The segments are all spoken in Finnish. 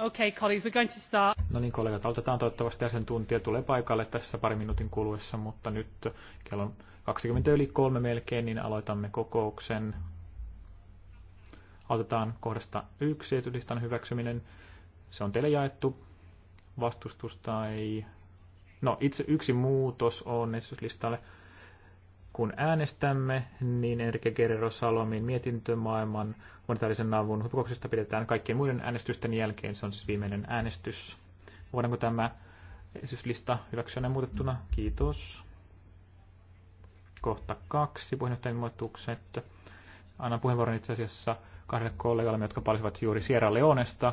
Okay, colleagues, we're going to start. No niin, kollegat, aloitetaan toivottavasti asiantuntija tulee paikalle tässä pari minuutin kuluessa, mutta nyt kello on 20 yli kolme melkein, niin aloitamme kokouksen. Aloitetaan kohdasta yksi, etulistan hyväksyminen. Se on teille jaettu. Vastustus tai... No, itse yksi muutos on esityslistalle kun äänestämme, niin Enrique Guerrero Salomin mietintö maailman humanitaarisen avun huippukouksesta pidetään kaikkien muiden äänestysten jälkeen. Se on siis viimeinen äänestys. Voidaanko tämä esityslista hyväksyä näin muutettuna? Kiitos. Kohta kaksi puheenjohtajan ilmoitukset. Annan puheenvuoron itse asiassa kahdelle kollegalle, jotka palasivat juuri Sierra Leonesta.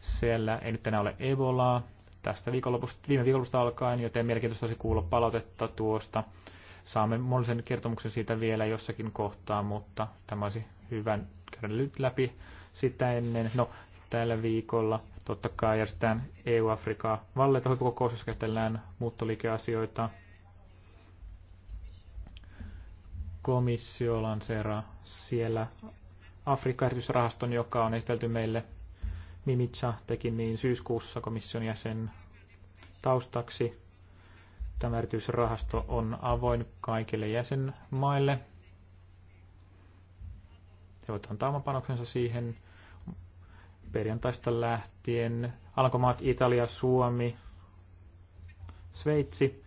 Siellä ei nyt enää ole Ebolaa tästä viikonlopusta, viime viikonlopusta alkaen, joten mielenkiintoista olisi kuulla palautetta tuosta Saamme mahdollisen kertomuksen siitä vielä jossakin kohtaa, mutta tämä olisi hyvä käydä nyt läpi sitä ennen. No, tällä viikolla totta kai järjestetään EU-Afrikaa valleita huippukokous, jossa käsitellään muuttoliikeasioita. Komissio lanseeraa siellä Afrikka erityisrahaston, joka on esitelty meille. Mimitsa teki niin syyskuussa komission jäsen taustaksi. Tämä erityisrahasto on avoin kaikille jäsenmaille. He voivat antaa oman panoksensa siihen perjantaista lähtien. Alkomaat, Italia, Suomi, Sveitsi,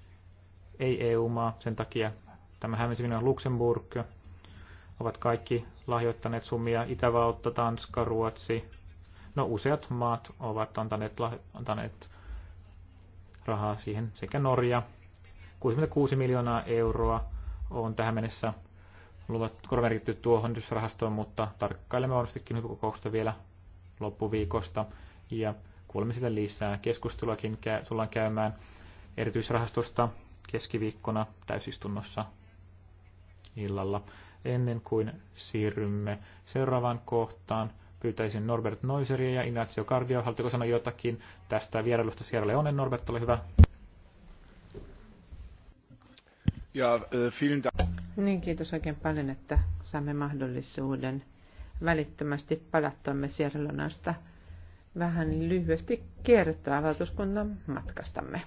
ei EU-maa, sen takia tämä hämisi on Luxemburg, ovat kaikki lahjoittaneet summia Itävalta, Tanska, Ruotsi. No useat maat ovat antaneet, antaneet rahaa siihen sekä Norja 66 miljoonaa euroa on tähän mennessä luvat korvamerkitty tuohon rahastoon, mutta tarkkailemme varmastikin kokousta vielä loppuviikosta ja kuulemme sitä lisää. Keskusteluakin tullaan käymään erityisrahastosta keskiviikkona täysistunnossa illalla. Ennen kuin siirrymme seuraavaan kohtaan, pyytäisin Norbert Noiseria ja Ignacio Cardio. Haluatteko sanoa jotakin tästä vierailusta Sierra Leone? Norbert, ole hyvä. Ja, äh, Niin, kiitos oikein paljon, että saamme mahdollisuuden välittömästi palattamme Sierralonasta vähän lyhyesti kertoa valtuuskunnan matkastamme.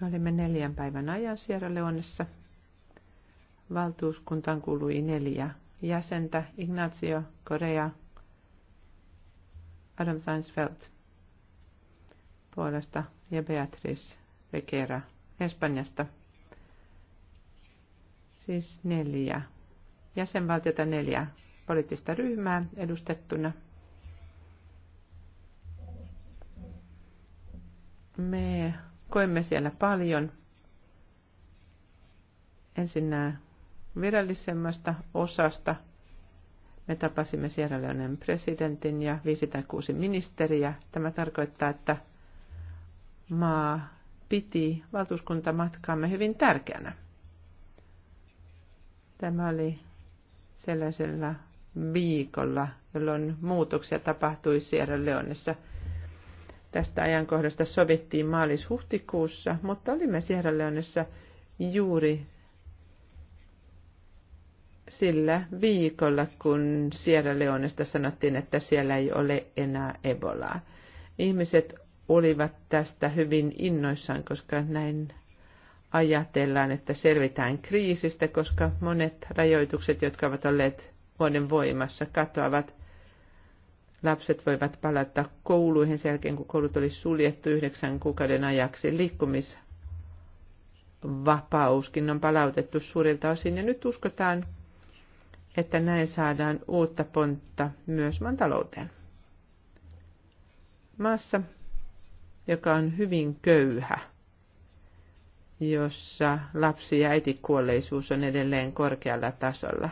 Me olimme neljän päivän ajan Sierra Leonessa. Valtuuskuntaan kuului neljä jäsentä, Ignacio, Korea, Adam Seinsfeld puolesta ja Beatrice Vekera Espanjasta. Siis neljä jäsenvaltiota, neljä poliittista ryhmää edustettuna. Me koimme siellä paljon. Ensin virallisemmasta osasta me tapasimme Sierra Leonen presidentin ja viisi tai kuusi ministeriä. Tämä tarkoittaa, että maa piti valtuuskuntamatkaamme hyvin tärkeänä. Tämä oli sellaisella viikolla, jolloin muutoksia tapahtui Sierra Leonessa. Tästä ajankohdasta sovittiin maalis-huhtikuussa, mutta olimme Sierra Leonessa juuri sillä viikolla, kun Sierra Leonesta sanottiin, että siellä ei ole enää ebolaa. Ihmiset olivat tästä hyvin innoissaan, koska näin ajatellaan, että selvitään kriisistä, koska monet rajoitukset, jotka ovat olleet vuoden voimassa, katoavat. Lapset voivat palata kouluihin sen jälkeen, kun koulut oli suljettu yhdeksän kuukauden ajaksi. Liikkumisvapauskin on palautettu suurilta osin ja nyt uskotaan, että näin saadaan uutta pontta myös maan talouteen. Maassa joka on hyvin köyhä, jossa lapsi- ja äitikuolleisuus on edelleen korkealla tasolla.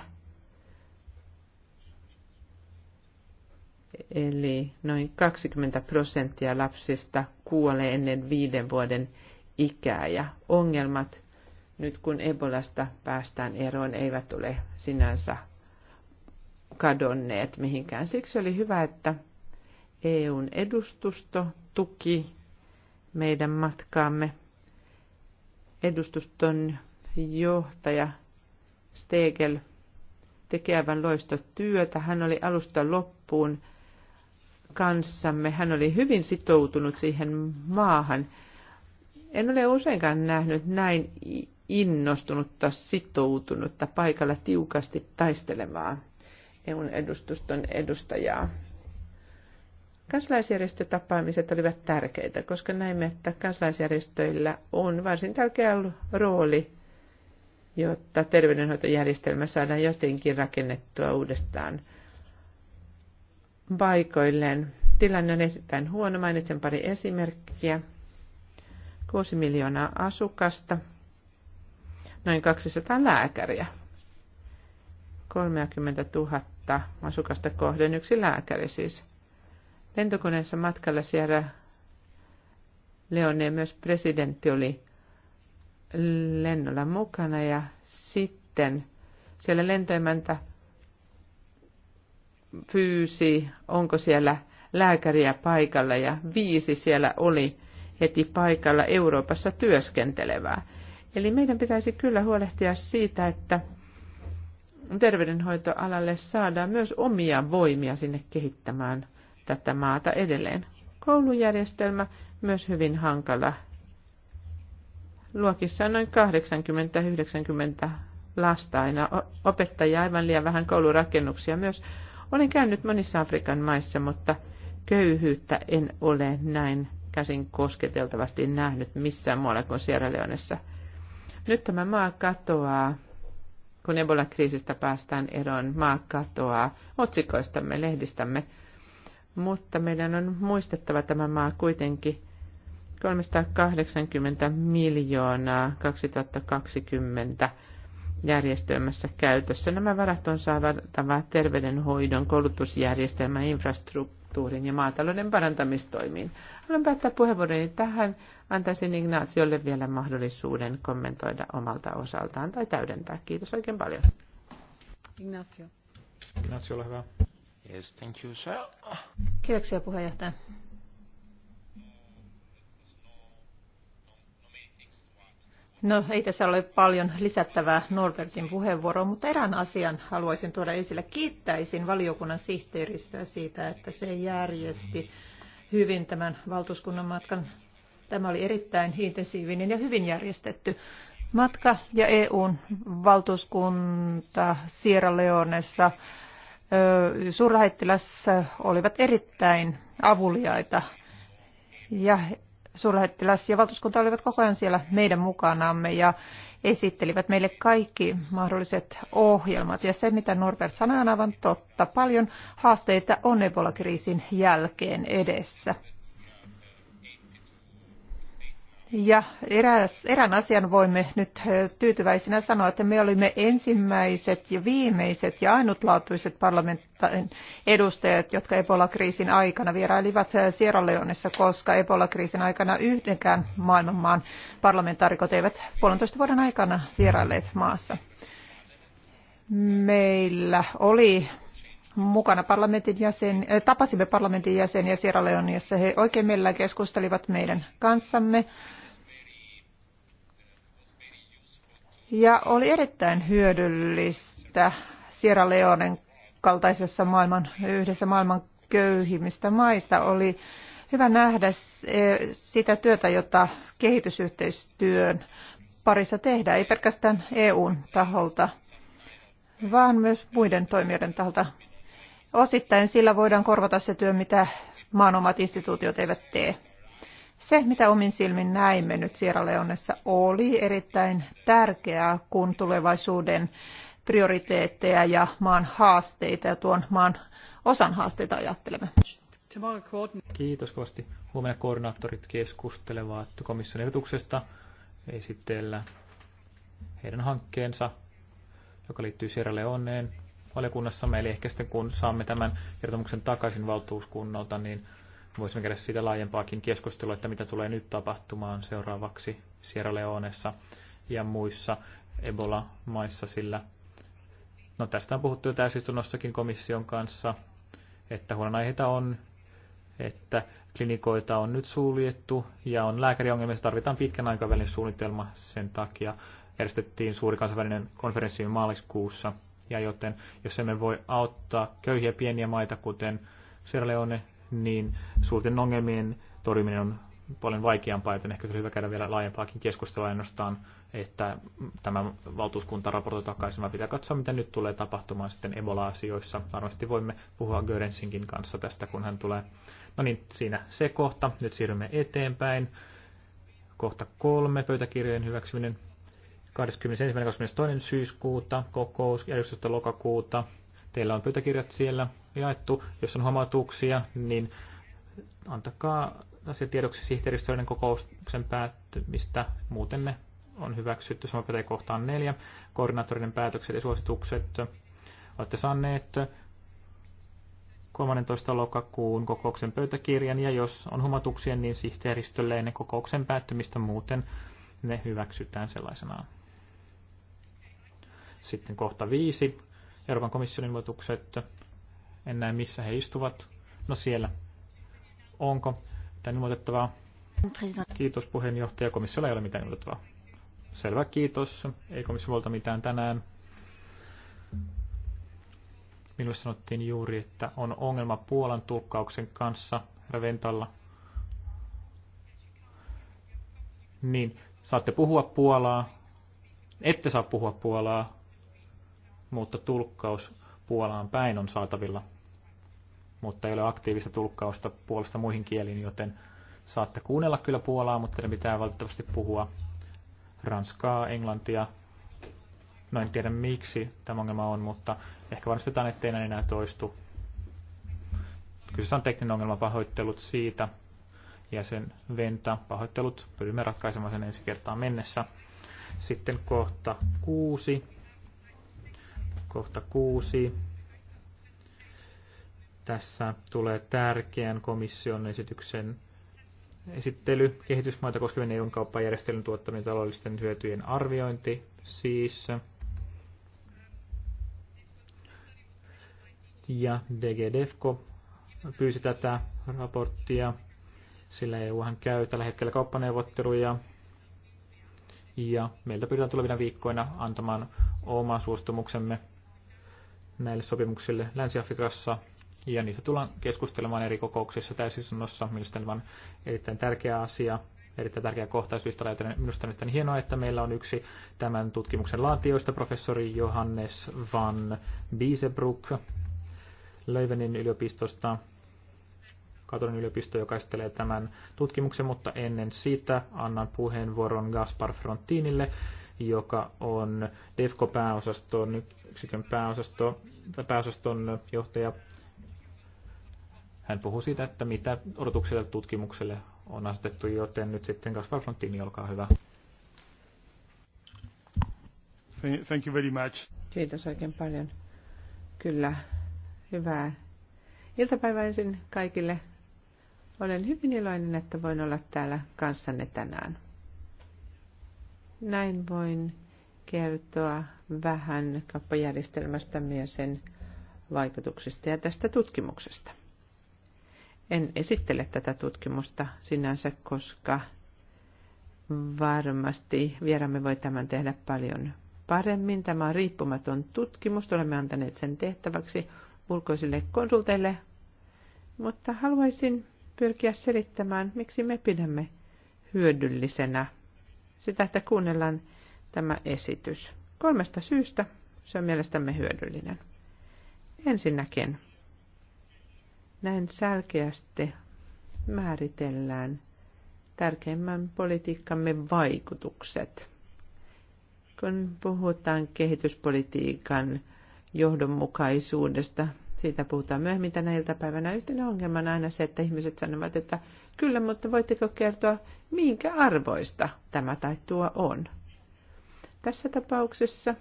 Eli noin 20 prosenttia lapsista kuolee ennen viiden vuoden ikää ja ongelmat nyt kun Ebolasta päästään eroon eivät ole sinänsä kadonneet mihinkään. Siksi oli hyvä, että EUn edustusto tuki meidän matkaamme. Edustuston johtaja Stegel teki aivan työtä. Hän oli alusta loppuun kanssamme. Hän oli hyvin sitoutunut siihen maahan. En ole useinkaan nähnyt näin innostunutta, sitoutunutta, paikalla tiukasti taistelevaa EUn edustuston edustajaa. Kansalaisjärjestötapaamiset olivat tärkeitä, koska näimme, että kansalaisjärjestöillä on varsin tärkeä rooli, jotta terveydenhoitojärjestelmä saadaan jotenkin rakennettua uudestaan paikoilleen. Tilanne on erittäin huono. Mainitsen pari esimerkkiä. 6 miljoonaa asukasta, noin 200 lääkäriä, 30 000 asukasta kohden yksi lääkäri siis – Lentokoneessa matkalla Sierra Leone myös presidentti oli lennolla mukana ja sitten siellä lentoemäntä pyysi, onko siellä lääkäriä paikalla ja viisi siellä oli heti paikalla Euroopassa työskentelevää. Eli meidän pitäisi kyllä huolehtia siitä, että terveydenhoitoalalle saadaan myös omia voimia sinne kehittämään tätä maata edelleen. Koulujärjestelmä myös hyvin hankala. Luokissa on noin 80-90 lasta aina, opettaja aivan liian vähän koulurakennuksia myös. Olen käynyt monissa Afrikan maissa, mutta köyhyyttä en ole näin käsin kosketeltavasti nähnyt missään muualla kuin Sierra Leonessa. Nyt tämä maa katoaa, kun Ebola-kriisistä päästään eroon, maa katoaa otsikoistamme, lehdistämme mutta meidän on muistettava tämä maa kuitenkin 380 miljoonaa 2020 järjestelmässä käytössä. Nämä varat on saavattava terveydenhoidon, koulutusjärjestelmän, infrastruktuurin ja maatalouden parantamistoimiin. Haluan päättää puheenvuoroni tähän. Antaisin Ignatiolle vielä mahdollisuuden kommentoida omalta osaltaan tai täydentää. Kiitos oikein paljon. Ignacio. Ignacio, ole hyvä. Yes, thank you, sir. Kiitoksia puheenjohtaja. No ei tässä ole paljon lisättävää Norbertin puheenvuoroon, mutta erään asian haluaisin tuoda esille. Kiittäisin valiokunnan sihteeristöä siitä, että se järjesti hyvin tämän valtuuskunnan matkan. Tämä oli erittäin intensiivinen ja hyvin järjestetty matka ja EUn valtuuskunta Sierra Leonessa suurlähettiläs olivat erittäin avuliaita ja suurlähettiläs ja valtuuskunta olivat koko ajan siellä meidän mukanaamme ja esittelivät meille kaikki mahdolliset ohjelmat. Ja se, mitä Norbert sanoi, on aivan totta. Paljon haasteita on Ebola-kriisin jälkeen edessä. Ja eräs, erään asian voimme nyt tyytyväisinä sanoa, että me olimme ensimmäiset ja viimeiset ja ainutlaatuiset parlamentin edustajat, jotka Ebola-kriisin aikana vierailivat Sierra Leoneissa, koska Ebola-kriisin aikana yhdenkään maailmanmaan parlamentaarikot eivät puolentoista vuoden aikana vierailleet maassa. Meillä oli mukana parlamentin jäsen, äh, tapasimme parlamentin jäseniä Sierra Leoneassa. He oikein mielellään keskustelivat meidän kanssamme. Ja oli erittäin hyödyllistä Sierra Leonen kaltaisessa maailman, yhdessä maailman köyhimmistä maista oli hyvä nähdä eh, sitä työtä, jota kehitysyhteistyön parissa tehdään, ei pelkästään EUn taholta, vaan myös muiden toimijoiden taholta. Osittain sillä voidaan korvata se työ, mitä maan omat instituutiot eivät tee. Se, mitä omin silmin näimme nyt Sierra Leonessa, oli erittäin tärkeää, kun tulevaisuuden prioriteetteja ja maan haasteita ja tuon maan osan haasteita ajattelemme. Kiitos kovasti. Huomenna koordinaattorit keskustelevat komission ehdotuksesta esitellä heidän hankkeensa, joka liittyy Sierra Leoneen valiokunnassamme, eli ehkä sitten kun saamme tämän kertomuksen takaisin valtuuskunnalta, niin voisimme käydä siitä laajempaakin keskustelua, että mitä tulee nyt tapahtumaan seuraavaksi Sierra Leoneessa ja muissa Ebola-maissa, sillä no tästä on puhuttu jo täysistunnossakin komission kanssa, että aiheita on, että klinikoita on nyt suljettu ja on lääkäriongelmissa, tarvitaan pitkän aikavälin suunnitelma sen takia. Järjestettiin suuri kansainvälinen konferenssi maaliskuussa ja joten jos emme voi auttaa köyhiä pieniä maita, kuten Sierra Leone, niin suurten ongelmien torjuminen on paljon vaikeampaa, joten ehkä olisi hyvä käydä vielä laajempaakin keskustelua ainoastaan, että tämä valtuuskunta raportoi takaisin, vaan pitää katsoa, mitä nyt tulee tapahtumaan sitten Ebola-asioissa. Varmasti voimme puhua Görensinkin kanssa tästä, kun hän tulee. No niin, siinä se kohta. Nyt siirrymme eteenpäin. Kohta kolme, pöytäkirjojen hyväksyminen 21.22. syyskuuta, kokous 11. lokakuuta. Teillä on pöytäkirjat siellä jaettu. Jos on huomautuksia, niin antakaa asia tiedoksi sihteeristöiden kokouksen päättymistä. Muuten ne on hyväksytty. Sama pätee kohtaan neljä. Koordinaattorinen päätökset ja suositukset olette saaneet 13. lokakuun kokouksen pöytäkirjan, ja jos on humatuksia, niin sihteeristölle ennen kokouksen päättymistä muuten ne hyväksytään sellaisenaan. Sitten kohta viisi, Euroopan komission ilmoitukset. En näe, missä he istuvat. No siellä. Onko mitään ilmoitettavaa? Kiitos puheenjohtaja. Komissiolla ei ole mitään ilmoitettavaa. Selvä, kiitos. Ei komissiolta mitään tänään. Minulle sanottiin juuri, että on ongelma Puolan tulkkauksen kanssa Reventalla. Niin, saatte puhua Puolaa. Ette saa puhua Puolaa mutta tulkkaus Puolaan päin on saatavilla, mutta ei ole aktiivista tulkkausta puolesta muihin kieliin, joten saatte kuunnella kyllä Puolaa, mutta ne pitää valitettavasti puhua ranskaa, englantia. No en tiedä miksi tämä ongelma on, mutta ehkä varmistetaan, ettei näin enää toistu. Kyseessä on tekninen ongelma, pahoittelut siitä. Ja sen venta, pahoittelut, pyrimme ratkaisemaan sen ensi kertaa mennessä. Sitten kohta kuusi kohta kuusi. Tässä tulee tärkeän komission esityksen esittely, kehitysmaita koskevien EUn kauppajärjestelyn tuottamien taloudellisten hyötyjen arviointi, siis ja DGDFCO pyysi tätä raporttia, sillä EUhan käy tällä hetkellä kauppaneuvotteluja ja meiltä pyydetään tulevina viikkoina antamaan oma suostumuksemme näille sopimuksille Länsi-Afrikassa, ja niistä tullaan keskustelemaan eri kokouksissa täysistunnossa. Mielestäni on erittäin tärkeä asia, erittäin tärkeä kohtaisuista Minusta on erittäin hienoa, että meillä on yksi tämän tutkimuksen laatioista, professori Johannes van Biesebruck Löyvenin yliopistosta, Katonin yliopisto, joka tämän tutkimuksen, mutta ennen sitä annan puheenvuoron Gaspar Frontinille, joka on DEFCO-pääosaston yksikön pääosasto, tai pääosaston johtaja. Hän puhuu siitä, että mitä odotukselle tutkimukselle on asetettu, joten nyt sitten Kaspar Frontini, olkaa hyvä. Thank you very much. Kiitos oikein paljon. Kyllä, hyvää iltapäivää ensin kaikille. Olen hyvin iloinen, että voin olla täällä kanssanne tänään. Näin voin kertoa vähän kappajärjestelmästä ja sen vaikutuksista ja tästä tutkimuksesta. En esittele tätä tutkimusta sinänsä, koska varmasti vieramme voi tämän tehdä paljon paremmin. Tämä on riippumaton tutkimus, olemme antaneet sen tehtäväksi ulkoisille konsulteille, mutta haluaisin pyrkiä selittämään, miksi me pidämme hyödyllisenä sitä, että kuunnellaan tämä esitys. Kolmesta syystä se on mielestämme hyödyllinen. Ensinnäkin näin selkeästi määritellään tärkeimmän politiikkamme vaikutukset. Kun puhutaan kehityspolitiikan johdonmukaisuudesta, siitä puhutaan myöhemmin tänä iltapäivänä. Yhtenä ongelmana aina se, että ihmiset sanovat, että kyllä, mutta voitteko kertoa, minkä arvoista tämä tai tuo on. Tässä tapauksessa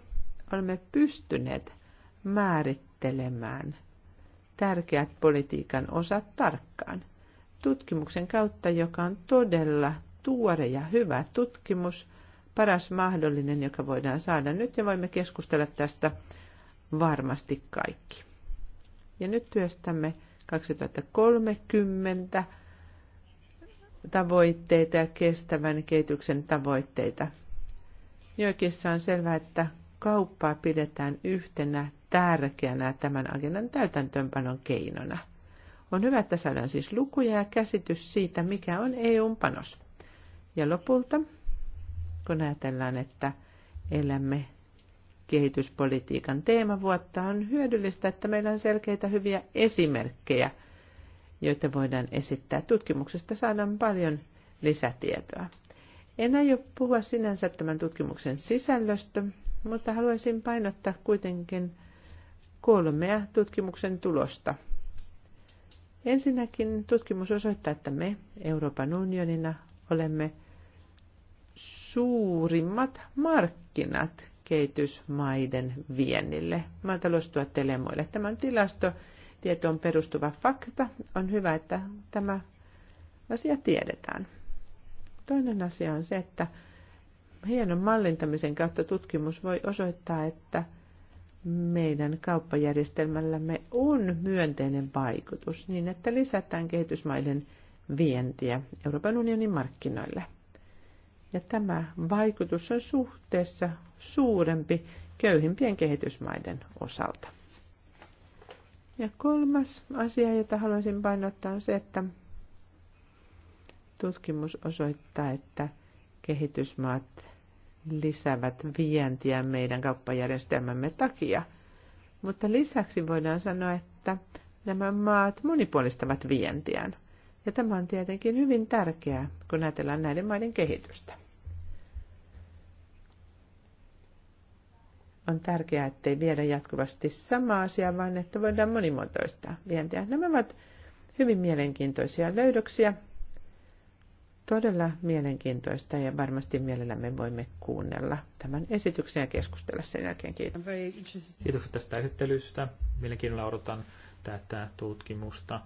olemme pystyneet määrittelemään tärkeät politiikan osat tarkkaan. Tutkimuksen kautta, joka on todella tuore ja hyvä tutkimus, paras mahdollinen, joka voidaan saada nyt, ja voimme keskustella tästä varmasti kaikki. Ja nyt työstämme 2030 tavoitteita ja kestävän kehityksen tavoitteita. Jokissa on selvää, että kauppaa pidetään yhtenä tärkeänä tämän agendan täytäntöönpanon keinona. On hyvä, että saadaan siis lukuja ja käsitys siitä, mikä on EUn panos. Ja lopulta, kun ajatellaan, että elämme kehityspolitiikan teemavuotta, on hyödyllistä, että meillä on selkeitä hyviä esimerkkejä, joita voidaan esittää. Tutkimuksesta saadaan paljon lisätietoa. En aio puhua sinänsä tämän tutkimuksen sisällöstä, mutta haluaisin painottaa kuitenkin kolmea tutkimuksen tulosta. Ensinnäkin tutkimus osoittaa, että me Euroopan unionina olemme suurimmat markkinat kehitysmaiden viennille, maataloustuotteille ja muille. Tämä on tilastotietoon perustuva fakta. On hyvä, että tämä asia tiedetään. Toinen asia on se, että hienon mallintamisen kautta tutkimus voi osoittaa, että meidän kauppajärjestelmällämme on myönteinen vaikutus niin, että lisätään kehitysmaiden vientiä Euroopan unionin markkinoille. Ja tämä vaikutus on suhteessa suurempi köyhimpien kehitysmaiden osalta. Ja kolmas asia, jota haluaisin painottaa, on se, että tutkimus osoittaa, että kehitysmaat lisäävät vientiä meidän kauppajärjestelmämme takia. Mutta lisäksi voidaan sanoa, että nämä maat monipuolistavat vientiään. Ja tämä on tietenkin hyvin tärkeää, kun ajatellaan näiden maiden kehitystä. on tärkeää, ettei viedä jatkuvasti samaa asiaa, vaan että voidaan monimuotoistaa vientiä. Nämä ovat hyvin mielenkiintoisia löydöksiä. Todella mielenkiintoista ja varmasti mielellämme voimme kuunnella tämän esityksen ja keskustella sen jälkeen. Kiitos. Kiitokset tästä esittelystä. Mielenkiinnolla odotan tätä tutkimusta.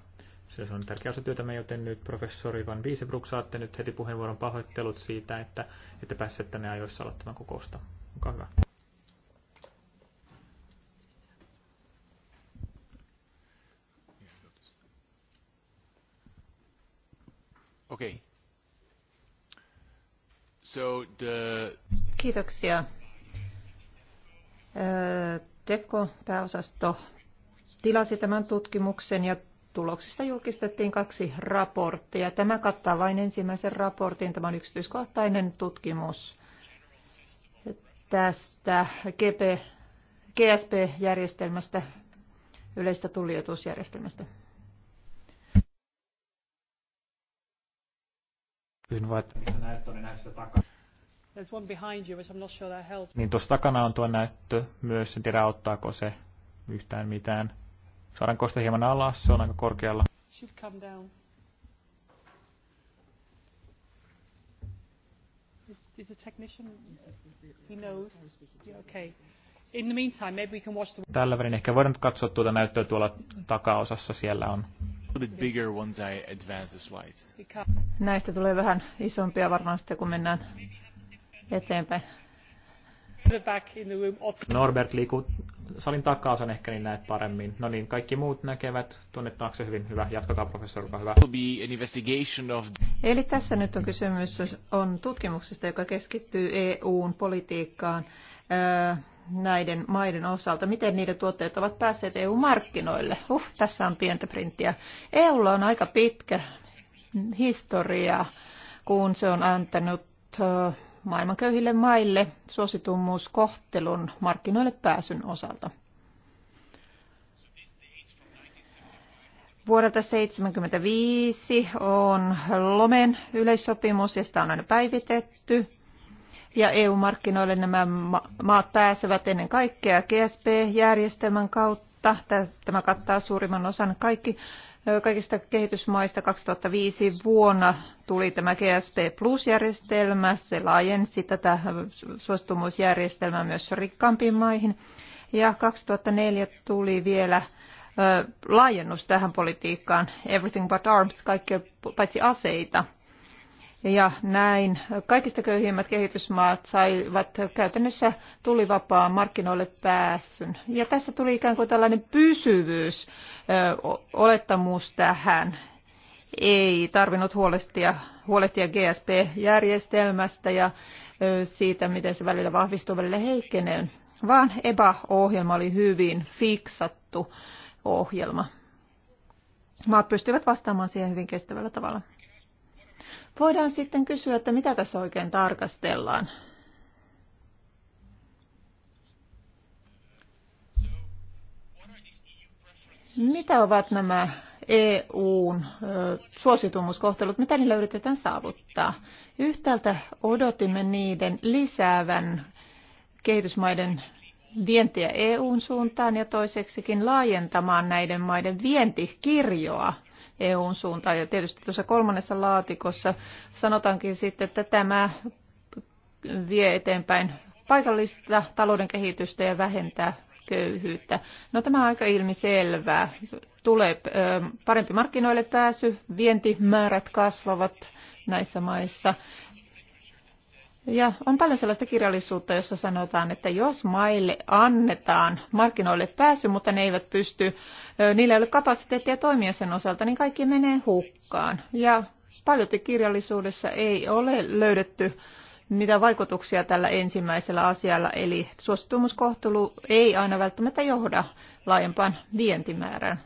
Se on tärkeä osa työtämme, joten nyt professori Van Wiesebruck saatte nyt heti puheenvuoron pahoittelut siitä, että, että pääsette tänne ajoissa aloittamaan kokousta. Olkaa hyvä. Okay. So the... Kiitoksia. TEFCO-pääosasto tilasi tämän tutkimuksen ja tuloksista julkistettiin kaksi raporttia. Tämä kattaa vain ensimmäisen raportin. Tämä on yksityiskohtainen tutkimus tästä GP, GSP-järjestelmästä, yleistä tulietuusjärjestelmästä. Kysyn vaan, että missä näyttö oli näistä takana. There's one behind you, which I'm not sure that helps. Niin tuossa takana on tuo näyttö myös, en tiedä auttaako se yhtään mitään. Saadaanko sitä hieman alas, se on aika korkealla. Should come down. Is the technician? He knows. Yeah, okay. In the meantime, maybe we can watch the... Tällä välin ehkä voidaan katsoa tuota näyttöä tuolla takaosassa, siellä on Näistä tulee vähän isompia varmaan sitten, kun mennään eteenpäin. Norbert liiku salin takaosan ehkä, niin näet paremmin. No niin, kaikki muut näkevät tuonne taakse hyvin. Hyvä, jatkakaa professori, olkaa hyvä. Eli tässä nyt on kysymys on tutkimuksesta, joka keskittyy EUn politiikkaan näiden maiden osalta, miten niiden tuotteet ovat päässeet EU-markkinoille. Uh, tässä on pientä printtiä. EUlla on aika pitkä historia, kun se on antanut maailman köyhille maille suositummuuskohtelun markkinoille pääsyn osalta. Vuodelta 1975 on Lomen yleissopimus ja sitä on aina päivitetty ja EU-markkinoille nämä maat pääsevät ennen kaikkea GSP-järjestelmän kautta. Tämä kattaa suurimman osan kaikki, kaikista kehitysmaista. 2005 vuonna tuli tämä GSP Plus-järjestelmä. Se laajensi tätä suostumusjärjestelmää myös rikkaampiin maihin. Ja 2004 tuli vielä laajennus tähän politiikkaan, Everything but Arms, kaikki paitsi aseita – ja näin kaikista köyhimmät kehitysmaat saivat käytännössä tulivapaan markkinoille pääsyn. Ja tässä tuli ikään kuin tällainen pysyvyys, olettamus tähän. Ei tarvinnut huolehtia, huolehtia GSP-järjestelmästä ja siitä, miten se välillä vahvistuu, välillä heikkenee, vaan EBA-ohjelma oli hyvin fiksattu ohjelma. Maat pystyivät vastaamaan siihen hyvin kestävällä tavalla voidaan sitten kysyä, että mitä tässä oikein tarkastellaan. Mitä ovat nämä EUn suositumuskohtelut, mitä niillä yritetään saavuttaa? Yhtäältä odotimme niiden lisäävän kehitysmaiden vientiä EUn suuntaan ja toiseksikin laajentamaan näiden maiden vientikirjoa EUn suuntaan. Ja tietysti tuossa kolmannessa laatikossa sanotaankin sitten, että tämä vie eteenpäin paikallista talouden kehitystä ja vähentää köyhyyttä. No tämä on aika ilmiselvää. Tulee parempi markkinoille pääsy, vientimäärät kasvavat näissä maissa ja on paljon sellaista kirjallisuutta, jossa sanotaan, että jos maille annetaan markkinoille pääsy, mutta ne eivät pysty, niillä ei ole kapasiteettia toimia sen osalta, niin kaikki menee hukkaan. Ja paljon kirjallisuudessa ei ole löydetty mitä vaikutuksia tällä ensimmäisellä asialla, eli suostumuskohtelu ei aina välttämättä johda laajempaan vientimäärään.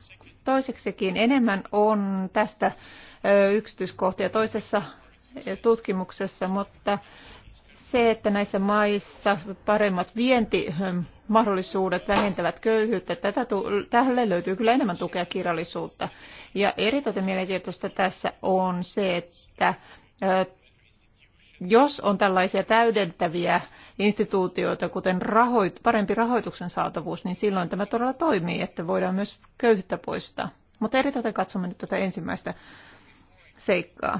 Toiseksikin enemmän on tästä yksityiskohtia toisessa tutkimuksessa, mutta se, että näissä maissa paremmat vientimahdollisuudet vähentävät köyhyyttä, tätä, tälle löytyy kyllä enemmän tukea kirjallisuutta. Ja erityisen mielenkiintoista tässä on se, että jos on tällaisia täydentäviä instituutioita, kuten rahoit, parempi rahoituksen saatavuus, niin silloin tämä todella toimii, että voidaan myös köyhyyttä poistaa. Mutta erityisen katsomme nyt tätä ensimmäistä seikkaa.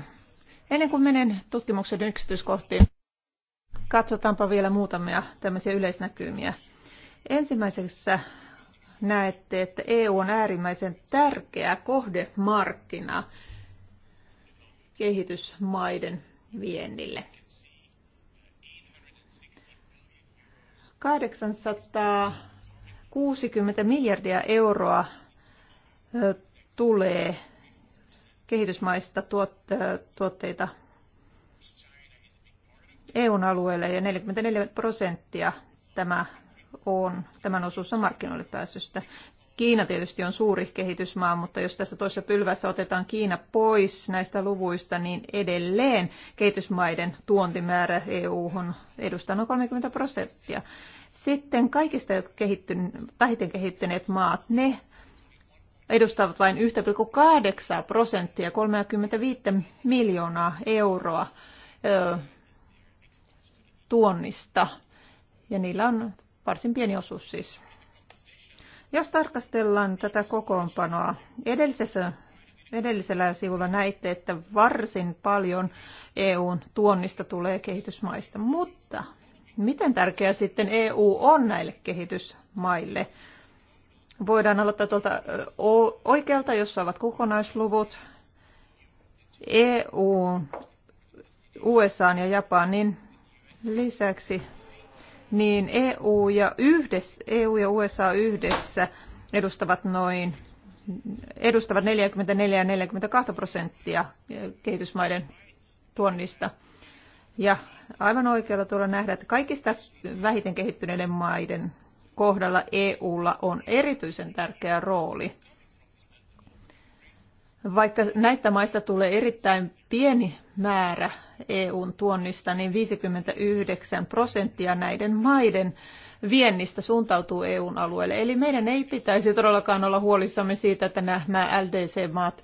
Ennen kuin menen tutkimuksen yksityiskohtiin, Katsotaanpa vielä muutamia tämmöisiä yleisnäkymiä. Ensimmäisessä näette, että EU on äärimmäisen tärkeä kohdemarkkina kehitysmaiden viennille. 860 miljardia euroa tulee kehitysmaista tuotteita EUn alueelle ja 44 prosenttia tämä on, tämän osuus on markkinoille pääsystä. Kiina tietysti on suuri kehitysmaa, mutta jos tässä toisessa pylvässä otetaan Kiina pois näistä luvuista, niin edelleen kehitysmaiden tuontimäärä EU-hun edustaa noin 30 prosenttia. Sitten kaikista vähiten kehittyneet maat, ne edustavat vain 1,8 prosenttia, 35 miljoonaa euroa tuonnista. Ja niillä on varsin pieni osuus siis. Jos tarkastellaan tätä kokoonpanoa, edellisessä, edellisellä sivulla näitte, että varsin paljon EUn tuonnista tulee kehitysmaista, mutta miten tärkeä sitten EU on näille kehitysmaille? Voidaan aloittaa tuolta oikealta, jossa ovat kokonaisluvut. EU, USA ja Japanin lisäksi niin EU ja, yhdessä, EU ja USA yhdessä edustavat noin edustavat 44 ja 42 prosenttia kehitysmaiden tuonnista. Ja aivan oikealla tuolla nähdään, että kaikista vähiten kehittyneiden maiden kohdalla EUlla on erityisen tärkeä rooli – vaikka näistä maista tulee erittäin pieni määrä EUn tuonnista, niin 59 prosenttia näiden maiden viennistä suuntautuu EUn alueelle. Eli meidän ei pitäisi todellakaan olla huolissamme siitä, että nämä LDC-maat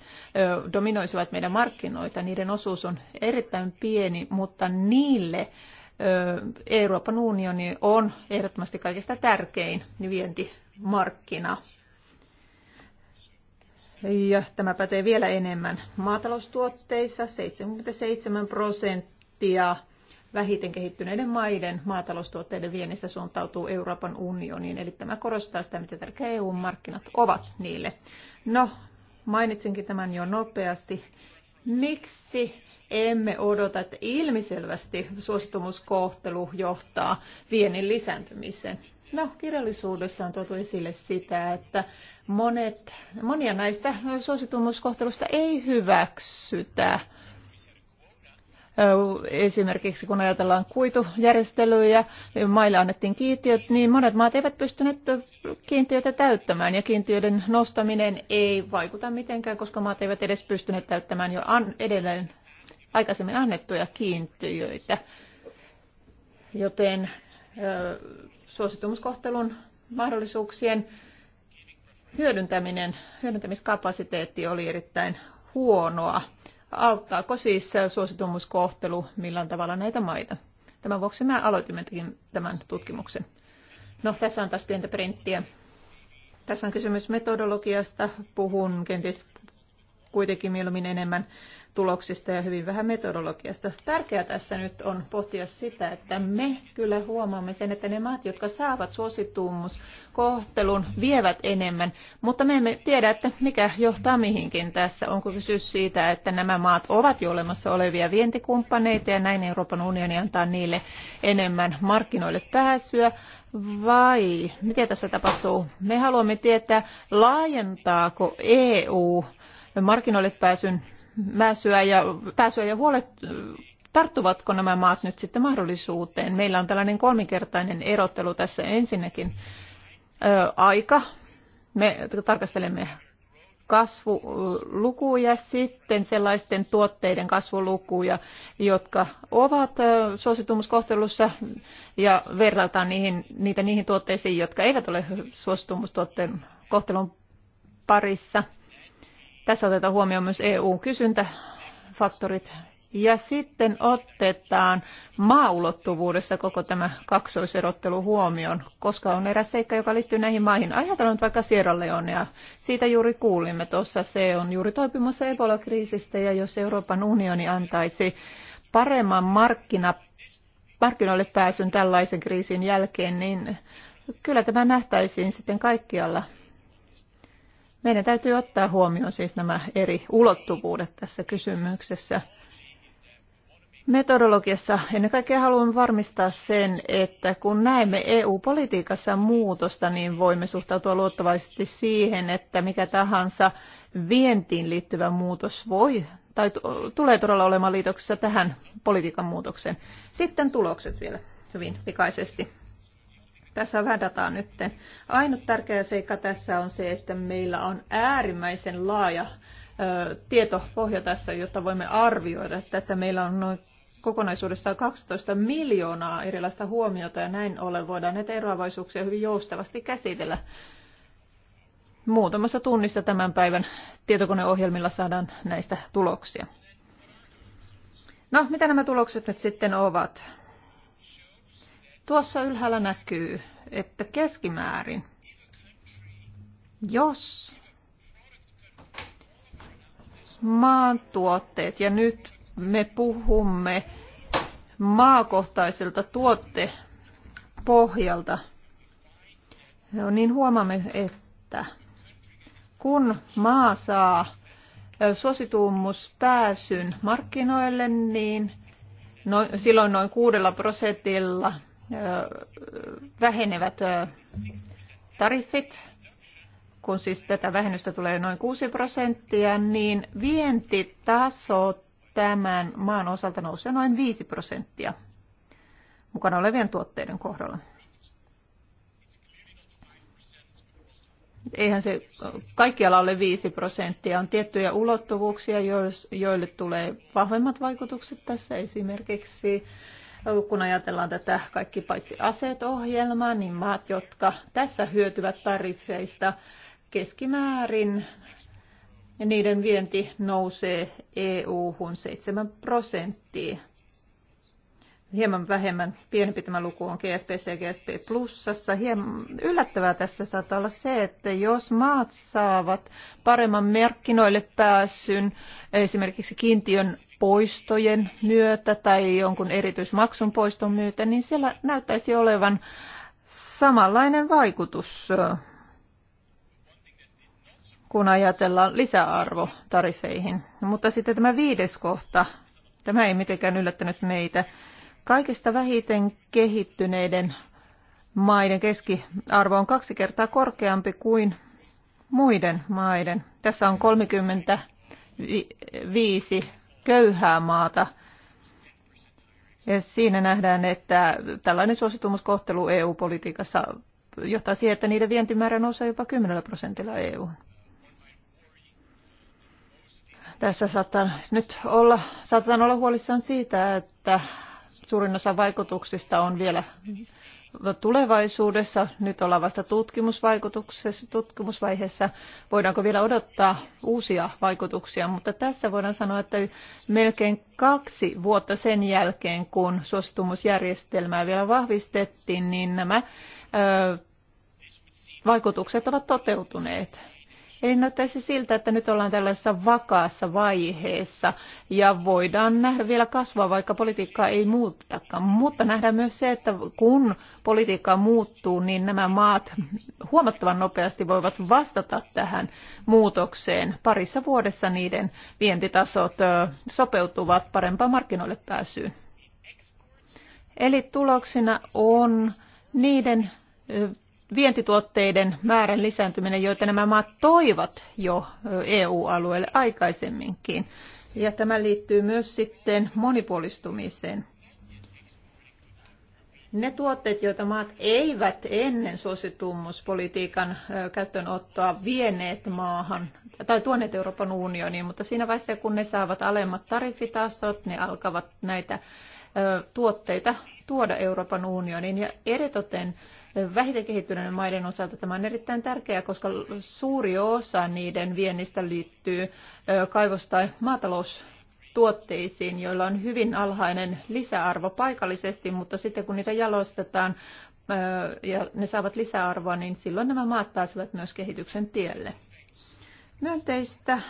dominoisivat meidän markkinoita. Niiden osuus on erittäin pieni, mutta niille Euroopan unioni on ehdottomasti kaikista tärkein vientimarkkina. Ja tämä pätee vielä enemmän. Maataloustuotteissa 77 prosenttia vähiten kehittyneiden maiden maataloustuotteiden viennissä suuntautuu Euroopan unioniin. Eli tämä korostaa sitä, mitä tärkeä EU-markkinat ovat niille. No, mainitsinkin tämän jo nopeasti. Miksi emme odota, että ilmiselvästi suostumuskohtelu johtaa viennin lisääntymiseen? No, kirjallisuudessa on tuotu esille sitä, että monet, monia näistä suositumuskohtelusta ei hyväksytä. Esimerkiksi kun ajatellaan kuitujärjestelyjä, maille annettiin kiintiöt, niin monet maat eivät pystyneet kiintiöitä täyttämään ja kiintiöiden nostaminen ei vaikuta mitenkään, koska maat eivät edes pystyneet täyttämään jo edelleen aikaisemmin annettuja kiintiöitä. Joten suositumuskohtelun mahdollisuuksien hyödyntäminen, hyödyntämiskapasiteetti oli erittäin huonoa. Auttaako siis suositumuskohtelu millään tavalla näitä maita? Tämän vuoksi me aloitimme tämän tutkimuksen. No, tässä on taas pientä printtiä. Tässä on kysymys metodologiasta. Puhun kenties kuitenkin mieluummin enemmän tuloksista ja hyvin vähän metodologiasta. Tärkeää tässä nyt on pohtia sitä, että me kyllä huomaamme sen, että ne maat, jotka saavat kohtelun, vievät enemmän, mutta me emme tiedä, että mikä johtaa mihinkin tässä. Onko kysymys siitä, että nämä maat ovat jo olemassa olevia vientikumppaneita ja näin Euroopan unioni antaa niille enemmän markkinoille pääsyä, vai mitä tässä tapahtuu? Me haluamme tietää, laajentaako EU markkinoille pääsyn pääsyä ja, pääsyä ja huolet, tarttuvatko nämä maat nyt sitten mahdollisuuteen? Meillä on tällainen kolminkertainen erottelu tässä ensinnäkin ö, aika. Me tarkastelemme kasvulukuja, sitten sellaisten tuotteiden kasvulukuja, jotka ovat suositumuskohtelussa ja verrataan niihin, niitä niihin tuotteisiin, jotka eivät ole suositumustuotteen kohtelun parissa – tässä otetaan huomioon myös EU-kysyntäfaktorit ja sitten otetaan maaulottuvuudessa koko tämä kaksoiserottelu huomioon, koska on eräs seikka, joka liittyy näihin maihin. Ajatellaan nyt vaikka Sierra Leonea. Siitä juuri kuulimme tuossa. Se on juuri toipumassa Ebola-kriisistä ja jos Euroopan unioni antaisi paremman markkina, markkinoille pääsyn tällaisen kriisin jälkeen, niin kyllä tämä nähtäisiin sitten kaikkialla meidän täytyy ottaa huomioon siis nämä eri ulottuvuudet tässä kysymyksessä. Metodologiassa ennen kaikkea haluan varmistaa sen, että kun näemme EU-politiikassa muutosta, niin voimme suhtautua luottavaisesti siihen, että mikä tahansa vientiin liittyvä muutos voi tai tulee todella olemaan liitoksessa tähän politiikan muutokseen. Sitten tulokset vielä hyvin pikaisesti tässä ladataan nyt. Ainut tärkeä seikka tässä on se, että meillä on äärimmäisen laaja tietopohja tässä, jotta voimme arvioida että Meillä on noin kokonaisuudessaan 12 miljoonaa erilaista huomiota ja näin ollen voidaan näitä eroavaisuuksia hyvin joustavasti käsitellä. Muutamassa tunnissa tämän päivän tietokoneohjelmilla saadaan näistä tuloksia. No, mitä nämä tulokset nyt sitten ovat? Tuossa ylhäällä näkyy, että keskimäärin, jos maan tuotteet, ja nyt me puhumme maakohtaiselta tuottepohjalta, niin huomaamme, että kun maa saa suosituummuspääsyn markkinoille, niin noin, silloin noin kuudella prosentilla – vähenevät tariffit, kun siis tätä vähennystä tulee noin 6 prosenttia, niin vientitaso tämän maan osalta nousee noin 5 prosenttia mukana olevien tuotteiden kohdalla. Eihän se kaikkialla ole 5 prosenttia. On tiettyjä ulottuvuuksia, joille tulee vahvemmat vaikutukset tässä esimerkiksi kun ajatellaan tätä kaikki paitsi aseet-ohjelmaa, niin maat, jotka tässä hyötyvät tariffeista keskimäärin, ja niiden vienti nousee EU-hun 7 prosenttia. Hieman vähemmän, pienempi tämä luku on GSPC ja GSP plussassa. Hieman yllättävää tässä saattaa olla se, että jos maat saavat paremman merkkinoille pääsyn, esimerkiksi kiintiön poistojen myötä tai jonkun erityismaksun poiston myötä, niin siellä näyttäisi olevan samanlainen vaikutus, kun ajatellaan lisäarvo tarifeihin. Mutta sitten tämä viides kohta, tämä ei mitenkään yllättänyt meitä. Kaikista vähiten kehittyneiden maiden keskiarvo on kaksi kertaa korkeampi kuin muiden maiden. Tässä on 35 köyhää maata. Ja siinä nähdään, että tällainen suositumuskohtelu EU-politiikassa johtaa siihen, että niiden vientimäärä nousee jopa 10 prosentilla EU. Tässä saattaa nyt olla, saattaa olla huolissaan siitä, että suurin osa vaikutuksista on vielä tulevaisuudessa, nyt ollaan vasta tutkimusvaikutuksessa, tutkimusvaiheessa, voidaanko vielä odottaa uusia vaikutuksia, mutta tässä voidaan sanoa, että melkein kaksi vuotta sen jälkeen, kun suostumusjärjestelmää vielä vahvistettiin, niin nämä ö, vaikutukset ovat toteutuneet. Eli näyttäisi siltä, että nyt ollaan tällaisessa vakaassa vaiheessa ja voidaan nähdä vielä kasvaa, vaikka politiikkaa ei muuttakaan. Mutta nähdään myös se, että kun politiikka muuttuu, niin nämä maat huomattavan nopeasti voivat vastata tähän muutokseen. Parissa vuodessa niiden vientitasot sopeutuvat parempaan markkinoille pääsyyn. Eli tuloksena on niiden vientituotteiden määrän lisääntyminen, joita nämä maat toivat jo EU-alueelle aikaisemminkin. Ja tämä liittyy myös sitten monipuolistumiseen. Ne tuotteet, joita maat eivät ennen suositummuspolitiikan käyttöönottoa vieneet maahan tai tuoneet Euroopan unioniin, mutta siinä vaiheessa kun ne saavat alemmat tariffitasot, ne alkavat näitä tuotteita tuoda Euroopan unioniin ja eritoten vähiten kehittyneiden maiden osalta tämä on erittäin tärkeää, koska suuri osa niiden viennistä liittyy kaivos- tai maataloustuotteisiin, joilla on hyvin alhainen lisäarvo paikallisesti, mutta sitten kun niitä jalostetaan ja ne saavat lisäarvoa, niin silloin nämä maat pääsevät myös kehityksen tielle. Myönteistä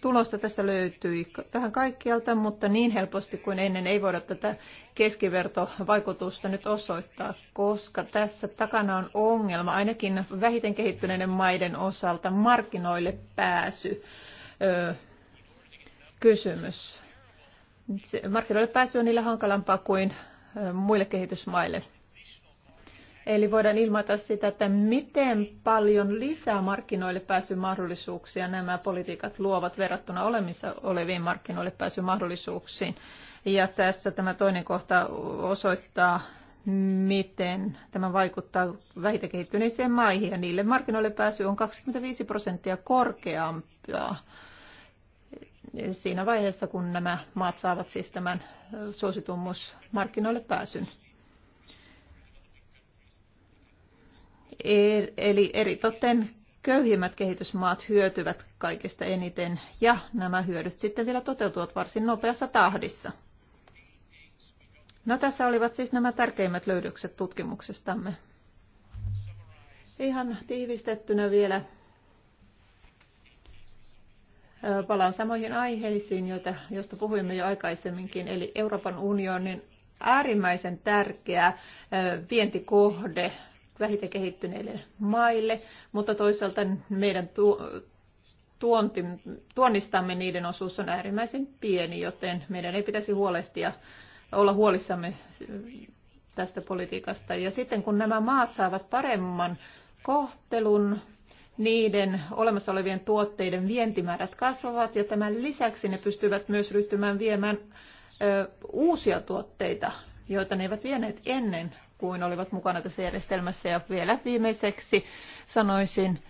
tulosta tässä löytyi vähän kaikkialta, mutta niin helposti kuin ennen ei voida tätä keskivertovaikutusta nyt osoittaa, koska tässä takana on ongelma ainakin vähiten kehittyneiden maiden osalta markkinoille pääsy öö, kysymys. Markkinoille pääsy on niillä hankalampaa kuin muille kehitysmaille. Eli voidaan ilmaita sitä, että miten paljon lisää markkinoille pääsymahdollisuuksia nämä politiikat luovat verrattuna olemissa oleviin markkinoille pääsymahdollisuuksiin. Ja tässä tämä toinen kohta osoittaa, miten tämä vaikuttaa vähiten kehittyneisiin maihin. Ja niille markkinoille pääsy on 25 prosenttia korkeampaa siinä vaiheessa, kun nämä maat saavat siis tämän suositummusmarkkinoille pääsyn. E- eli eritoten köyhimmät kehitysmaat hyötyvät kaikista eniten ja nämä hyödyt sitten vielä toteutuvat varsin nopeassa tahdissa. No tässä olivat siis nämä tärkeimmät löydökset tutkimuksestamme. Ihan tiivistettynä vielä palaan samoihin aiheisiin, joita, joista puhuimme jo aikaisemminkin, eli Euroopan unionin äärimmäisen tärkeä vientikohde vähiten kehittyneille maille, mutta toisaalta meidän tuonti, tuonnistamme niiden osuus on äärimmäisen pieni, joten meidän ei pitäisi huolehtia, olla huolissamme tästä politiikasta. Ja sitten kun nämä maat saavat paremman kohtelun, niiden olemassa olevien tuotteiden vientimäärät kasvavat ja tämän lisäksi ne pystyvät myös ryhtymään viemään ö, uusia tuotteita, joita ne eivät vieneet ennen kuin olivat mukana tässä järjestelmässä. Ja vielä viimeiseksi sanoisin,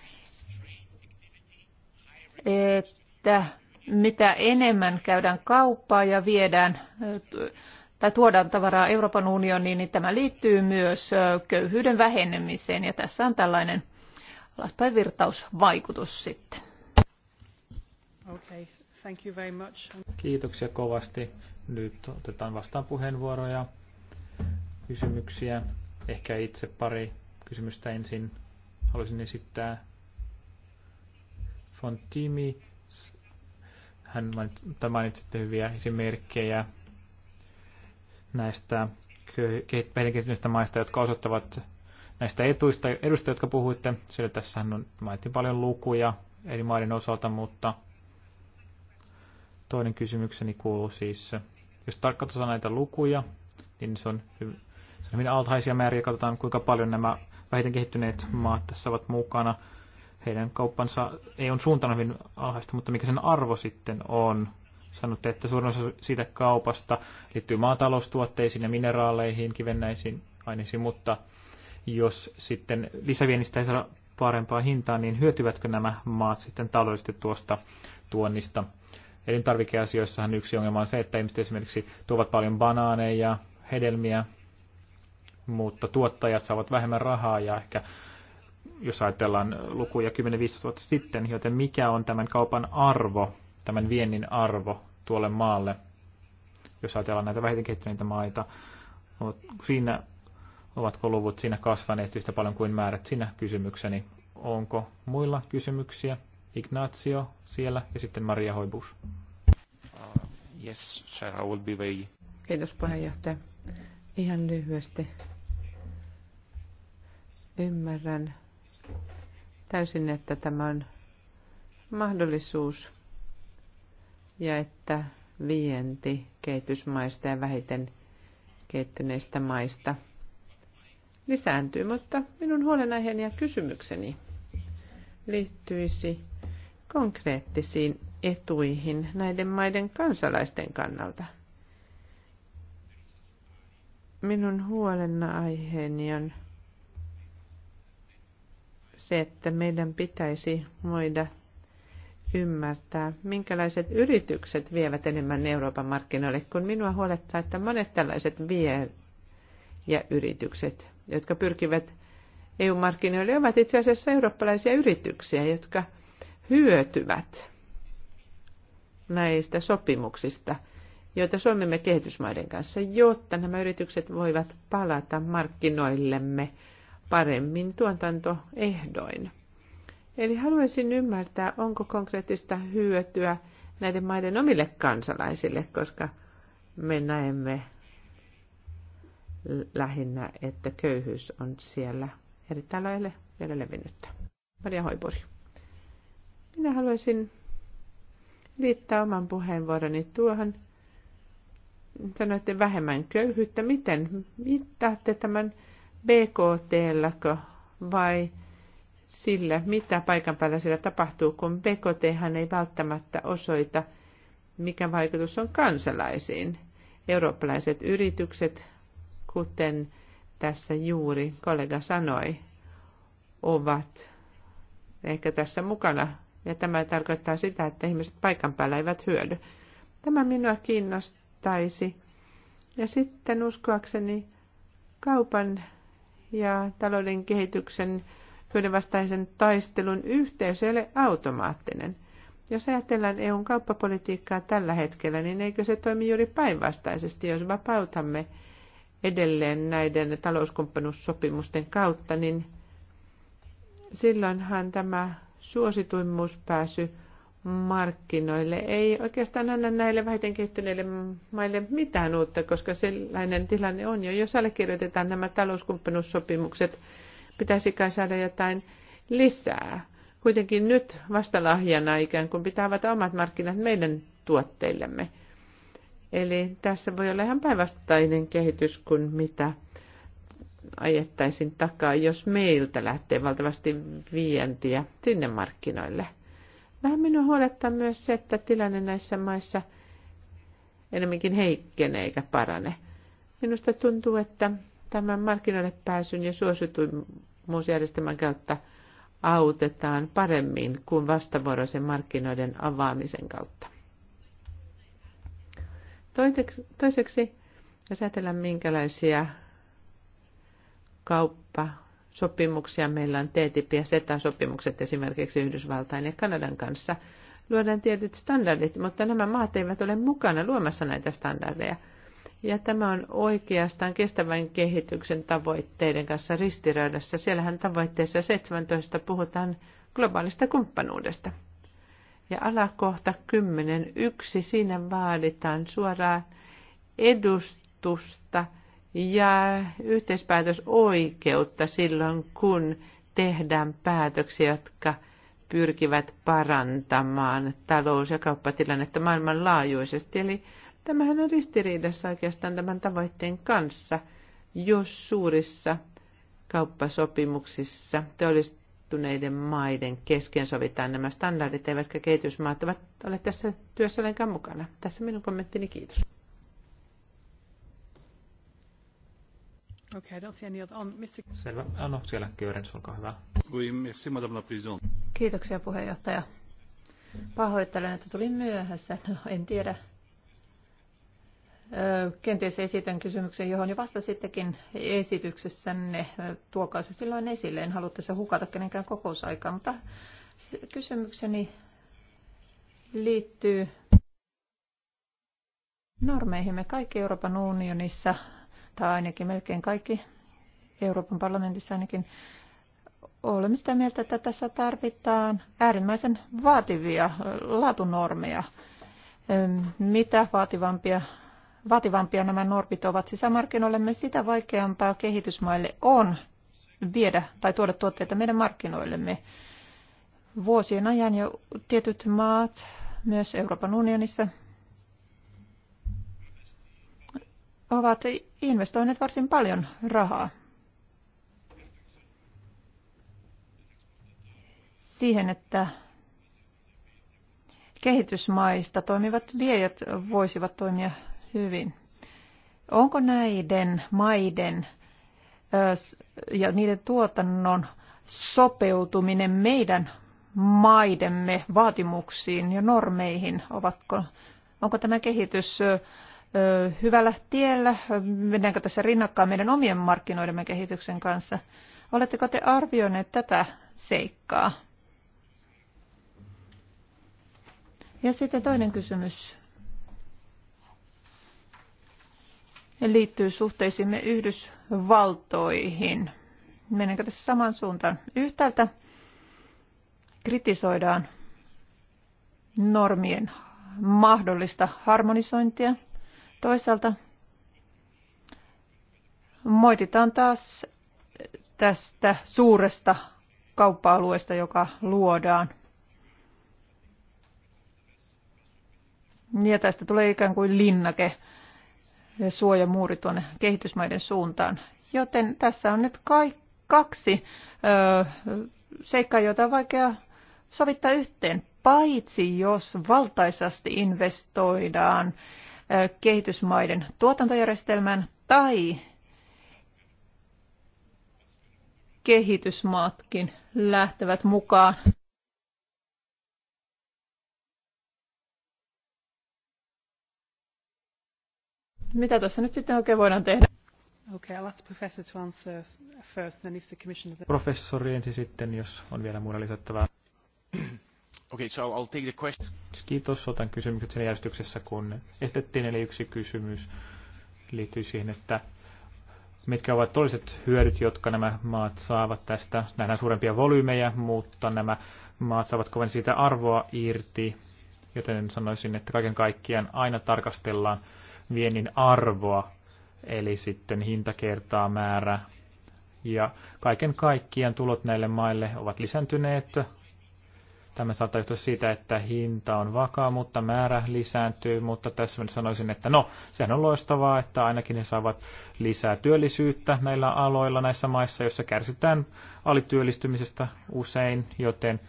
että mitä enemmän käydään kauppaa ja viedään tai tuodaan tavaraa Euroopan unioniin, niin tämä liittyy myös köyhyyden vähenemiseen. Ja tässä on tällainen alaspäin virtausvaikutus sitten. Okay. Thank you very much. Kiitoksia kovasti. Nyt otetaan vastaan puheenvuoroja kysymyksiä. Ehkä itse pari kysymystä ensin haluaisin esittää. Fontimi, hän mainitsitte hyviä esimerkkejä näistä kehittyneistä maista, jotka osoittavat näistä etuista, edusta, jotka puhuitte, sillä tässä on, mainittiin paljon lukuja eri maiden osalta, mutta toinen kysymykseni kuuluu siis, jos tarkkaan näitä lukuja, niin se on hyvin alhaisia määriä. Katsotaan, kuinka paljon nämä vähiten kehittyneet maat tässä ovat mukana. Heidän kauppansa ei on suuntaan hyvin alhaista, mutta mikä sen arvo sitten on? Sanotte, että suurin osa siitä kaupasta liittyy maataloustuotteisiin ja mineraaleihin, kivennäisiin aineisiin, mutta jos sitten lisäviennistä ei saada parempaa hintaa, niin hyötyvätkö nämä maat sitten taloudellisesti tuosta tuonnista? Elintarvikeasioissahan yksi ongelma on se, että ihmiset esimerkiksi tuovat paljon banaaneja, hedelmiä mutta tuottajat saavat vähemmän rahaa ja ehkä jos ajatellaan lukuja 10-15 vuotta sitten, joten mikä on tämän kaupan arvo, tämän viennin arvo tuolle maalle, jos ajatellaan näitä vähiten kehittyneitä maita, siinä, ovatko luvut siinä kasvaneet yhtä paljon kuin määrät siinä kysymykseni. Onko muilla kysymyksiä? Ignacio siellä ja sitten Maria Hoibus. Uh, yes, sir, I will be very... Kiitos puheenjohtaja. Ihan lyhyesti Ymmärrän täysin, että tämä on mahdollisuus ja että vienti kehitysmaista ja vähiten kehittyneistä maista lisääntyy, mutta minun huolenaiheeni ja kysymykseni liittyisi konkreettisiin etuihin näiden maiden kansalaisten kannalta. Minun huolenaiheeni on se, että meidän pitäisi voida ymmärtää, minkälaiset yritykset vievät enemmän Euroopan markkinoille, kun minua huolettaa, että monet tällaiset vie ja yritykset, jotka pyrkivät EU-markkinoille, ovat itse asiassa eurooppalaisia yrityksiä, jotka hyötyvät näistä sopimuksista, joita suomimme kehitysmaiden kanssa, jotta nämä yritykset voivat palata markkinoillemme – paremmin tuotantoehdoin. Eli haluaisin ymmärtää, onko konkreettista hyötyä näiden maiden omille kansalaisille, koska me näemme lähinnä, että köyhyys on siellä eri taloille vielä levinnyttä. Maria Hoipuri. Minä haluaisin liittää oman puheenvuoroni tuohon. Sanoitte vähemmän köyhyyttä. Miten mittaatte tämän BKT-läkö vai sillä, mitä paikan päällä siellä tapahtuu, kun BKT ei välttämättä osoita, mikä vaikutus on kansalaisiin. Eurooppalaiset yritykset, kuten tässä juuri kollega sanoi, ovat ehkä tässä mukana. Ja tämä tarkoittaa sitä, että ihmiset paikan päällä eivät hyödy. Tämä minua kiinnostaisi. Ja sitten uskoakseni kaupan ja talouden kehityksen vastaisen taistelun yhteys ei ole automaattinen. Jos ajatellaan EUn kauppapolitiikkaa tällä hetkellä, niin eikö se toimi juuri päinvastaisesti, jos vapautamme edelleen näiden talouskumppanuussopimusten kautta, niin silloinhan tämä suosituimmuuspääsy markkinoille ei oikeastaan anna näille vähiten kehittyneille maille mitään uutta, koska sellainen tilanne on jo. Jos allekirjoitetaan nämä talouskumppanuussopimukset, pitäisi kai saada jotain lisää. Kuitenkin nyt vasta lahjana ikään kuin pitää avata omat markkinat meidän tuotteillemme. Eli tässä voi olla ihan päinvastainen kehitys kuin mitä ajettaisiin takaa, jos meiltä lähtee valtavasti vientiä sinne markkinoille – Vähän minua huolettaa myös se, että tilanne näissä maissa enemmänkin heikkenee eikä parane. Minusta tuntuu, että tämän markkinoille pääsyn ja suosituimmuusjärjestelmän kautta autetaan paremmin kuin vastavuoroisen markkinoiden avaamisen kautta. Toiseksi, jos ajatellaan minkälaisia kauppa- sopimuksia. Meillä on TTIP ja SETA-sopimukset esimerkiksi Yhdysvaltain ja Kanadan kanssa. Luodaan tietyt standardit, mutta nämä maat eivät ole mukana luomassa näitä standardeja. Ja tämä on oikeastaan kestävän kehityksen tavoitteiden kanssa ristiröidässä. Siellähän tavoitteessa 17 puhutaan globaalista kumppanuudesta. Ja alakohta 10.1. Siinä vaaditaan suoraan edustusta – ja yhteispäätösoikeutta silloin, kun tehdään päätöksiä, jotka pyrkivät parantamaan talous- ja kauppatilannetta maailmanlaajuisesti. Eli tämähän on ristiriidassa oikeastaan tämän tavoitteen kanssa, jos suurissa kauppasopimuksissa teollistuneiden maiden kesken sovitaan nämä standardit, eivätkä kehitysmaat ole tässä työssä ollenkaan mukana. Tässä minun kommenttini, kiitos. Okay, I don't see any other. On, oh, Mr. Selvä. Anno, ah, siellä Görens, olkaa hyvä. Oui, merci, madame la présidente. Kiitoksia puheenjohtaja. Pahoittelen, että tulin myöhässä. No, en tiedä. Kenties esitän kysymyksen, johon jo vastasittekin esityksessänne. Tuokaa se silloin esille. En halua tässä hukata kenenkään kokousaikaa, mutta kysymykseni liittyy normeihin. Me kaikki Euroopan unionissa tai ainakin melkein kaikki Euroopan parlamentissa ainakin, olemme sitä mieltä, että tässä tarvitaan äärimmäisen vaativia laatunormeja. Mitä vaativampia, vaativampia nämä normit ovat sisämarkkinoillemme, sitä vaikeampaa kehitysmaille on viedä tai tuoda tuotteita meidän markkinoillemme. Vuosien ajan jo tietyt maat, myös Euroopan unionissa, ovat investoineet varsin paljon rahaa siihen, että kehitysmaista toimivat viejät voisivat toimia hyvin. Onko näiden maiden ja niiden tuotannon sopeutuminen meidän maidemme vaatimuksiin ja normeihin, ovatko, onko tämä kehitys hyvällä tiellä? Mennäänkö tässä rinnakkain meidän omien markkinoidemme kehityksen kanssa? Oletteko te arvioineet tätä seikkaa? Ja sitten toinen kysymys liittyy suhteisiimme Yhdysvaltoihin. Mennäänkö tässä samaan suuntaan? Yhtäältä kritisoidaan normien mahdollista harmonisointia – Toisaalta moititaan taas tästä suuresta kauppa-alueesta, joka luodaan. Ja tästä tulee ikään kuin linnake, ja suojamuuri tuonne kehitysmaiden suuntaan. Joten tässä on nyt kaikki kaksi ö, seikkaa, joita on vaikea sovittaa yhteen, paitsi jos valtaisasti investoidaan kehitysmaiden tuotantojärjestelmän tai kehitysmaatkin lähtevät mukaan. Mitä tässä nyt sitten oikein voidaan tehdä? Okay, I'll ask professor to answer first, then if the commission... Professori ensin sitten, jos on vielä muuta lisättävää. Okay, so I'll take the question. Kiitos. Otan kysymykset sen järjestyksessä, kun estettiin. Eli yksi kysymys liittyy siihen, että mitkä ovat toiset hyödyt, jotka nämä maat saavat tästä. Nähdään suurempia volyymeja, mutta nämä maat saavat kovin siitä arvoa irti. Joten sanoisin, että kaiken kaikkiaan aina tarkastellaan viennin arvoa, eli sitten hinta kertaa määrä. Ja kaiken kaikkiaan tulot näille maille ovat lisääntyneet Tämä saattaa johtua siitä, että hinta on vakaa, mutta määrä lisääntyy, mutta tässä sanoisin, että no, sehän on loistavaa, että ainakin ne saavat lisää työllisyyttä näillä aloilla näissä maissa, joissa kärsitään alityöllistymisestä usein, joten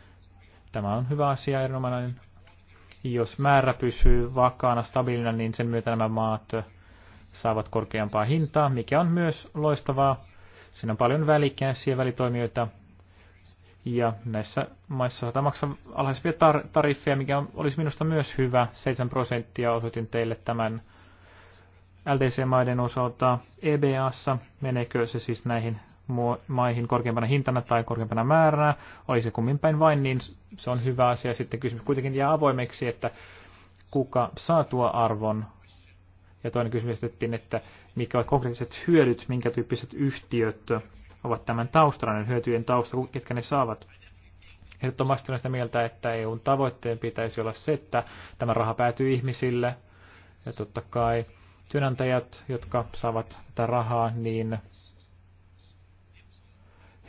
tämä on hyvä asia, erinomainen. Jos määrä pysyy vakaana, stabiilina, niin sen myötä nämä maat saavat korkeampaa hintaa, mikä on myös loistavaa. Siinä on paljon välikäisiä välitoimijoita, ja näissä maissa saattaa maksaa alhaisempia tar- tariffeja, mikä olisi minusta myös hyvä. 7 prosenttia osoitin teille tämän LDC-maiden osalta EBAssa. Meneekö se siis näihin maihin korkeampana hintana tai korkeampana määränä, oli se kummin päin vain, niin se on hyvä asia. Sitten kysymys kuitenkin jää avoimeksi, että kuka saa tuo arvon. Ja toinen kysymys että mitkä ovat konkreettiset hyödyt, minkä tyyppiset yhtiöt ovat tämän taustalla, hyötyjen tausta, ketkä ne saavat. Ehdottomasti olen sitä mieltä, että EUn tavoitteen pitäisi olla se, että tämä raha päätyy ihmisille. Ja totta kai työnantajat, jotka saavat tätä rahaa, niin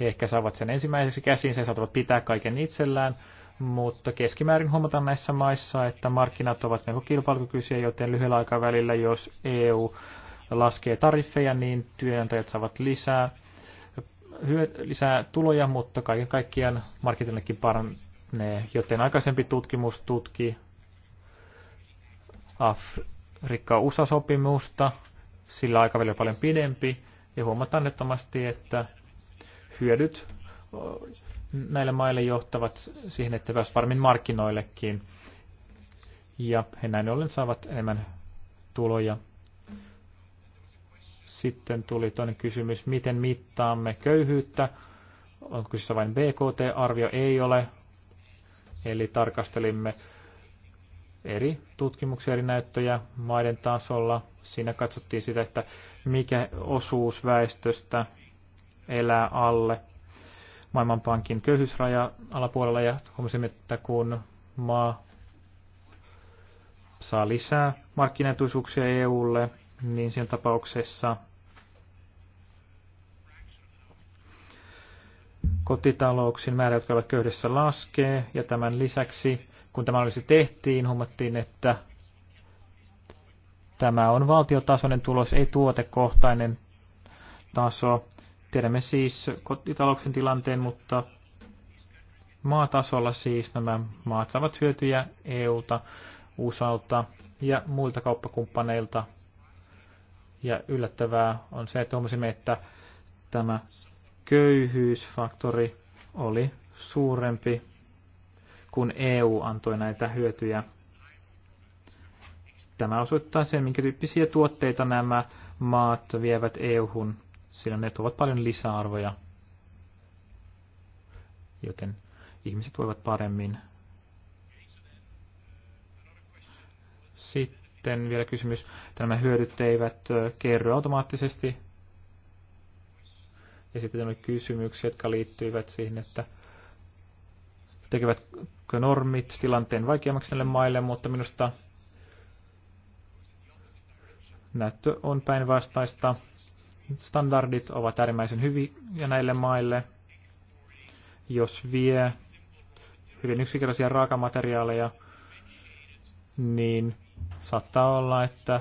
he ehkä saavat sen ensimmäiseksi käsiin, se saattavat pitää kaiken itsellään, mutta keskimäärin huomataan näissä maissa, että markkinat ovat melko kilpailukykyisiä, joten lyhyellä aikavälillä, jos EU laskee tariffeja, niin työnantajat saavat lisää lisää tuloja, mutta kaiken kaikkiaan markkinoillekin paranee, joten aikaisempi tutkimus tutki Afrikka-USA-sopimusta, sillä aikavälillä on paljon pidempi, ja huomataan nettomasti, että hyödyt näille maille johtavat siihen, että pääsivät varmin markkinoillekin, ja he näin ollen saavat enemmän tuloja sitten tuli toinen kysymys, miten mittaamme köyhyyttä? Onko kyseessä vain BKT-arvio? Ei ole. Eli tarkastelimme eri tutkimuksia, eri näyttöjä maiden tasolla. Siinä katsottiin sitä, että mikä osuus väestöstä elää alle Maailmanpankin köyhyysraja alapuolella ja huomasimme, että kun maa saa lisää markkinatuisuuksia EUlle, niin siinä tapauksessa kotitalouksien määrä, jotka ovat köyhdessä, laskee. Ja tämän lisäksi, kun tämä olisi tehtiin, huomattiin, että tämä on valtiotasoinen tulos, ei tuotekohtainen taso. Tiedämme siis kotitalouksen tilanteen, mutta maatasolla siis nämä maat saavat hyötyjä EU:ta, USAlta ja muilta kauppakumppaneilta ja yllättävää on se, että huomasimme, että tämä köyhyysfaktori oli suurempi, kun EU antoi näitä hyötyjä. Tämä osoittaa sen, minkä tyyppisiä tuotteita nämä maat vievät EU-hun, sillä ne tuovat paljon lisäarvoja, joten ihmiset voivat paremmin. Sitten sitten vielä kysymys, nämä hyödyt eivät kerry automaattisesti. Ja sitten oli kysymyksiä, jotka liittyivät siihen, että tekevätkö normit tilanteen vaikeammaksi näille maille, mutta minusta näyttö on päinvastaista. Standardit ovat äärimmäisen hyviä näille maille. Jos vie hyvin yksinkertaisia raakamateriaaleja, niin Saattaa olla, että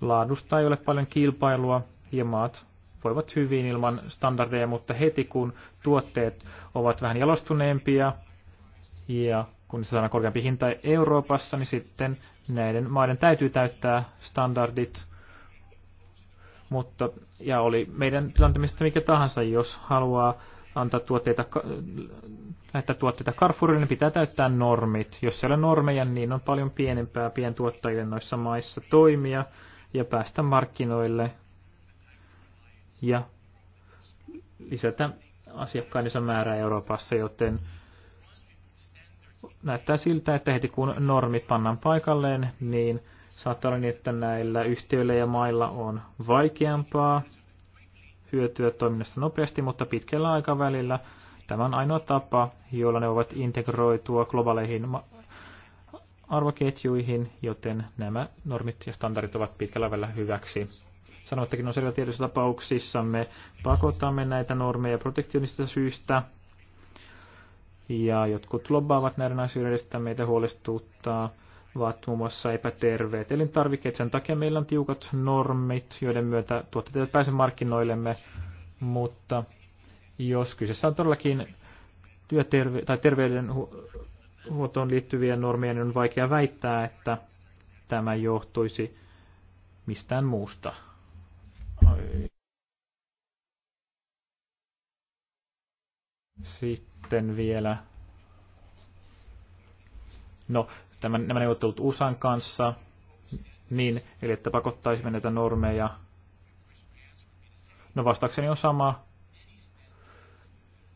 laadusta ei ole paljon kilpailua ja maat voivat hyvin ilman standardeja, mutta heti kun tuotteet ovat vähän jalostuneempia ja kun niissä saadaan korkeampi hinta Euroopassa, niin sitten näiden maiden täytyy täyttää standardit. Mutta, ja oli meidän tilanteesta mikä tahansa, jos haluaa antaa tuotteita, lähettää tuotteita Carrefourille, niin pitää täyttää normit. Jos siellä on normeja, niin on paljon pienempää pientuottajille noissa maissa toimia ja päästä markkinoille ja lisätä iso määrää Euroopassa, joten näyttää siltä, että heti kun normit pannaan paikalleen, niin saattaa olla niin, että näillä yhtiöillä ja mailla on vaikeampaa hyötyä toiminnasta nopeasti, mutta pitkällä aikavälillä tämä on ainoa tapa, jolla ne ovat integroitua globaaleihin arvoketjuihin, joten nämä normit ja standardit ovat pitkällä välillä hyväksi. Sanoittekin on selvä tietyissä tapauksissa me pakotamme näitä normeja protektionista syystä, ja jotkut lobbaavat näiden asioiden edestä meitä huolestuttaa ovat muun muassa epäterveet elintarvikkeet. Sen takia meillä on tiukat normit, joiden myötä tuotteet eivät pääse markkinoillemme, mutta jos kyseessä on todellakin työterve- tai terveydenhuoltoon liittyviä normeja, niin on vaikea väittää, että tämä johtuisi mistään muusta. Sitten vielä. No, tämän, nämä neuvottelut USAn kanssa niin, eli että pakottaisimme näitä normeja. No vastaukseni on sama.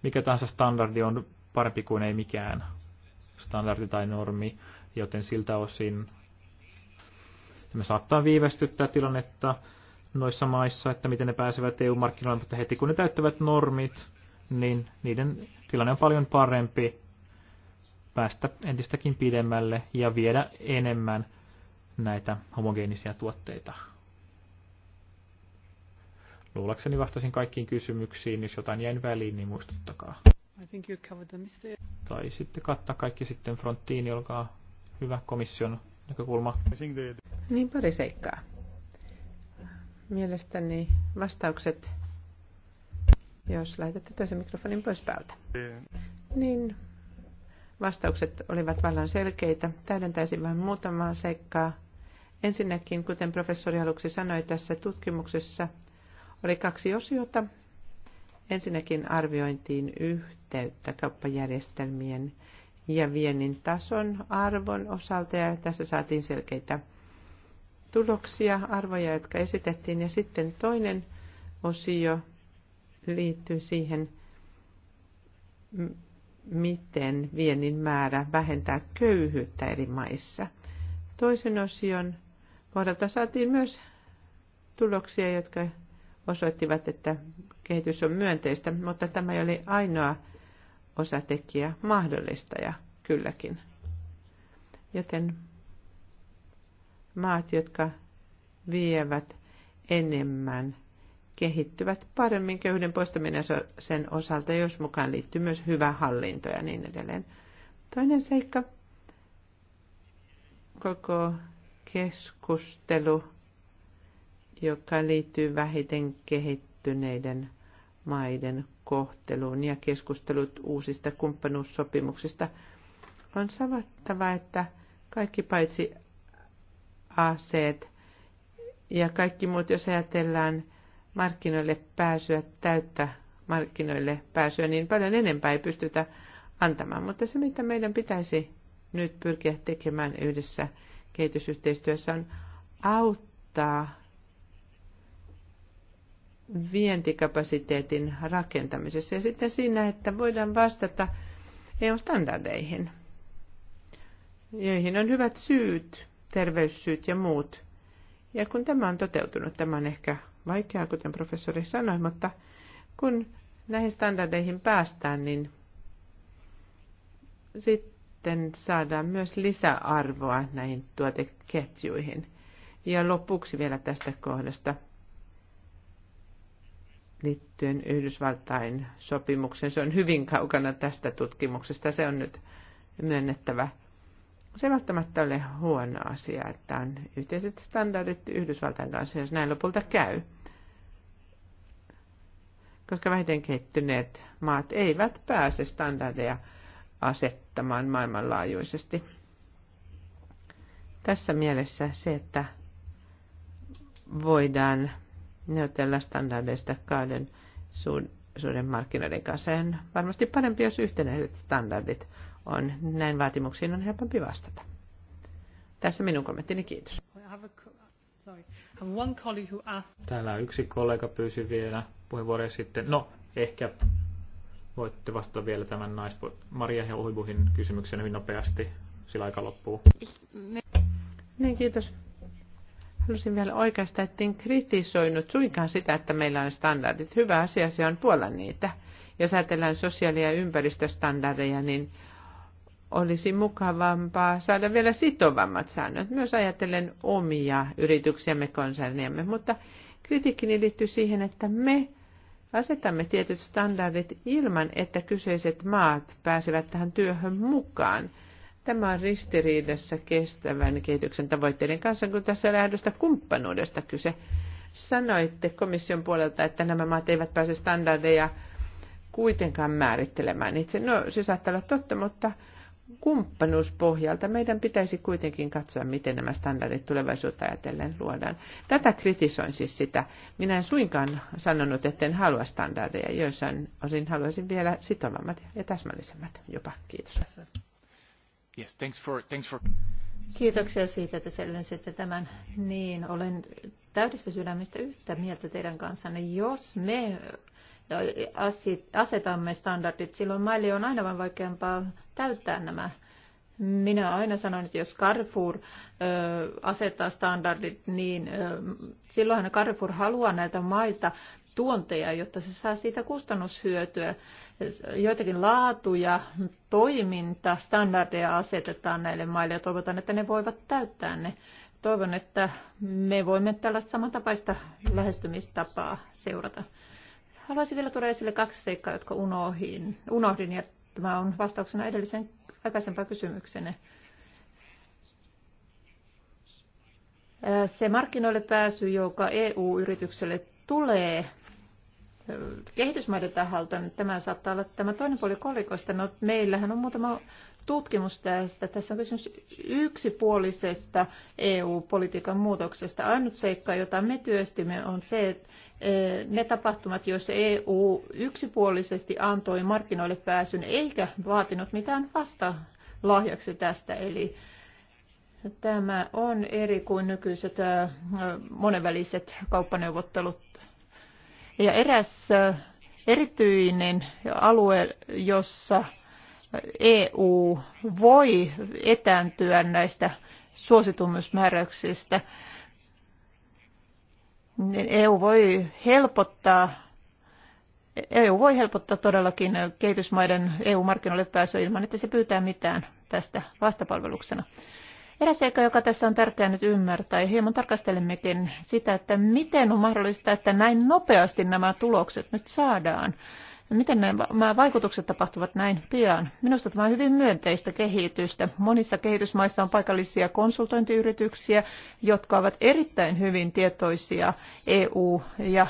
Mikä tahansa standardi on parempi kuin ei mikään standardi tai normi, joten siltä osin me saattaa viivästyttää tilannetta noissa maissa, että miten ne pääsevät EU-markkinoille, mutta heti kun ne täyttävät normit, niin niiden tilanne on paljon parempi päästä entistäkin pidemmälle ja viedä enemmän näitä homogeenisia tuotteita. Luulakseni vastasin kaikkiin kysymyksiin, jos jotain jäi väliin, niin muistuttakaa. I think you covered them, Mr. Tai sitten kattaa kaikki sitten fronttiin, niin olkaa hyvä komission näkökulma. Niin pari seikkaa. Mielestäni vastaukset, jos laitatte toisen mikrofonin pois päältä. Niin Vastaukset olivat vallan selkeitä. Täydentäisin vain muutamaa seikkaa. Ensinnäkin, kuten professori aluksi sanoi, tässä tutkimuksessa oli kaksi osiota. Ensinnäkin arviointiin yhteyttä kauppajärjestelmien ja viennin tason arvon osalta, ja tässä saatiin selkeitä tuloksia, arvoja, jotka esitettiin. Ja sitten toinen osio liittyy siihen, miten viennin määrä vähentää köyhyyttä eri maissa. Toisen osion kohdalta saatiin myös tuloksia, jotka osoittivat, että kehitys on myönteistä, mutta tämä ei ole ainoa osatekijä, ja kylläkin. Joten maat, jotka vievät enemmän kehittyvät paremmin köyhyyden poistaminen sen osalta, jos mukaan liittyy myös hyvä hallinto ja niin edelleen. Toinen seikka, koko keskustelu, joka liittyy vähiten kehittyneiden maiden kohteluun ja keskustelut uusista kumppanuussopimuksista, on savattava, että kaikki paitsi aseet ja kaikki muut, jos ajatellaan – markkinoille pääsyä, täyttä markkinoille pääsyä, niin paljon enempää ei pystytä antamaan. Mutta se, mitä meidän pitäisi nyt pyrkiä tekemään yhdessä kehitysyhteistyössä, on auttaa vientikapasiteetin rakentamisessa ja sitten siinä, että voidaan vastata EU-standardeihin, joihin on hyvät syyt, terveyssyyt ja muut. Ja kun tämä on toteutunut, tämä on ehkä vaikeaa, kuten professori sanoi, mutta kun näihin standardeihin päästään, niin sitten saadaan myös lisäarvoa näihin tuoteketjuihin. Ja lopuksi vielä tästä kohdasta liittyen Yhdysvaltain sopimukseen. Se on hyvin kaukana tästä tutkimuksesta. Se on nyt myönnettävä. Se ei välttämättä ole huono asia, että on yhteiset standardit Yhdysvaltain kanssa, jos näin lopulta käy koska vähiten kehittyneet maat eivät pääse standardeja asettamaan maailmanlaajuisesti. Tässä mielessä se, että voidaan neuvotella standardeista kahden suuren markkinoiden kanssa, on varmasti parempi, jos yhtenäiset standardit on. Näin vaatimuksiin on helpompi vastata. Tässä minun kommenttini, kiitos. Täällä yksi kollega pyysi vielä puheenvuoroja sitten. No, ehkä voitte vastata vielä tämän nais Maria ja Ohibuhin kysymyksen hyvin nopeasti, sillä aika loppuu. Niin, kiitos. Halusin vielä oikeastaan, että en kritisoinut suinkaan sitä, että meillä on standardit. Hyvä asia, se on puolla niitä. Jos ajatellaan sosiaali- ja ympäristöstandardeja, niin olisi mukavampaa saada vielä sitovammat säännöt, myös ajatellen omia yrityksiämme, konserniamme. Mutta kritiikkini liittyy siihen, että me asetamme tietyt standardit ilman, että kyseiset maat pääsevät tähän työhön mukaan. Tämä on ristiriidassa kestävän kehityksen tavoitteiden kanssa, kun tässä lähdöstä kumppanuudesta kyse. Sanoitte komission puolelta, että nämä maat eivät pääse standardeja kuitenkaan määrittelemään itse. No, se saattaa olla totta, mutta kumppanuuspohjalta meidän pitäisi kuitenkin katsoa, miten nämä standardit tulevaisuutta ajatellen luodaan. Tätä kritisoin siis sitä. Minä en suinkaan sanonut, että en halua standardeja. Joissain osin haluaisin vielä sitovammat ja täsmällisemmät jopa. Kiitos. Yes, thanks for, thanks for... Kiitoksia siitä, että selvensitte tämän. Niin, olen täydestä sydämestä yhtä mieltä teidän kanssanne. Jos me asetamme standardit, silloin maille on aina vain vaikeampaa täyttää nämä minä aina sanon, että jos Carrefour ö, asettaa standardit, niin ö, silloinhan Carrefour haluaa näiltä mailta tuonteja, jotta se saa siitä kustannushyötyä. Joitakin laatuja, toiminta, standardeja asetetaan näille maille ja toivotaan, että ne voivat täyttää ne. Toivon, että me voimme tällaista samantapaista lähestymistapaa seurata. Haluaisin vielä tuoda esille kaksi seikkaa, jotka unohdin, unohdin ja tämä on vastauksena edellisen aikaisempaan kysymykseen. Se markkinoille pääsy, joka EU-yritykselle tulee kehitysmaiden taholta, niin tämä saattaa olla tämä toinen puoli kolikoista. No, meillähän on muutama tutkimus tästä. Tässä on kysymys yksipuolisesta EU-politiikan muutoksesta. Ainut seikka, jota me työstimme, on se, että Eh, ne tapahtumat, joissa EU yksipuolisesti antoi markkinoille pääsyn eikä vaatinut mitään vasta lahjaksi tästä. Eli tämä on eri kuin nykyiset eh, monenväliset kauppaneuvottelut. Ja eräs eh, erityinen alue, jossa EU voi etääntyä näistä suositummusmääräyksistä niin EU voi helpottaa EU voi helpottaa todellakin kehitysmaiden EU-markkinoille pääsyä ilman, että se pyytää mitään tästä vastapalveluksena. Eräs seikka, joka tässä on tärkeää nyt ymmärtää, ja hieman tarkastelemmekin sitä, että miten on mahdollista, että näin nopeasti nämä tulokset nyt saadaan. Miten nämä vaikutukset tapahtuvat näin pian? Minusta tämä on hyvin myönteistä kehitystä. Monissa kehitysmaissa on paikallisia konsultointiyrityksiä, jotka ovat erittäin hyvin tietoisia EU- ja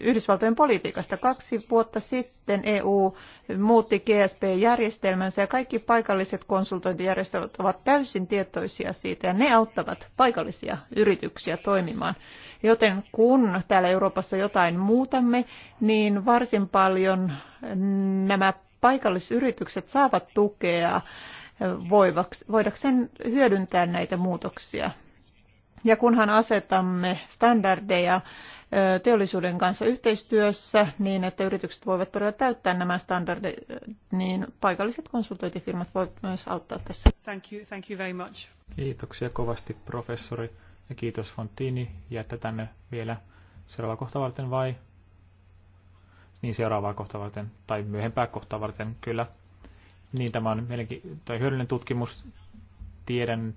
Yhdysvaltojen politiikasta. Kaksi vuotta sitten EU muutti GSP-järjestelmänsä ja kaikki paikalliset konsultointijärjestelmät ovat täysin tietoisia siitä ja ne auttavat paikallisia yrityksiä toimimaan. Joten kun täällä Euroopassa jotain muutamme, niin varsin paljon nämä paikallisyritykset saavat tukea voidakseen hyödyntää näitä muutoksia. Ja kunhan asetamme standardeja teollisuuden kanssa yhteistyössä niin, että yritykset voivat todella täyttää nämä standardit, niin paikalliset konsultointifirmat voivat myös auttaa tässä. Thank you, thank you very much. Kiitoksia kovasti professori ja kiitos Fontini. Jättä tänne vielä seuraavaa kohta varten vai? Niin seuraavaa kohta varten tai myöhempää kohta varten kyllä. Niin tämä on mielenki- tai hyödyllinen tutkimus. Tiedän,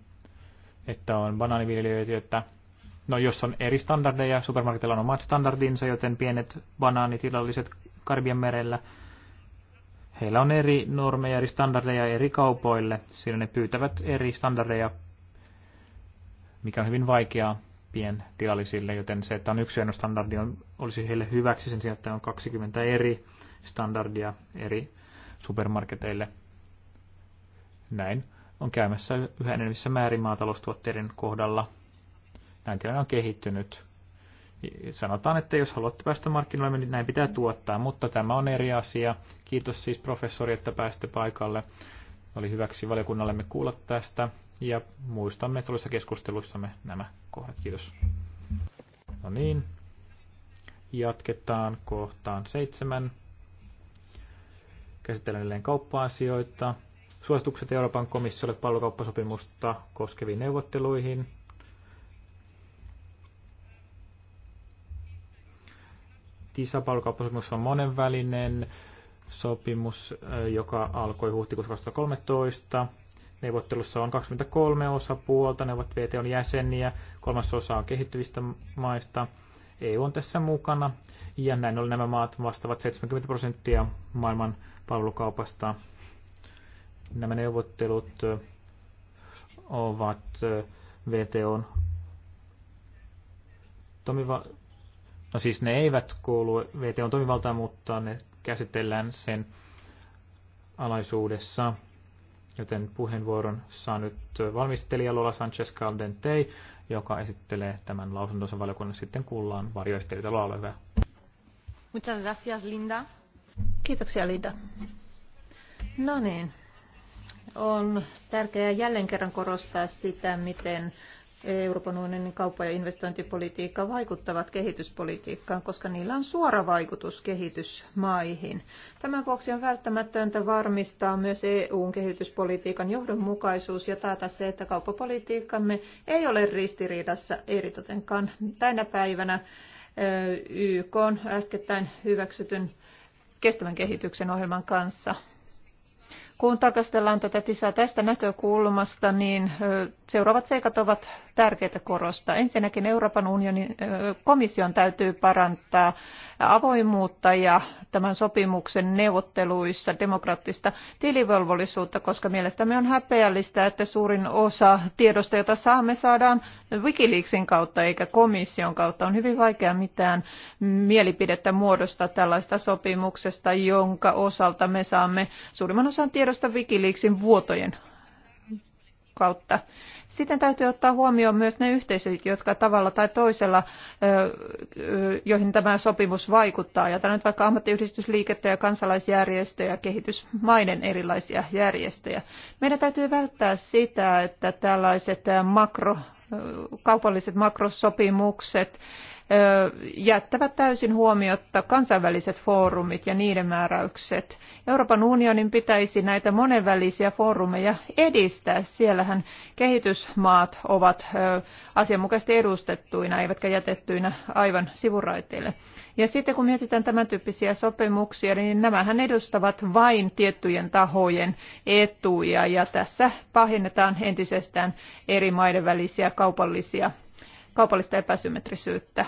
että on banaaniviljelijöitä, no jos on eri standardeja, supermarketilla on omat standardinsa, joten pienet banaanitilalliset Karibian merellä, heillä on eri normeja, eri standardeja eri kaupoille, sillä ne pyytävät eri standardeja, mikä on hyvin vaikeaa pientilallisille, joten se, että on yksi ainoa standardi, on, olisi heille hyväksi sen sijaan, että on 20 eri standardia eri supermarketeille. Näin on käymässä yhä enemmissä määrin maataloustuotteiden kohdalla. Näin tilanne on kehittynyt. Sanotaan, että jos haluatte päästä markkinoille, niin näin pitää tuottaa, mutta tämä on eri asia. Kiitos siis professori, että pääsitte paikalle. Oli hyväksi valiokunnallemme kuulla tästä ja muistamme tuollaisissa keskusteluissamme nämä kohdat. Kiitos. No niin, jatketaan kohtaan seitsemän. Käsitellään edelleen kauppa-asioita suositukset Euroopan komissiolle pallokauppasopimusta koskeviin neuvotteluihin. TISA-pallokauppasopimus on monenvälinen sopimus, äh, joka alkoi huhtikuussa 2013. Neuvottelussa on 23 osapuolta, ne ovat VTOn jäseniä, kolmas osa on kehittyvistä maista. EU on tässä mukana ja näin ollen nämä maat vastaavat 70 prosenttia maailman palvelukaupasta Nämä neuvottelut ovat VTOn toimiva... No siis ne eivät kuulu VTOn toimivaltaan, mutta ne käsitellään sen alaisuudessa. Joten puheenvuoron saa nyt valmistelija Lola Sanchez Caldente, joka esittelee tämän lausuntonsa valiokunnan. Sitten kuullaan varjoistelijoita. Lola, ole hyvä. Muchas gracias, Linda. Kiitoksia, Linda. No niin, on tärkeää jälleen kerran korostaa sitä, miten Euroopan unionin kauppa- ja investointipolitiikka vaikuttavat kehityspolitiikkaan, koska niillä on suora vaikutus kehitysmaihin. Tämän vuoksi on välttämätöntä varmistaa myös EUn kehityspolitiikan johdonmukaisuus ja taata se, että kauppapolitiikkamme ei ole ristiriidassa eritotenkaan tänä päivänä YK on äskettäin hyväksytyn kestävän kehityksen ohjelman kanssa. Kun tarkastellaan tätä tisää tästä näkökulmasta, niin seuraavat seikat ovat tärkeitä korostaa. Ensinnäkin Euroopan unionin komission täytyy parantaa avoimuutta ja tämän sopimuksen neuvotteluissa demokraattista tilivelvollisuutta, koska mielestämme on häpeällistä, että suurin osa tiedosta, jota saamme, saadaan Wikileaksin kautta eikä komission kautta. On hyvin vaikea mitään mielipidettä muodostaa tällaista sopimuksesta, jonka osalta me saamme suurimman osan tiedon tiedosta Wikileaksin vuotojen kautta. Sitten täytyy ottaa huomioon myös ne yhteisöt, jotka tavalla tai toisella, joihin tämä sopimus vaikuttaa. Ja nyt vaikka ammattiyhdistysliikettä ja kansalaisjärjestöjä, kehitysmaiden erilaisia järjestöjä. Meidän täytyy välttää sitä, että tällaiset makro, kaupalliset makrosopimukset jättävät täysin huomiotta kansainväliset foorumit ja niiden määräykset. Euroopan unionin pitäisi näitä monenvälisiä foorumeja edistää. Siellähän kehitysmaat ovat asianmukaisesti edustettuina, eivätkä jätettyinä aivan sivuraiteille. Ja sitten kun mietitään tämän tyyppisiä sopimuksia, niin nämähän edustavat vain tiettyjen tahojen etuja ja tässä pahennetaan entisestään eri maiden välisiä kaupallisia kaupallista epäsymmetrisyyttä.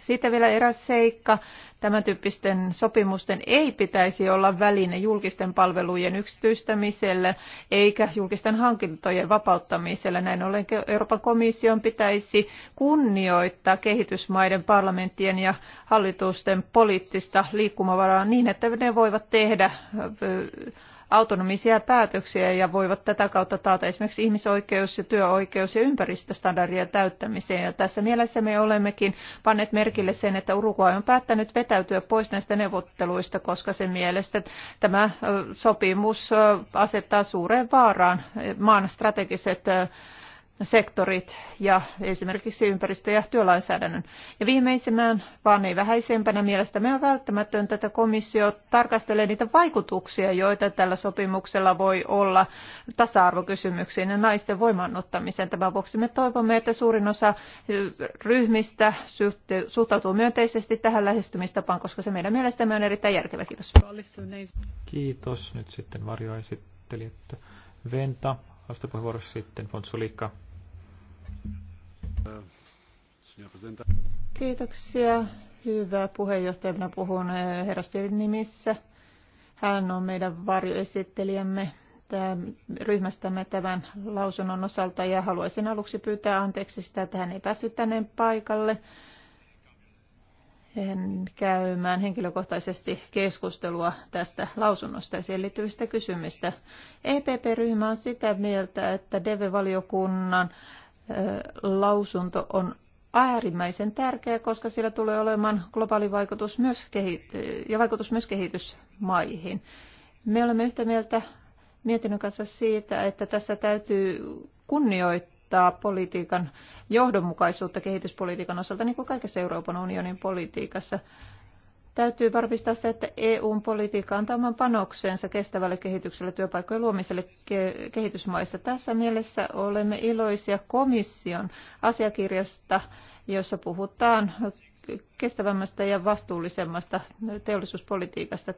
Sitten vielä eräs seikka. Tämän tyyppisten sopimusten ei pitäisi olla väline julkisten palvelujen yksityistämiselle eikä julkisten hankintojen vapauttamiselle. Näin ollen Euroopan komission pitäisi kunnioittaa kehitysmaiden parlamenttien ja hallitusten poliittista liikkumavaraa niin, että ne voivat tehdä autonomisia päätöksiä ja voivat tätä kautta taata esimerkiksi ihmisoikeus ja työoikeus ja ympäristöstandardien täyttämiseen. Ja tässä mielessä me olemmekin panneet merkille sen, että Uruguay on päättänyt vetäytyä pois näistä neuvotteluista, koska sen mielestä tämä sopimus asettaa suureen vaaraan maan strategiset sektorit ja esimerkiksi ympäristö- ja työlainsäädännön. Ja viimeisemmän, vaan ei vähäisempänä me on välttämätöntä, että komissio tarkastelee niitä vaikutuksia, joita tällä sopimuksella voi olla tasa-arvokysymyksiin ja naisten voimannuttamiseen Tämän vuoksi me toivomme, että suurin osa ryhmistä suhtautuu myönteisesti tähän lähestymistapaan, koska se meidän mielestämme on erittäin järkevä. Kiitos. Kiitos. Nyt sitten että Venta. Vastapuheenvuorossa sitten Fonsulikka. Kiitoksia. Hyvä puheenjohtaja. Minä puhun eh, herrastyöiden nimissä. Hän on meidän varjoesittelijämme ryhmästämme tämän lausunnon osalta ja haluaisin aluksi pyytää anteeksi sitä, että hän ei päässyt tänne paikalle hän käymään henkilökohtaisesti keskustelua tästä lausunnosta ja siihen liittyvistä kysymistä. EPP-ryhmä on sitä mieltä, että Deve valiokunnan lausunto on äärimmäisen tärkeä, koska sillä tulee olemaan globaali vaikutus myös ja vaikutus myös kehitysmaihin. Me olemme yhtä mieltä mietinnön kanssa siitä, että tässä täytyy kunnioittaa politiikan johdonmukaisuutta kehityspolitiikan osalta, niin kuin kaikessa Euroopan unionin politiikassa. Täytyy varmistaa se, että EUn politiikka antaa oman panoksensa kestävälle kehitykselle työpaikkojen luomiselle kehitysmaissa. Tässä mielessä olemme iloisia komission asiakirjasta, jossa puhutaan kestävämmästä ja vastuullisemmasta teollisuuspolitiikasta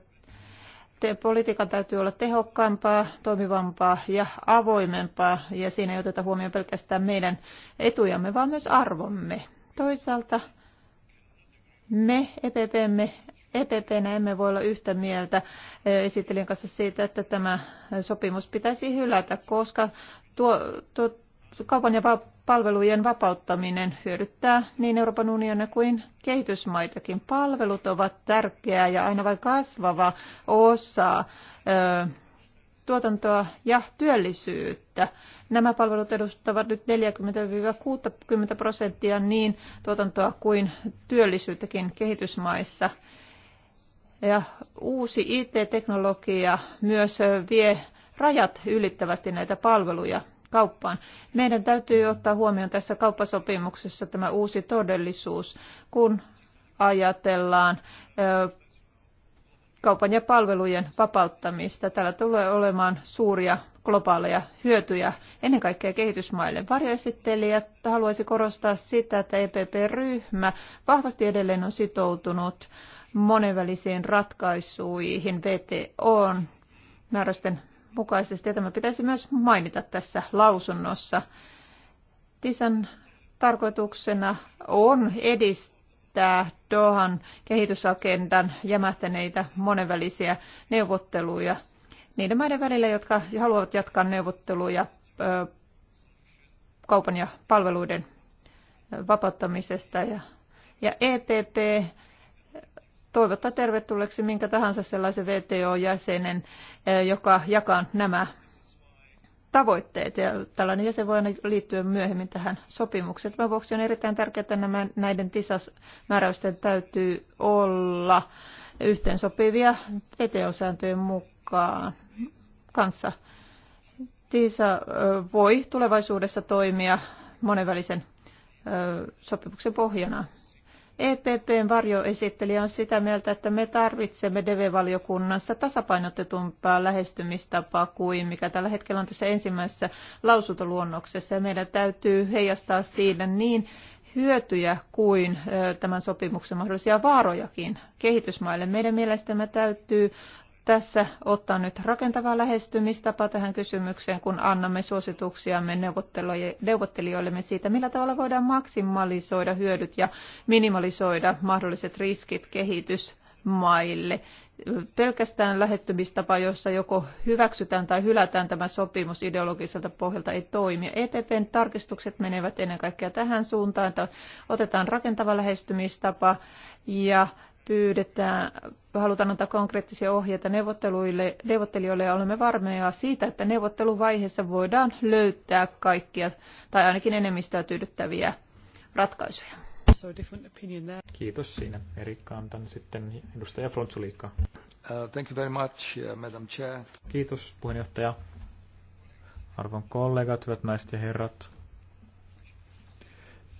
politiikan täytyy olla tehokkaampaa, toimivampaa ja avoimempaa, ja siinä ei oteta huomioon pelkästään meidän etujamme, vaan myös arvomme. Toisaalta me EPPmme EPPnä emme voi olla yhtä mieltä eh, esittelijän kanssa siitä, että tämä sopimus pitäisi hylätä, koska tuo, tuo kaupan ja palvelujen vapauttaminen hyödyttää niin Euroopan unionia kuin kehitysmaitakin. Palvelut ovat tärkeää ja aina vain kasvava osa eh, tuotantoa ja työllisyyttä. Nämä palvelut edustavat nyt 40-60 prosenttia niin tuotantoa kuin työllisyyttäkin kehitysmaissa. Ja uusi IT-teknologia myös vie rajat ylittävästi näitä palveluja kauppaan. Meidän täytyy ottaa huomioon tässä kauppasopimuksessa tämä uusi todellisuus, kun ajatellaan kaupan ja palvelujen vapauttamista. Tällä tulee olemaan suuria globaaleja hyötyjä ennen kaikkea kehitysmaille. Varjoesittelijät haluaisi korostaa sitä, että EPP-ryhmä vahvasti edelleen on sitoutunut monenvälisiin ratkaisuihin VTOn määräysten mukaisesti. Ja tämä pitäisi myös mainita tässä lausunnossa. Tisan tarkoituksena on edistää kiittää Dohan kehitysagendan jämähtäneitä monenvälisiä neuvotteluja niiden maiden välillä, jotka haluavat jatkaa neuvotteluja kaupan ja palveluiden vapauttamisesta. Ja, ja EPP toivottaa tervetulleeksi minkä tahansa sellaisen VTO-jäsenen, joka jakaa nämä tavoitteet ja tällainen jäsen voi liittyä myöhemmin tähän sopimukseen. Tämän vuoksi on erittäin tärkeää, että nämä, näiden TISAS-määräysten täytyy olla yhteensopivia VTO-sääntöjen mukaan kanssa. TISA voi tulevaisuudessa toimia monenvälisen sopimuksen pohjana. EPPn varjoesittelijä on sitä mieltä, että me tarvitsemme DV-valiokunnassa tasapainotetumpaa lähestymistapaa kuin mikä tällä hetkellä on tässä ensimmäisessä lausuntoluonnoksessa. Ja meidän täytyy heijastaa siinä niin hyötyjä kuin tämän sopimuksen mahdollisia vaarojakin kehitysmaille. Meidän mielestämme täytyy tässä ottaa nyt rakentava lähestymistapa tähän kysymykseen, kun annamme suosituksiamme neuvottelijoillemme siitä, millä tavalla voidaan maksimalisoida hyödyt ja minimalisoida mahdolliset riskit kehitysmaille. Pelkästään lähestymistapa, jossa joko hyväksytään tai hylätään tämä sopimus ideologiselta pohjalta, ei toimi. EPPn tarkistukset menevät ennen kaikkea tähän suuntaan, että otetaan rakentava lähestymistapa ja pyydetään, halutaan antaa konkreettisia ohjeita neuvotteluille, neuvottelijoille ja olemme varmeja siitä, että neuvotteluvaiheessa voidaan löytää kaikkia tai ainakin enemmistöä tyydyttäviä ratkaisuja. Kiitos siinä. Eri kantan sitten edustaja Frontsuliikka. Uh, thank you very much, uh, Madam Chair. Kiitos puheenjohtaja. Arvon kollegat, hyvät naiset ja herrat.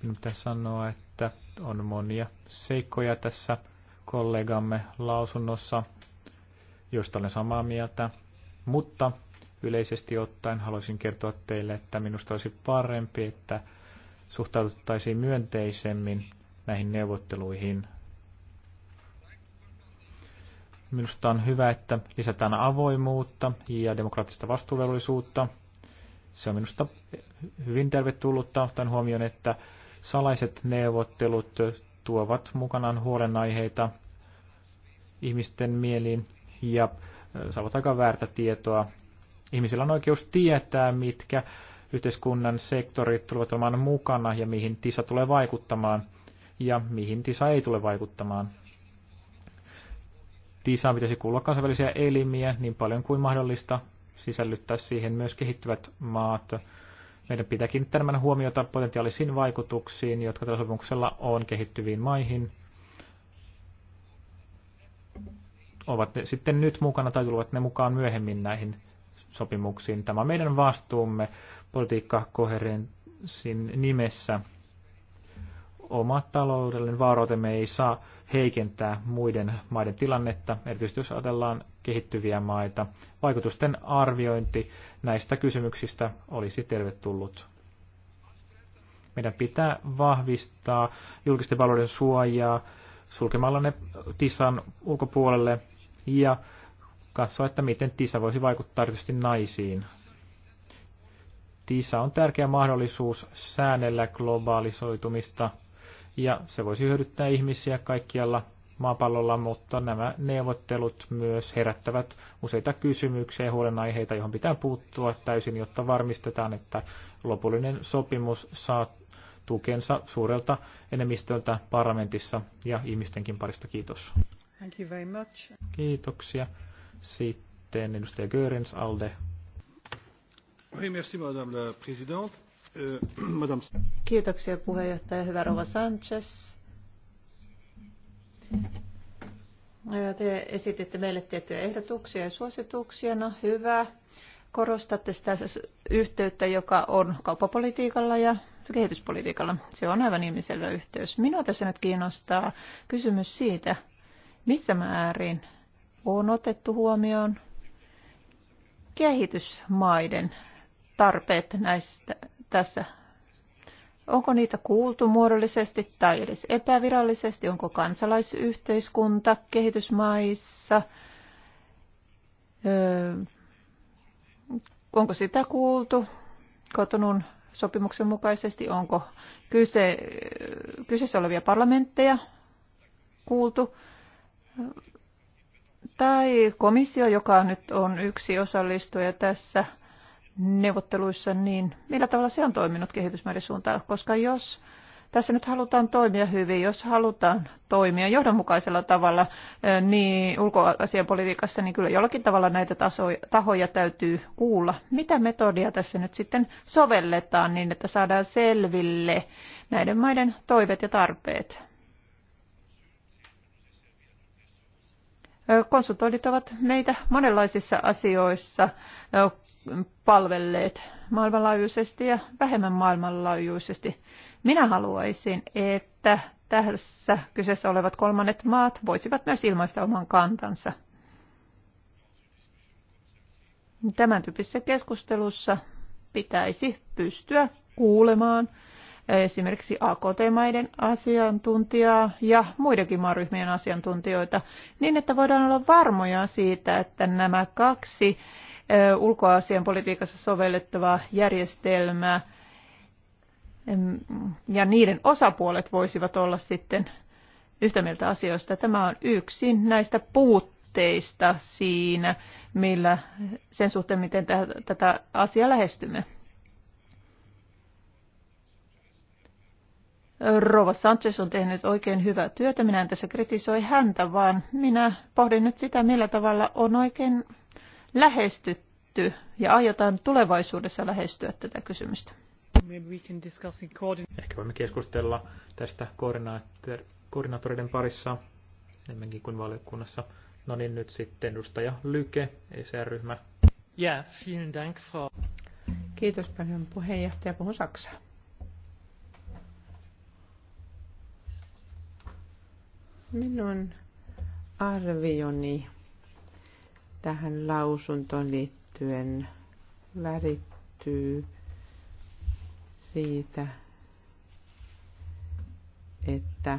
Minun pitää sanoa, että on monia seikkoja tässä kollegamme lausunnossa, josta olen samaa mieltä, mutta yleisesti ottaen haluaisin kertoa teille, että minusta olisi parempi, että suhtauduttaisiin myönteisemmin näihin neuvotteluihin. Minusta on hyvä, että lisätään avoimuutta ja demokraattista vastuuvelvollisuutta. Se on minusta hyvin tervetullutta ottaen huomioon, että salaiset neuvottelut tuovat mukanaan huolenaiheita, ihmisten mieliin ja äh, saavat aika väärtä tietoa. Ihmisillä on oikeus tietää, mitkä yhteiskunnan sektorit tulevat olemaan mukana ja mihin TISA tulee vaikuttamaan ja mihin TISA ei tule vaikuttamaan. TISAan pitäisi kuulla kansainvälisiä elimiä niin paljon kuin mahdollista, sisällyttää siihen myös kehittyvät maat. Meidän pitää kiinnittää huomiota potentiaalisiin vaikutuksiin, jotka tällä sopimuksella on kehittyviin maihin ovat ne sitten nyt mukana tai tulevat ne mukaan myöhemmin näihin sopimuksiin. Tämä on meidän vastuumme politiikkakoherenssin nimessä. Oma taloudellinen vaaroitemme ei saa heikentää muiden maiden tilannetta, erityisesti jos ajatellaan kehittyviä maita. Vaikutusten arviointi näistä kysymyksistä olisi tervetullut. Meidän pitää vahvistaa julkisten palveluiden suojaa sulkemalla ne tisan ulkopuolelle ja katsoa, että miten TISA voisi vaikuttaa erityisesti naisiin. TISA on tärkeä mahdollisuus säännellä globaalisoitumista ja se voisi hyödyttää ihmisiä kaikkialla maapallolla, mutta nämä neuvottelut myös herättävät useita kysymyksiä ja huolenaiheita, johon pitää puuttua täysin, jotta varmistetaan, että lopullinen sopimus saa tukensa suurelta enemmistöltä parlamentissa ja ihmistenkin parista. Kiitos. Thank you very much. Kiitoksia. Sitten edustaja Görens Alde. Oui, merci, madame la présidente. Euh, madame... Kiitoksia puheenjohtaja, hyvä Rova Sanchez. Te esititte meille tiettyjä ehdotuksia ja suosituksia. No hyvä. Korostatte sitä yhteyttä, joka on kauppapolitiikalla ja kehityspolitiikalla. Se on aivan ihmisellä yhteys. Minua tässä nyt kiinnostaa kysymys siitä, missä määrin on otettu huomioon kehitysmaiden tarpeet näistä, tässä Onko niitä kuultu muodollisesti tai edes epävirallisesti? Onko kansalaisyhteiskunta kehitysmaissa? Öö, onko sitä kuultu kotonun sopimuksen mukaisesti? Onko kyse, kyseessä olevia parlamentteja kuultu? tai komissio, joka nyt on yksi osallistuja tässä neuvotteluissa, niin millä tavalla se on toiminut kehitysmaiden suuntaan? Koska jos tässä nyt halutaan toimia hyvin, jos halutaan toimia johdonmukaisella tavalla eh, niin ulkoasiapolitiikassa, niin kyllä jollakin tavalla näitä tasoja, tahoja täytyy kuulla. Mitä metodia tässä nyt sitten sovelletaan niin, että saadaan selville näiden maiden toiveet ja tarpeet? konsultoidit ovat meitä monenlaisissa asioissa palvelleet maailmanlaajuisesti ja vähemmän maailmanlaajuisesti. Minä haluaisin, että tässä kyseessä olevat kolmannet maat voisivat myös ilmaista oman kantansa. Tämän tyyppisessä keskustelussa pitäisi pystyä kuulemaan – esimerkiksi AKT-maiden asiantuntijaa ja muidenkin maaryhmien asiantuntijoita, niin että voidaan olla varmoja siitä, että nämä kaksi ulkoasian politiikassa sovellettavaa järjestelmää ja niiden osapuolet voisivat olla sitten yhtä mieltä asioista. Tämä on yksi näistä puutteista siinä, millä sen suhteen, miten tätä asiaa lähestymme. Rova Sanchez on tehnyt oikein hyvää työtä. Minä en tässä kritisoi häntä, vaan minä pohdin nyt sitä, millä tavalla on oikein lähestytty ja aiotaan tulevaisuudessa lähestyä tätä kysymystä. Ehkä voimme keskustella tästä koordinaattoreiden parissa enemmänkin kuin valiokunnassa. No niin, nyt sitten edustaja Lyke, ECR-ryhmä. Yeah, vielen Dank, Kiitos paljon puheenjohtaja, puhun Saksaa. Minun arvioni tähän lausuntoon liittyen värittyy siitä, että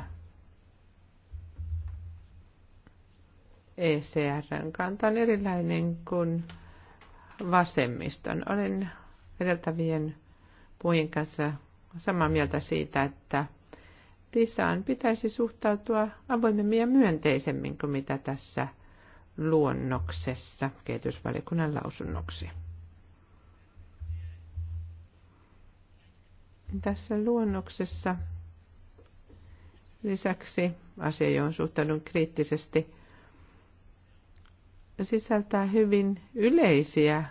ECRn kanta on erilainen kuin vasemmiston. Olen edeltävien puhujien kanssa samaa mieltä siitä, että Tisaan pitäisi suhtautua avoimemmin ja myönteisemmin kuin mitä tässä luonnoksessa kehitysvaliokunnan lausunnoksi. Tässä luonnoksessa lisäksi asia, johon suhtaudun kriittisesti, sisältää hyvin yleisiä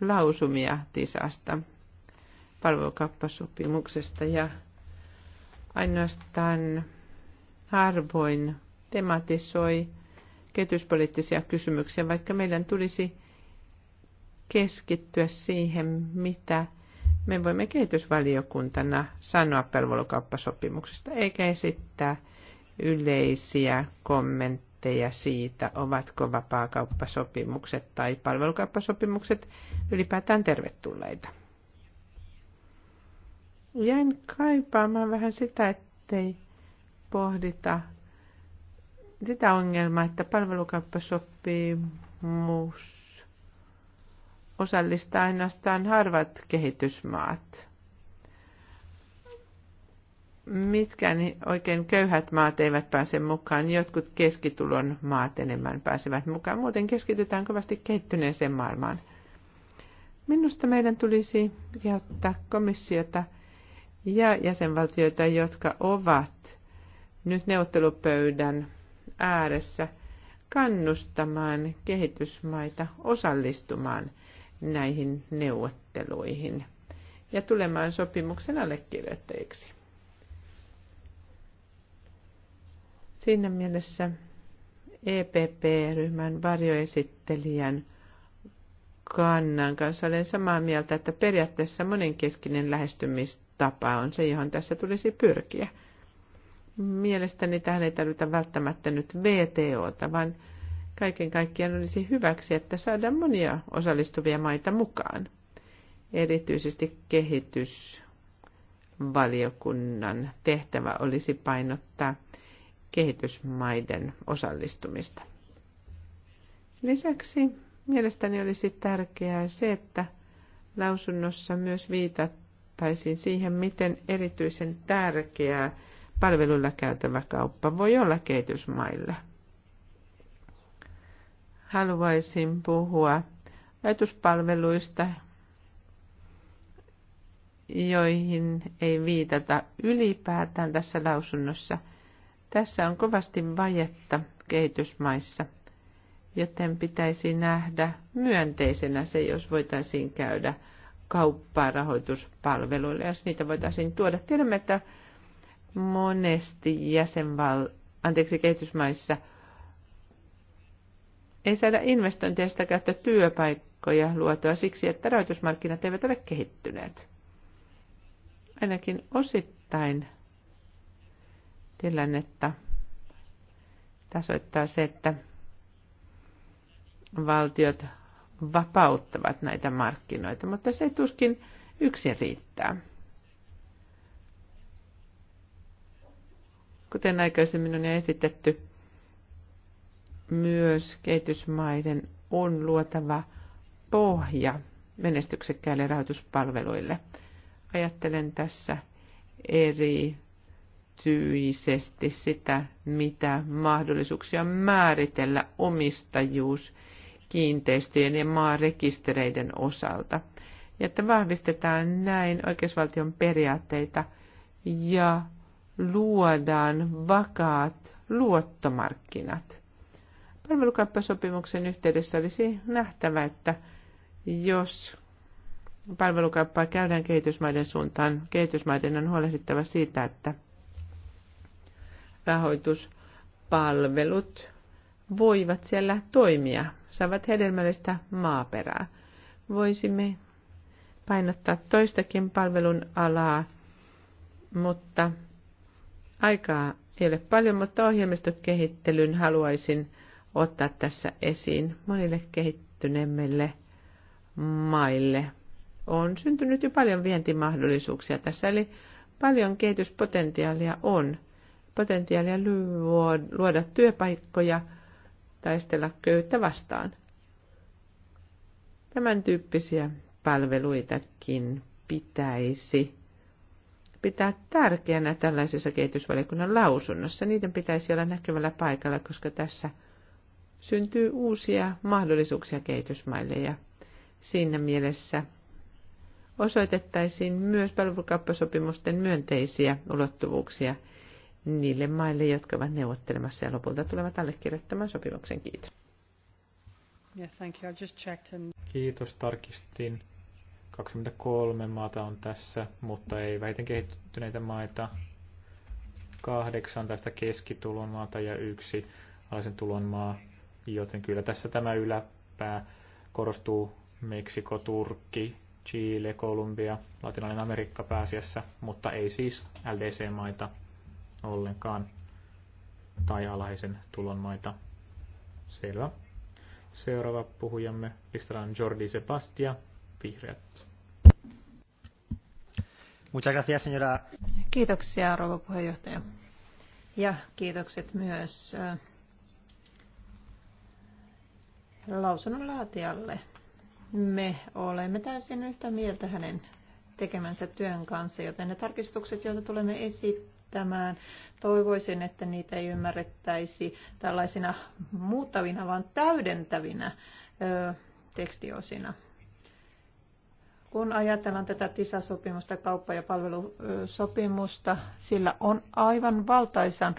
lausumia TISasta, palvelukappasopimuksesta ja ainoastaan harvoin tematisoi kehityspoliittisia kysymyksiä, vaikka meidän tulisi keskittyä siihen, mitä me voimme kehitysvaliokuntana sanoa palvelukauppasopimuksesta, eikä esittää yleisiä kommentteja siitä, ovatko vapaakauppasopimukset tai palvelukauppasopimukset ylipäätään tervetulleita jäin kaipaamaan vähän sitä, ettei pohdita sitä ongelmaa, että palvelukauppasopimus osallistaa ainoastaan harvat kehitysmaat. Mitkä oikein köyhät maat eivät pääse mukaan, jotkut keskitulon maat enemmän pääsevät mukaan. Muuten keskitytään kovasti kehittyneeseen maailmaan. Minusta meidän tulisi kehottaa komissiota – ja jäsenvaltioita, jotka ovat nyt neuvottelupöydän ääressä kannustamaan kehitysmaita osallistumaan näihin neuvotteluihin ja tulemaan sopimuksen allekirjoittajiksi. Siinä mielessä EPP-ryhmän varjoesittelijän kannan kanssa olen samaa mieltä, että periaatteessa monenkeskinen lähestymistapa tapa on se, johon tässä tulisi pyrkiä. Mielestäni tähän ei tarvita välttämättä nyt VTOta, vaan kaiken kaikkiaan olisi hyväksi, että saadaan monia osallistuvia maita mukaan, erityisesti kehitysvaliokunnan tehtävä olisi painottaa kehitysmaiden osallistumista. Lisäksi mielestäni olisi tärkeää se, että lausunnossa myös viitat vastattaisiin siihen, miten erityisen tärkeää palveluilla käytävä kauppa voi olla kehitysmaille. Haluaisin puhua ajatuspalveluista, joihin ei viitata ylipäätään tässä lausunnossa. Tässä on kovasti vajetta kehitysmaissa, joten pitäisi nähdä myönteisenä se, jos voitaisiin käydä kauppaa rahoituspalveluille, jos niitä voitaisiin tuoda. Tiedämme, että monesti jäsenval- anteeksi, kehitysmaissa ei saada investointeja sitä käyttää työpaikkoja luotua siksi, että rahoitusmarkkinat eivät ole kehittyneet. Ainakin osittain tilannetta tasoittaa se, että valtiot vapauttavat näitä markkinoita, mutta se tuskin yksin riittää. Kuten aikaisemmin on esitetty, myös kehitysmaiden on luotava pohja menestyksekkäille rahoituspalveluille. Ajattelen tässä eri erityisesti sitä, mitä mahdollisuuksia määritellä omistajuus kiinteistöjen ja maarekistereiden osalta. Ja että vahvistetaan näin oikeusvaltion periaatteita ja luodaan vakaat luottomarkkinat. Palvelukauppasopimuksen yhteydessä olisi nähtävä, että jos palvelukauppaa käydään kehitysmaiden suuntaan, kehitysmaiden on huolehdittava siitä, että rahoituspalvelut voivat siellä toimia, saavat hedelmällistä maaperää. Voisimme painottaa toistakin palvelun alaa, mutta aikaa ei ole paljon, mutta ohjelmistokehittelyn haluaisin ottaa tässä esiin monille kehittyneemmille maille. On syntynyt jo paljon vientimahdollisuuksia tässä, eli paljon kehityspotentiaalia on. Potentiaalia luoda työpaikkoja – taistella köyttä vastaan. Tämän tyyppisiä palveluitakin pitäisi pitää tärkeänä tällaisessa kehitysvaliokunnan lausunnossa. Niiden pitäisi olla näkyvällä paikalla, koska tässä syntyy uusia mahdollisuuksia kehitysmaille ja siinä mielessä osoitettaisiin myös palvelukauppasopimusten myönteisiä ulottuvuuksia – niille maille, jotka ovat neuvottelemassa ja lopulta tulevat allekirjoittamaan sopimuksen. Kiitos. Yeah, thank you. I just checked and... Kiitos, tarkistin. 23 maata on tässä, mutta ei vähiten kehittyneitä maita. Kahdeksan tästä keskitulon maata ja yksi alaisen tulon maa. Joten kyllä tässä tämä yläpää korostuu Meksiko, Turkki, Chile, Kolumbia, Latinalainen Amerikka pääasiassa, mutta ei siis LDC-maita ollenkaan tai alhaisen tulon maita. Selvä. Seuraava puhujamme listalla on Jordi Sebastia, Vihreät. Muchas gracias, señora. Kiitoksia, rouva puheenjohtaja. Ja kiitokset myös äh, lausunnonlaatijalle. Me olemme täysin yhtä mieltä hänen tekemänsä työn kanssa, joten ne tarkistukset, joita tulemme esittämään, esittämään. Toivoisin, että niitä ei ymmärrettäisi tällaisina muuttavina, vaan täydentävinä tekstiosina. Kun ajatellaan tätä TISA-sopimusta, kauppa- ja palvelusopimusta, sillä on aivan valtaisan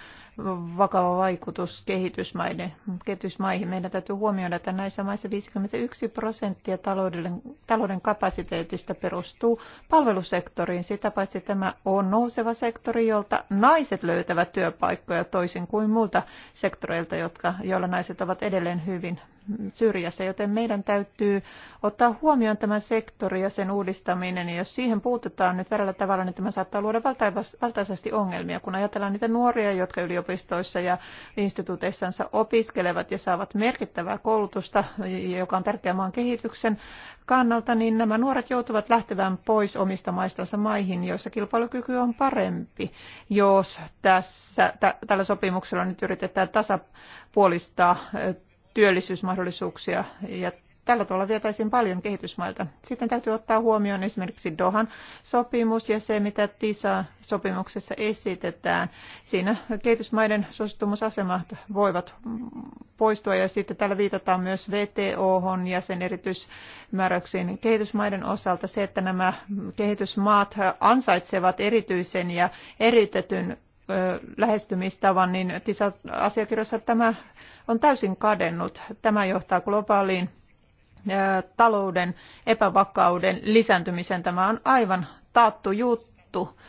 vakava vaikutus kehitysmaiden, kehitysmaihin. Meidän täytyy huomioida, että näissä maissa 51 prosenttia talouden, talouden kapasiteetista perustuu palvelusektoriin. Sitä paitsi tämä on nouseva sektori, jolta naiset löytävät työpaikkoja toisin kuin muilta sektoreilta, jotka, joilla naiset ovat edelleen hyvin syrjässä, joten meidän täytyy ottaa huomioon tämä sektori ja sen uudistaminen. Ja jos siihen puututaan nyt väärällä tavalla, niin tämä saattaa luoda valtaisesti ongelmia, kun ajatellaan niitä nuoria, jotka yliopistoissa ja instituuteissansa opiskelevat ja saavat merkittävää koulutusta, joka on tärkeä maan kehityksen kannalta, niin nämä nuoret joutuvat lähtevän pois omista maistansa maihin, joissa kilpailukyky on parempi, jos tässä, tällä sopimuksella nyt yritetään tasapuolistaa työllisyysmahdollisuuksia ja tällä tavalla vietäisiin paljon kehitysmailta. Sitten täytyy ottaa huomioon esimerkiksi Dohan sopimus ja se, mitä TISA-sopimuksessa esitetään. Siinä kehitysmaiden suostumusasemat voivat poistua ja sitten täällä viitataan myös VTO ja sen erityismääräyksiin kehitysmaiden osalta se, että nämä kehitysmaat ansaitsevat erityisen ja eritetyn lähestymistavan, niin TISA-asiakirjassa tämä on täysin kadennut. Tämä johtaa globaaliin talouden epävakauden lisääntymiseen. Tämä on aivan taattu juttu,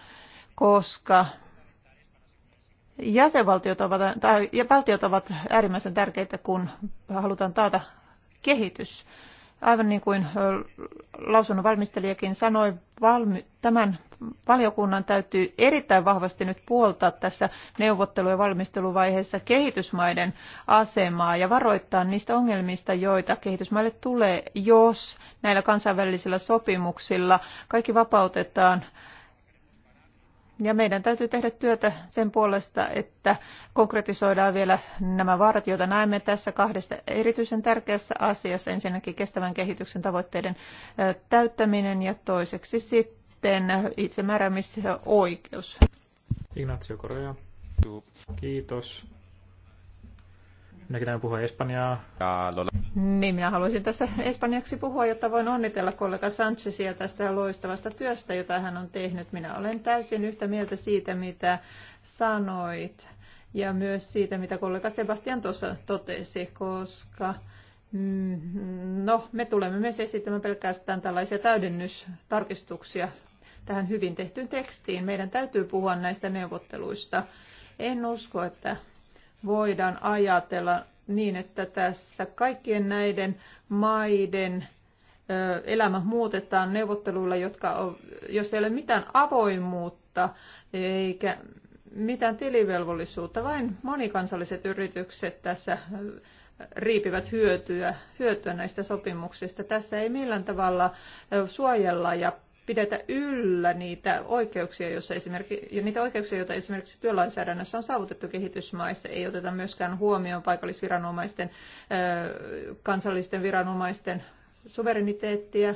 koska jäsenvaltiot ovat, tai, ja valtiot ovat äärimmäisen tärkeitä, kun halutaan taata kehitys. Aivan niin kuin lausunnon valmistelijakin sanoi, valmi, tämän valiokunnan täytyy erittäin vahvasti nyt puoltaa tässä neuvottelu- ja valmisteluvaiheessa kehitysmaiden asemaa ja varoittaa niistä ongelmista, joita kehitysmaille tulee, jos näillä kansainvälisillä sopimuksilla kaikki vapautetaan ja meidän täytyy tehdä työtä sen puolesta, että konkretisoidaan vielä nämä vaarat, joita näemme tässä kahdessa erityisen tärkeässä asiassa. Ensinnäkin kestävän kehityksen tavoitteiden täyttäminen ja toiseksi sitten sitten itsemääräämisoikeus. Ignacio Correa. Kiitos. Minäkin näin puhua espanjaa. Niin, minä haluaisin tässä espanjaksi puhua, jotta voin onnitella kollega Sanchezia tästä loistavasta työstä, jota hän on tehnyt. Minä olen täysin yhtä mieltä siitä, mitä sanoit ja myös siitä, mitä kollega Sebastian tuossa totesi, koska mm, no, me tulemme myös esittämään pelkästään tällaisia täydennystarkistuksia tähän hyvin tehtyyn tekstiin. Meidän täytyy puhua näistä neuvotteluista. En usko, että voidaan ajatella niin, että tässä kaikkien näiden maiden elämä muutetaan neuvotteluilla, jotka on, jos ei ole mitään avoimuutta eikä mitään tilivelvollisuutta, vain monikansalliset yritykset tässä riipivät hyötyä, hyötyä näistä sopimuksista. Tässä ei millään tavalla suojella ja pidetä yllä niitä oikeuksia, joissa esimerkiksi, ja niitä oikeuksia, joita esimerkiksi työlainsäädännössä on saavutettu kehitysmaissa. Ei oteta myöskään huomioon paikallisviranomaisten, kansallisten viranomaisten suvereniteettia.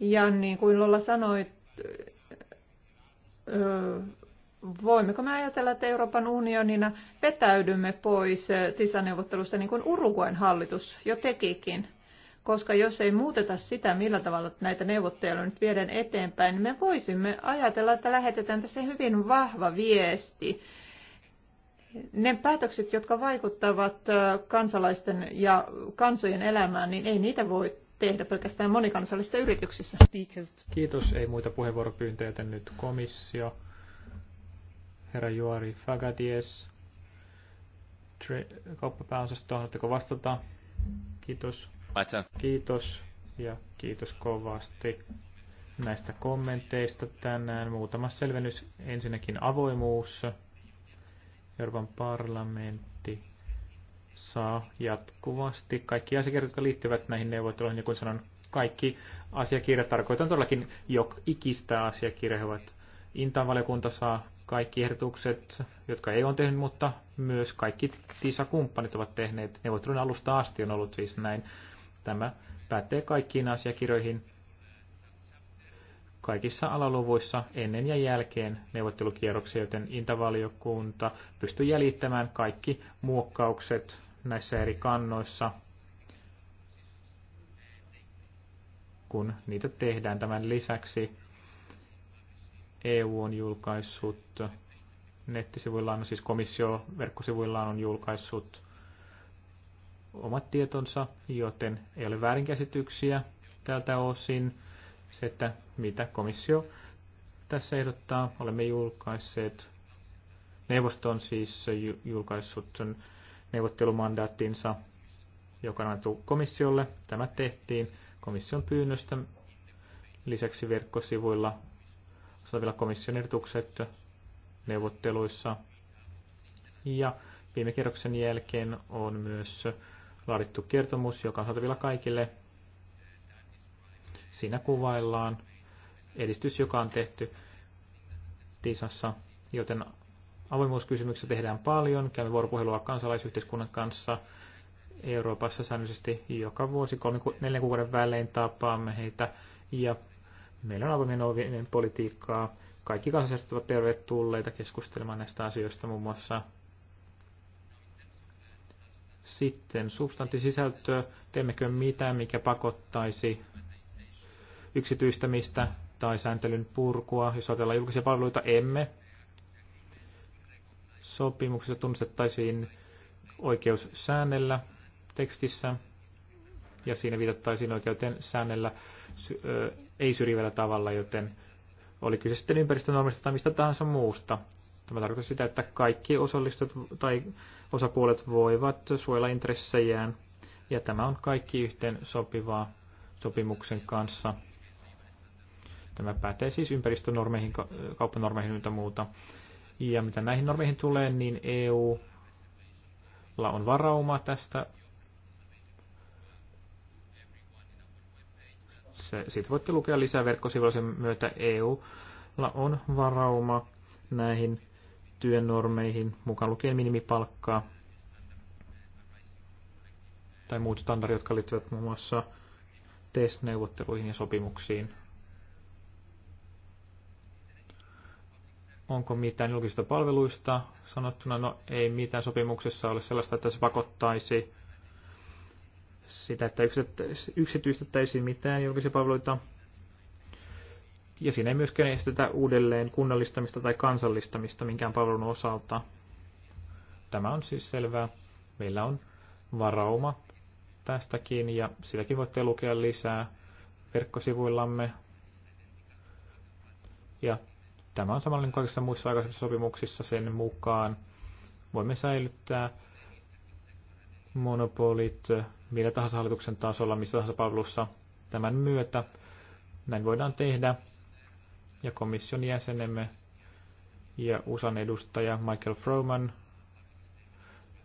Ja niin kuin Lolla sanoi, voimmeko me ajatella, että Euroopan unionina vetäydymme pois TISA-neuvottelusta niin kuin Uruguayn hallitus jo tekikin? koska jos ei muuteta sitä, millä tavalla näitä neuvotteluja nyt viedään eteenpäin, niin me voisimme ajatella, että lähetetään tässä hyvin vahva viesti. Ne päätökset, jotka vaikuttavat kansalaisten ja kansojen elämään, niin ei niitä voi tehdä pelkästään monikansallisissa yrityksissä. Kiitos. Ei muita puheenvuoropyyntöjä, nyt komissio. Herra Juari Fagaties, kauppapääosasto, haluatteko vastata? Kiitos. Kiitos ja kiitos kovasti näistä kommenteista tänään. Muutama selvennys. Ensinnäkin avoimuus. Euroopan parlamentti saa jatkuvasti kaikki asiakirjat, jotka liittyvät näihin neuvotteluihin. Ja kun sanon kaikki asiakirjat, tarkoitan todellakin jok ikistä asiakirjaa. Ovat Intan valiokunta saa kaikki ehdotukset, jotka ei ole tehnyt, mutta myös kaikki TISA-kumppanit ovat tehneet. Neuvottelun alusta asti on ollut siis näin. Tämä pätee kaikkiin asiakirjoihin kaikissa alaluvuissa ennen ja jälkeen neuvottelukierroksia, joten intavaliokunta pystyy jäljittämään kaikki muokkaukset näissä eri kannoissa, kun niitä tehdään. Tämän lisäksi EU on julkaissut nettisivuillaan, siis komissio verkkosivuillaan on julkaissut omat tietonsa, joten ei ole väärinkäsityksiä tältä osin. Se, että mitä komissio tässä ehdottaa, olemme julkaisseet, neuvosto on siis julkaissut sen neuvottelumandaattinsa, joka on annettu komissiolle. Tämä tehtiin komission pyynnöstä. Lisäksi verkkosivuilla saavilla komission ehdotukset neuvotteluissa. Ja viime kerroksen jälkeen on myös laadittu kertomus, joka on saatavilla kaikille. Siinä kuvaillaan edistys, joka on tehty Tiisassa, joten avoimuuskysymyksiä tehdään paljon. Käymme vuoropuhelua kansalaisyhteiskunnan kanssa Euroopassa säännöllisesti joka vuosi kolme, neljän kuukauden välein tapaamme heitä ja meillä on avoimien ovien politiikkaa. Kaikki kansalaiset ovat tervetulleita keskustelemaan näistä asioista muun muassa sitten substanssisisältöä, teemmekö mitään, mikä pakottaisi yksityistämistä tai sääntelyn purkua, jos ajatellaan julkisia palveluita, emme. Sopimuksessa tunnistettaisiin oikeus säännellä tekstissä ja siinä viitattaisiin oikeuteen säännellä ei syrjivällä tavalla, joten oli kyse sitten ympäristönormista tai mistä tahansa muusta. Tämä tarkoittaa sitä, että kaikki osallistujat tai osapuolet voivat suojella intressejään, ja tämä on kaikki yhteen sopivaa sopimuksen kanssa. Tämä pätee siis ympäristönormeihin, kauppanormeihin ja muuta. Ja mitä näihin normeihin tulee, niin EU on varauma tästä. Se, siitä voitte lukea lisää verkkosivuilla sen myötä EU on varauma näihin työnormeihin, mukaan lukien minimipalkkaa tai muut standardit, jotka liittyvät muun muassa testneuvotteluihin ja sopimuksiin. Onko mitään julkisista palveluista sanottuna? No ei mitään sopimuksessa ole sellaista, että se pakottaisi sitä, että yksityistettäisiin mitään julkisia palveluita – ja siinä ei myöskään estetä uudelleen kunnallistamista tai kansallistamista minkään palvelun osalta. Tämä on siis selvää. Meillä on varauma tästäkin ja sitäkin voitte lukea lisää verkkosivuillamme. Ja tämä on samalla kuin kaikissa muissa aikaisemmissa sopimuksissa sen mukaan. Voimme säilyttää monopolit millä tahansa hallituksen tasolla, missä tahansa palvelussa tämän myötä. Näin voidaan tehdä ja komission jäsenemme ja USAn edustaja Michael Froman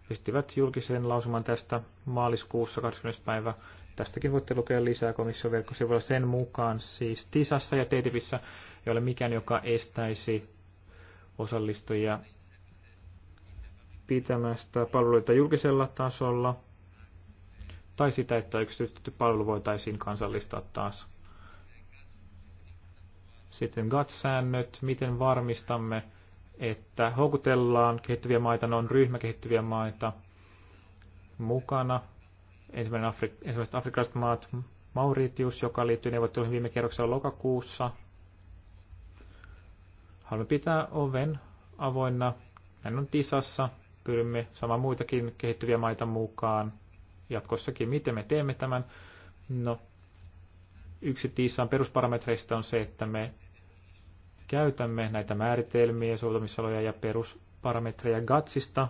pistivät julkisen lausuman tästä maaliskuussa 20. päivä. Tästäkin voitte lukea lisää komission verkkosivuilla sen mukaan. Siis TISassa ja TTIPissä ei ole mikään, joka estäisi osallistujia pitämästä palveluita julkisella tasolla tai sitä, että yksityistetty palvelu voitaisiin kansallistaa taas. Sitten gats säännöt miten varmistamme, että houkutellaan kehittyviä maita, ne on ryhmä kehittyviä maita mukana. Ensimmäinen Afri- ensimmäiset afrikkalaiset maat, Mauritius, joka liittyy neuvotteluihin viime kerroksella lokakuussa. Haluamme pitää oven avoinna. Näin on Tisassa. Pyrimme sama muitakin kehittyviä maita mukaan jatkossakin. Miten me teemme tämän? No, Yksi TISAn perusparametreista on se, että me käytämme näitä määritelmiä, soveltamisaloja ja perusparametreja GATSista.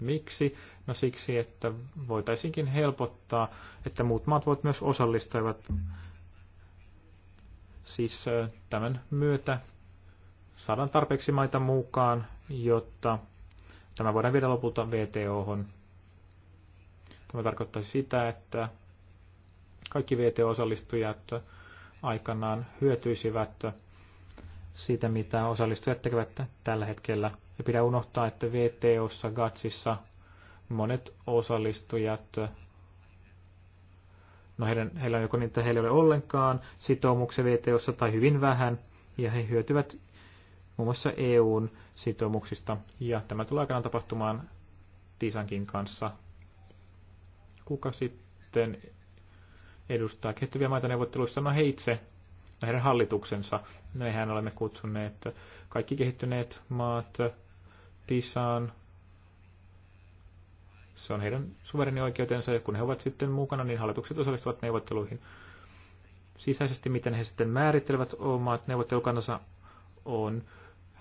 Miksi? No siksi, että voitaisinkin helpottaa, että muut maat voivat myös osallistua. Siis tämän myötä saadaan tarpeeksi maita mukaan, jotta tämä voidaan viedä lopulta VTOhon. Tämä tarkoittaa sitä, että kaikki VTO-osallistujat aikanaan hyötyisivät siitä, mitä osallistujat tekevät tällä hetkellä. Ja pidä unohtaa, että VTOssa, GATSissa monet osallistujat, no heidän, heillä on joko niitä, heillä ei ole ollenkaan sitoumuksia VTOssa tai hyvin vähän, ja he hyötyvät muun muassa EUn sitoumuksista, ja tämä tulee aikanaan tapahtumaan Tisankin kanssa. Kuka sitten edustaa kehittyviä maita neuvotteluissa, no he itse, no heidän hallituksensa. Mehän olemme kutsuneet kaikki kehittyneet maat Tisaan. Se on heidän suvereni oikeutensa, ja kun he ovat sitten mukana, niin hallitukset osallistuvat neuvotteluihin. Sisäisesti, miten he sitten määrittelevät omat neuvottelukantansa, on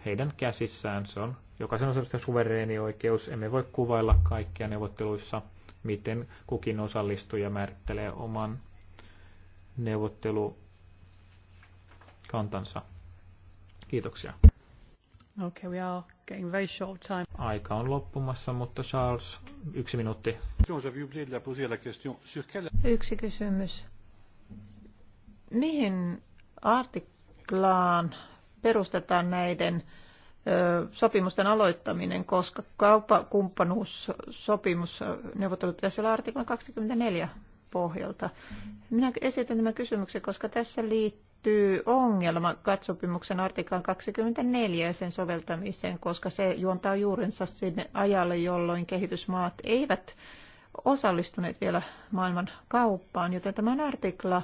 heidän käsissään. Se on jokaisen osallistujan suvereni oikeus. Emme voi kuvailla kaikkia neuvotteluissa, miten kukin osallistuja määrittelee oman neuvottelukantansa. Kiitoksia. Okay, we are getting very short time. Aika on loppumassa, mutta Charles, yksi minuutti. Yksi kysymys. Mihin artiklaan perustetaan näiden sopimusten aloittaminen, koska kauppakumppanuussopimus neuvottelut pitäisi olla artikla 24 pohjalta. Minä esitän tämän kysymyksen, koska tässä liittyy ongelma katsopimuksen artiklan 24 ja sen soveltamiseen, koska se juontaa juurensa sinne ajalle, jolloin kehitysmaat eivät osallistuneet vielä maailman kauppaan, joten tämä artikla,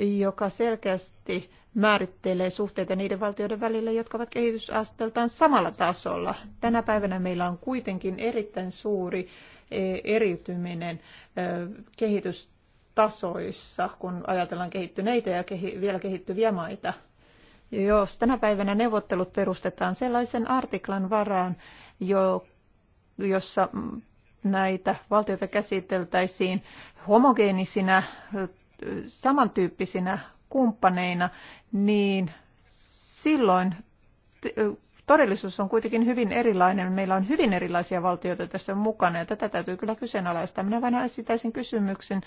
joka selkeästi määrittelee suhteita niiden valtioiden välillä, jotka ovat kehitysasteeltaan samalla tasolla. Tänä päivänä meillä on kuitenkin erittäin suuri eriytyminen kehitystasoissa, kun ajatellaan kehittyneitä ja vielä kehittyviä maita. Jos tänä päivänä neuvottelut perustetaan sellaisen artiklan varaan, jo, jossa näitä valtioita käsiteltäisiin homogeenisinä, samantyyppisinä kumppaneina, niin silloin todellisuus on kuitenkin hyvin erilainen. Meillä on hyvin erilaisia valtioita tässä mukana ja tätä täytyy kyllä kyseenalaistaa. Minä vain esitäisin kysymyksen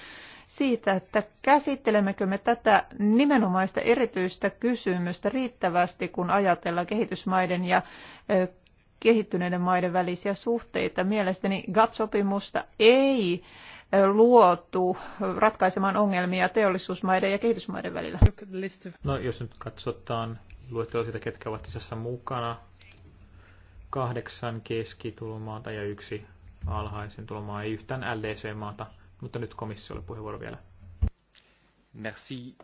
siitä, että käsittelemmekö me tätä nimenomaista erityistä kysymystä riittävästi, kun ajatellaan kehitysmaiden ja kehittyneiden maiden välisiä suhteita. Mielestäni GATT-sopimusta ei luotu ratkaisemaan ongelmia teollisuusmaiden ja kehitysmaiden välillä. No, jos nyt katsotaan luettelo siitä, ketkä ovat tässä mukana, kahdeksan keskitulomaata ja yksi alhaisen tulomaa, ei yhtään LDC-maata. Mutta nyt komissiolle puheenvuoro vielä. Merci.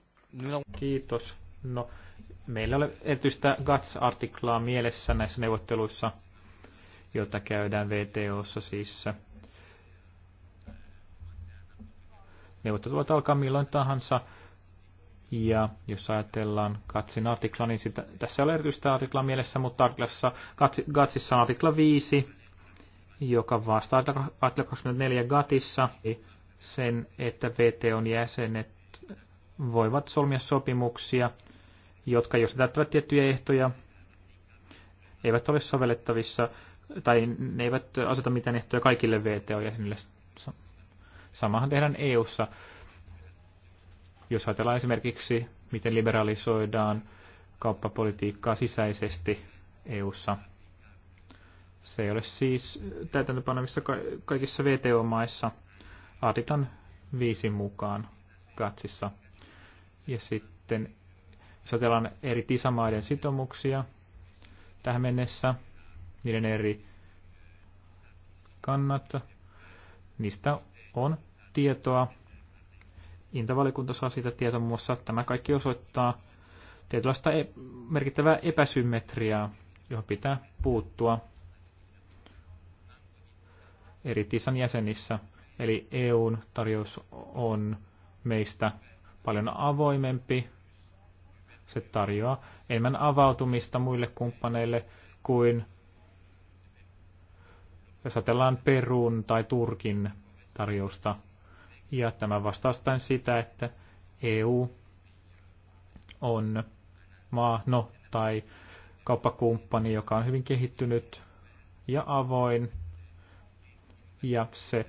Kiitos. No, meillä oli erityistä GATS-artiklaa mielessä näissä neuvotteluissa, jota käydään VTOssa siis. Neuvottelut voivat alkaa milloin tahansa ja jos ajatellaan Katsin artikla, niin sitä, tässä ei ole erityistä artikla mielessä, mutta artiklassa, Gatsissa on artikla 5, joka vastaa artikla 24 Gatissa sen, että VTOn jäsenet voivat solmia sopimuksia, jotka jos täyttävät tiettyjä ehtoja, eivät ole sovellettavissa tai ne eivät aseta mitään ehtoja kaikille VTO-jäsenille. Samahan tehdään EU-ssa. Jos ajatellaan esimerkiksi, miten liberalisoidaan kauppapolitiikkaa sisäisesti EU:ssa, se ei ole siis täytäntöpanemissa kaikissa VTO-maissa artiklan 5 mukaan katsissa. Ja sitten jos ajatellaan eri tisamaiden sitomuksia tähän mennessä, niiden eri kannat, niistä on tietoa Intavalikunta saa siitä tietoa muun muassa. Tämä kaikki osoittaa tietynlaista e- merkittävää epäsymmetriaa, johon pitää puuttua eri TISan jäsenissä. Eli EUn tarjous on meistä paljon avoimempi. Se tarjoaa enemmän avautumista muille kumppaneille kuin jos ajatellaan Perun tai Turkin tarjousta. Ja tämä vastaustaan sitä, että EU on maa, no tai kauppakumppani, joka on hyvin kehittynyt ja avoin. Ja se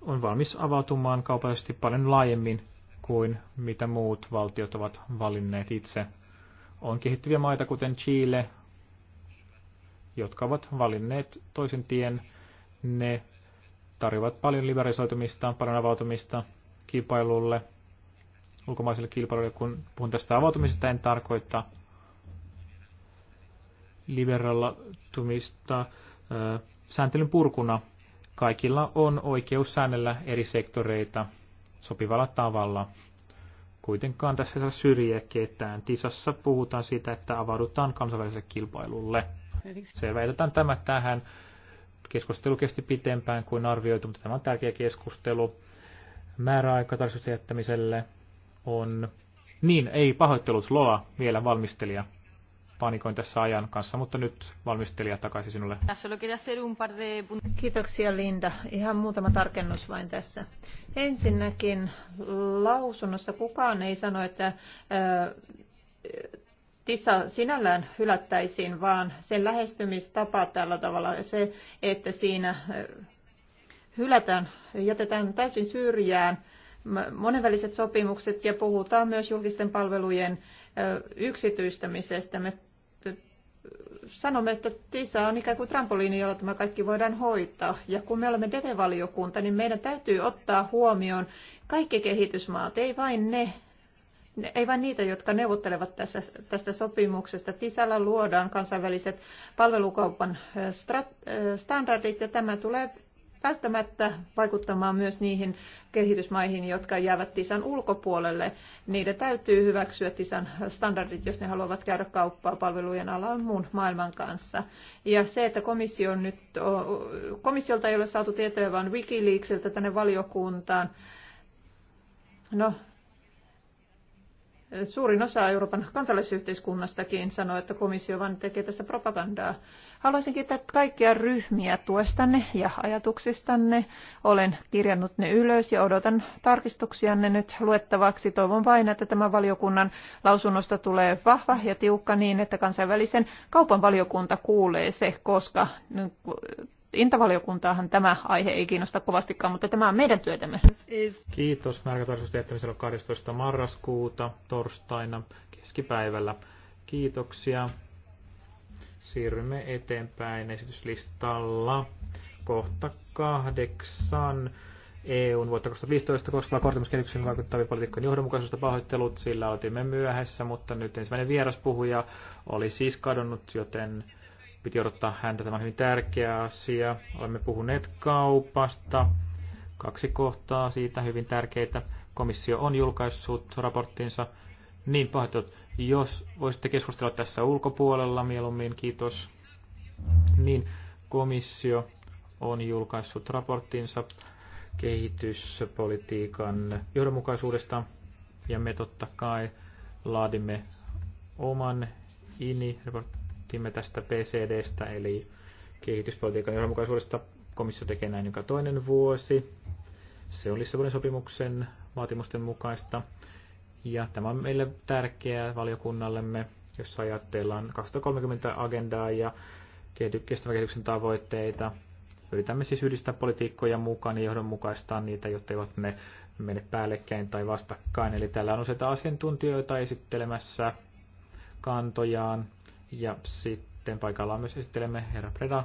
on valmis avautumaan kaupallisesti paljon laajemmin kuin mitä muut valtiot ovat valinneet itse. On kehittyviä maita kuten Chile, jotka ovat valinneet toisen tien. Ne tarjoavat paljon liberalisoitumista, paljon avautumista kilpailulle, ulkomaisille kilpailulle. Kun puhun tästä avautumisesta, en tarkoita liberalatumista sääntelyn purkuna. Kaikilla on oikeus säännellä eri sektoreita sopivalla tavalla. Kuitenkaan tässä ei saa syrjiä ketään. Tisassa puhutaan siitä, että avaudutaan kansainväliselle kilpailulle. Se väitetään tämä tähän Keskustelu kesti pitempään kuin arvioitu, mutta tämä on tärkeä keskustelu. Määräaika jättämiselle on... Niin, ei pahoittelut Loa, vielä valmistelija. Panikoin tässä ajan kanssa, mutta nyt valmistelija takaisin sinulle. Kiitoksia Linda. Ihan muutama tarkennus vain tässä. Ensinnäkin lausunnossa kukaan ei sano, että TISA sinällään hylättäisiin, vaan sen lähestymistapa tällä tavalla se, että siinä äh, hylätään, jätetään täysin syrjään monenväliset sopimukset ja puhutaan myös julkisten palvelujen äh, yksityistämisestä. Me sanomme, että TISA on ikään kuin trampoliini, jolla tämä kaikki voidaan hoitaa. Ja kun me olemme DEVE-valiokunta, niin meidän täytyy ottaa huomioon kaikki kehitysmaat, ei vain ne, ei vain niitä, jotka neuvottelevat tässä, tästä sopimuksesta. Tisällä luodaan kansainväliset palvelukaupan strat, standardit ja tämä tulee välttämättä vaikuttamaan myös niihin kehitysmaihin, jotka jäävät TISAn ulkopuolelle. Niiden täytyy hyväksyä TISAn standardit, jos ne haluavat käydä kauppaa palvelujen alaan muun maailman kanssa. Ja se, että komissio nyt, komissiolta ei ole saatu tietoja, vaan Wikileaksilta tänne valiokuntaan, No, Suurin osa Euroopan kansalaisyhteiskunnastakin sanoo, että komissio vain tekee tässä propagandaa. Haluaisin kiittää kaikkia ryhmiä tuestanne ja ajatuksistanne. Olen kirjannut ne ylös ja odotan tarkistuksianne nyt luettavaksi. Toivon vain, että tämä valiokunnan lausunnosta tulee vahva ja tiukka niin, että kansainvälisen kaupan valiokunta kuulee se, koska Intavaliokuntaahan tämä aihe ei kiinnosta kovastikaan, mutta tämä on meidän työtämme. Kiitos. Määrätarkastus on 12. marraskuuta torstaina keskipäivällä. Kiitoksia. Siirrymme eteenpäin esityslistalla. Kohta kahdeksan. EUn vuotta 2015 koskeva kortimuskehityksen vaikuttavien poliitikkojen johdonmukaisuutta pahoittelut, sillä otimme myöhässä, mutta nyt ensimmäinen puhuja oli siis kadonnut, joten piti odottaa häntä. Tämä on hyvin tärkeä asia. Olemme puhuneet kaupasta. Kaksi kohtaa siitä hyvin tärkeitä. Komissio on julkaissut raporttinsa. Niin pahoittelut, jos voisitte keskustella tässä ulkopuolella mieluummin, kiitos. Niin, komissio on julkaissut raporttinsa kehityspolitiikan johdonmukaisuudesta ja me totta kai laadimme oman INI-raportin äänestimme tästä PCDstä, eli kehityspolitiikan johdonmukaisuudesta. Komissio tekee näin joka toinen vuosi. Se on Lissabonin sopimuksen vaatimusten mukaista. Ja tämä on meille tärkeää valiokunnallemme, jos ajatellaan 2030 agendaa ja kestävän kehityksen tavoitteita. Yritämme siis yhdistää politiikkoja mukaan ja johdonmukaistaa niitä, jotta eivät ne mene päällekkäin tai vastakkain. Eli täällä on useita asiantuntijoita esittelemässä kantojaan ja sitten paikalla myös esittelemme herra Preda,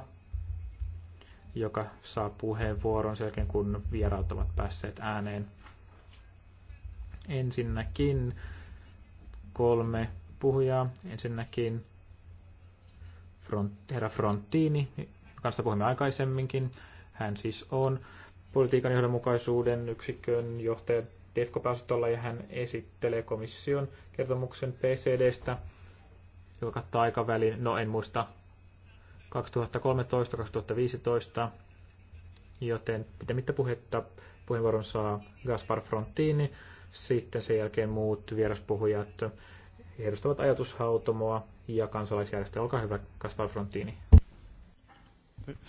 joka saa puheenvuoron sen jälkeen, kun vieraat ovat päässeet ääneen. Ensinnäkin kolme puhujaa. Ensinnäkin Front, herra Frontini, kanssa puhumme aikaisemminkin. Hän siis on politiikan johdonmukaisuuden yksikön johtaja defco ja hän esittelee komission kertomuksen PCDstä – joka kattaa aikavälin, no en muista, 2013-2015, joten mitä puhetta puheenvuoron saa Gaspar Frontini, sitten sen jälkeen muut vieraspuhujat edustavat ajatushautomoa ja kansalaisjärjestö. Olkaa hyvä, Gaspar Frontini.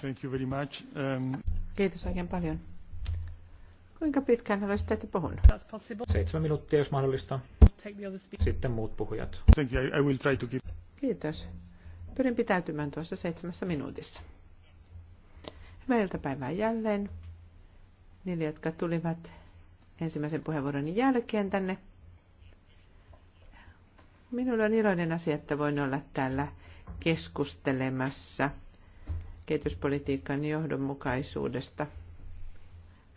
Thank you very much. Um... Kiitos oikein paljon. Kuinka pitkään olisitte puhunut? Seitsemän minuuttia, jos mahdollista. Sitten muut puhujat. Thank you. I will try to keep... Kiitos. Pyrin pitäytymään tuossa seitsemässä minuutissa. Hyvää iltapäivää jälleen niille, jotka tulivat ensimmäisen puheenvuoron jälkeen tänne. Minulla on iloinen asia, että voin olla täällä keskustelemassa kehityspolitiikan johdonmukaisuudesta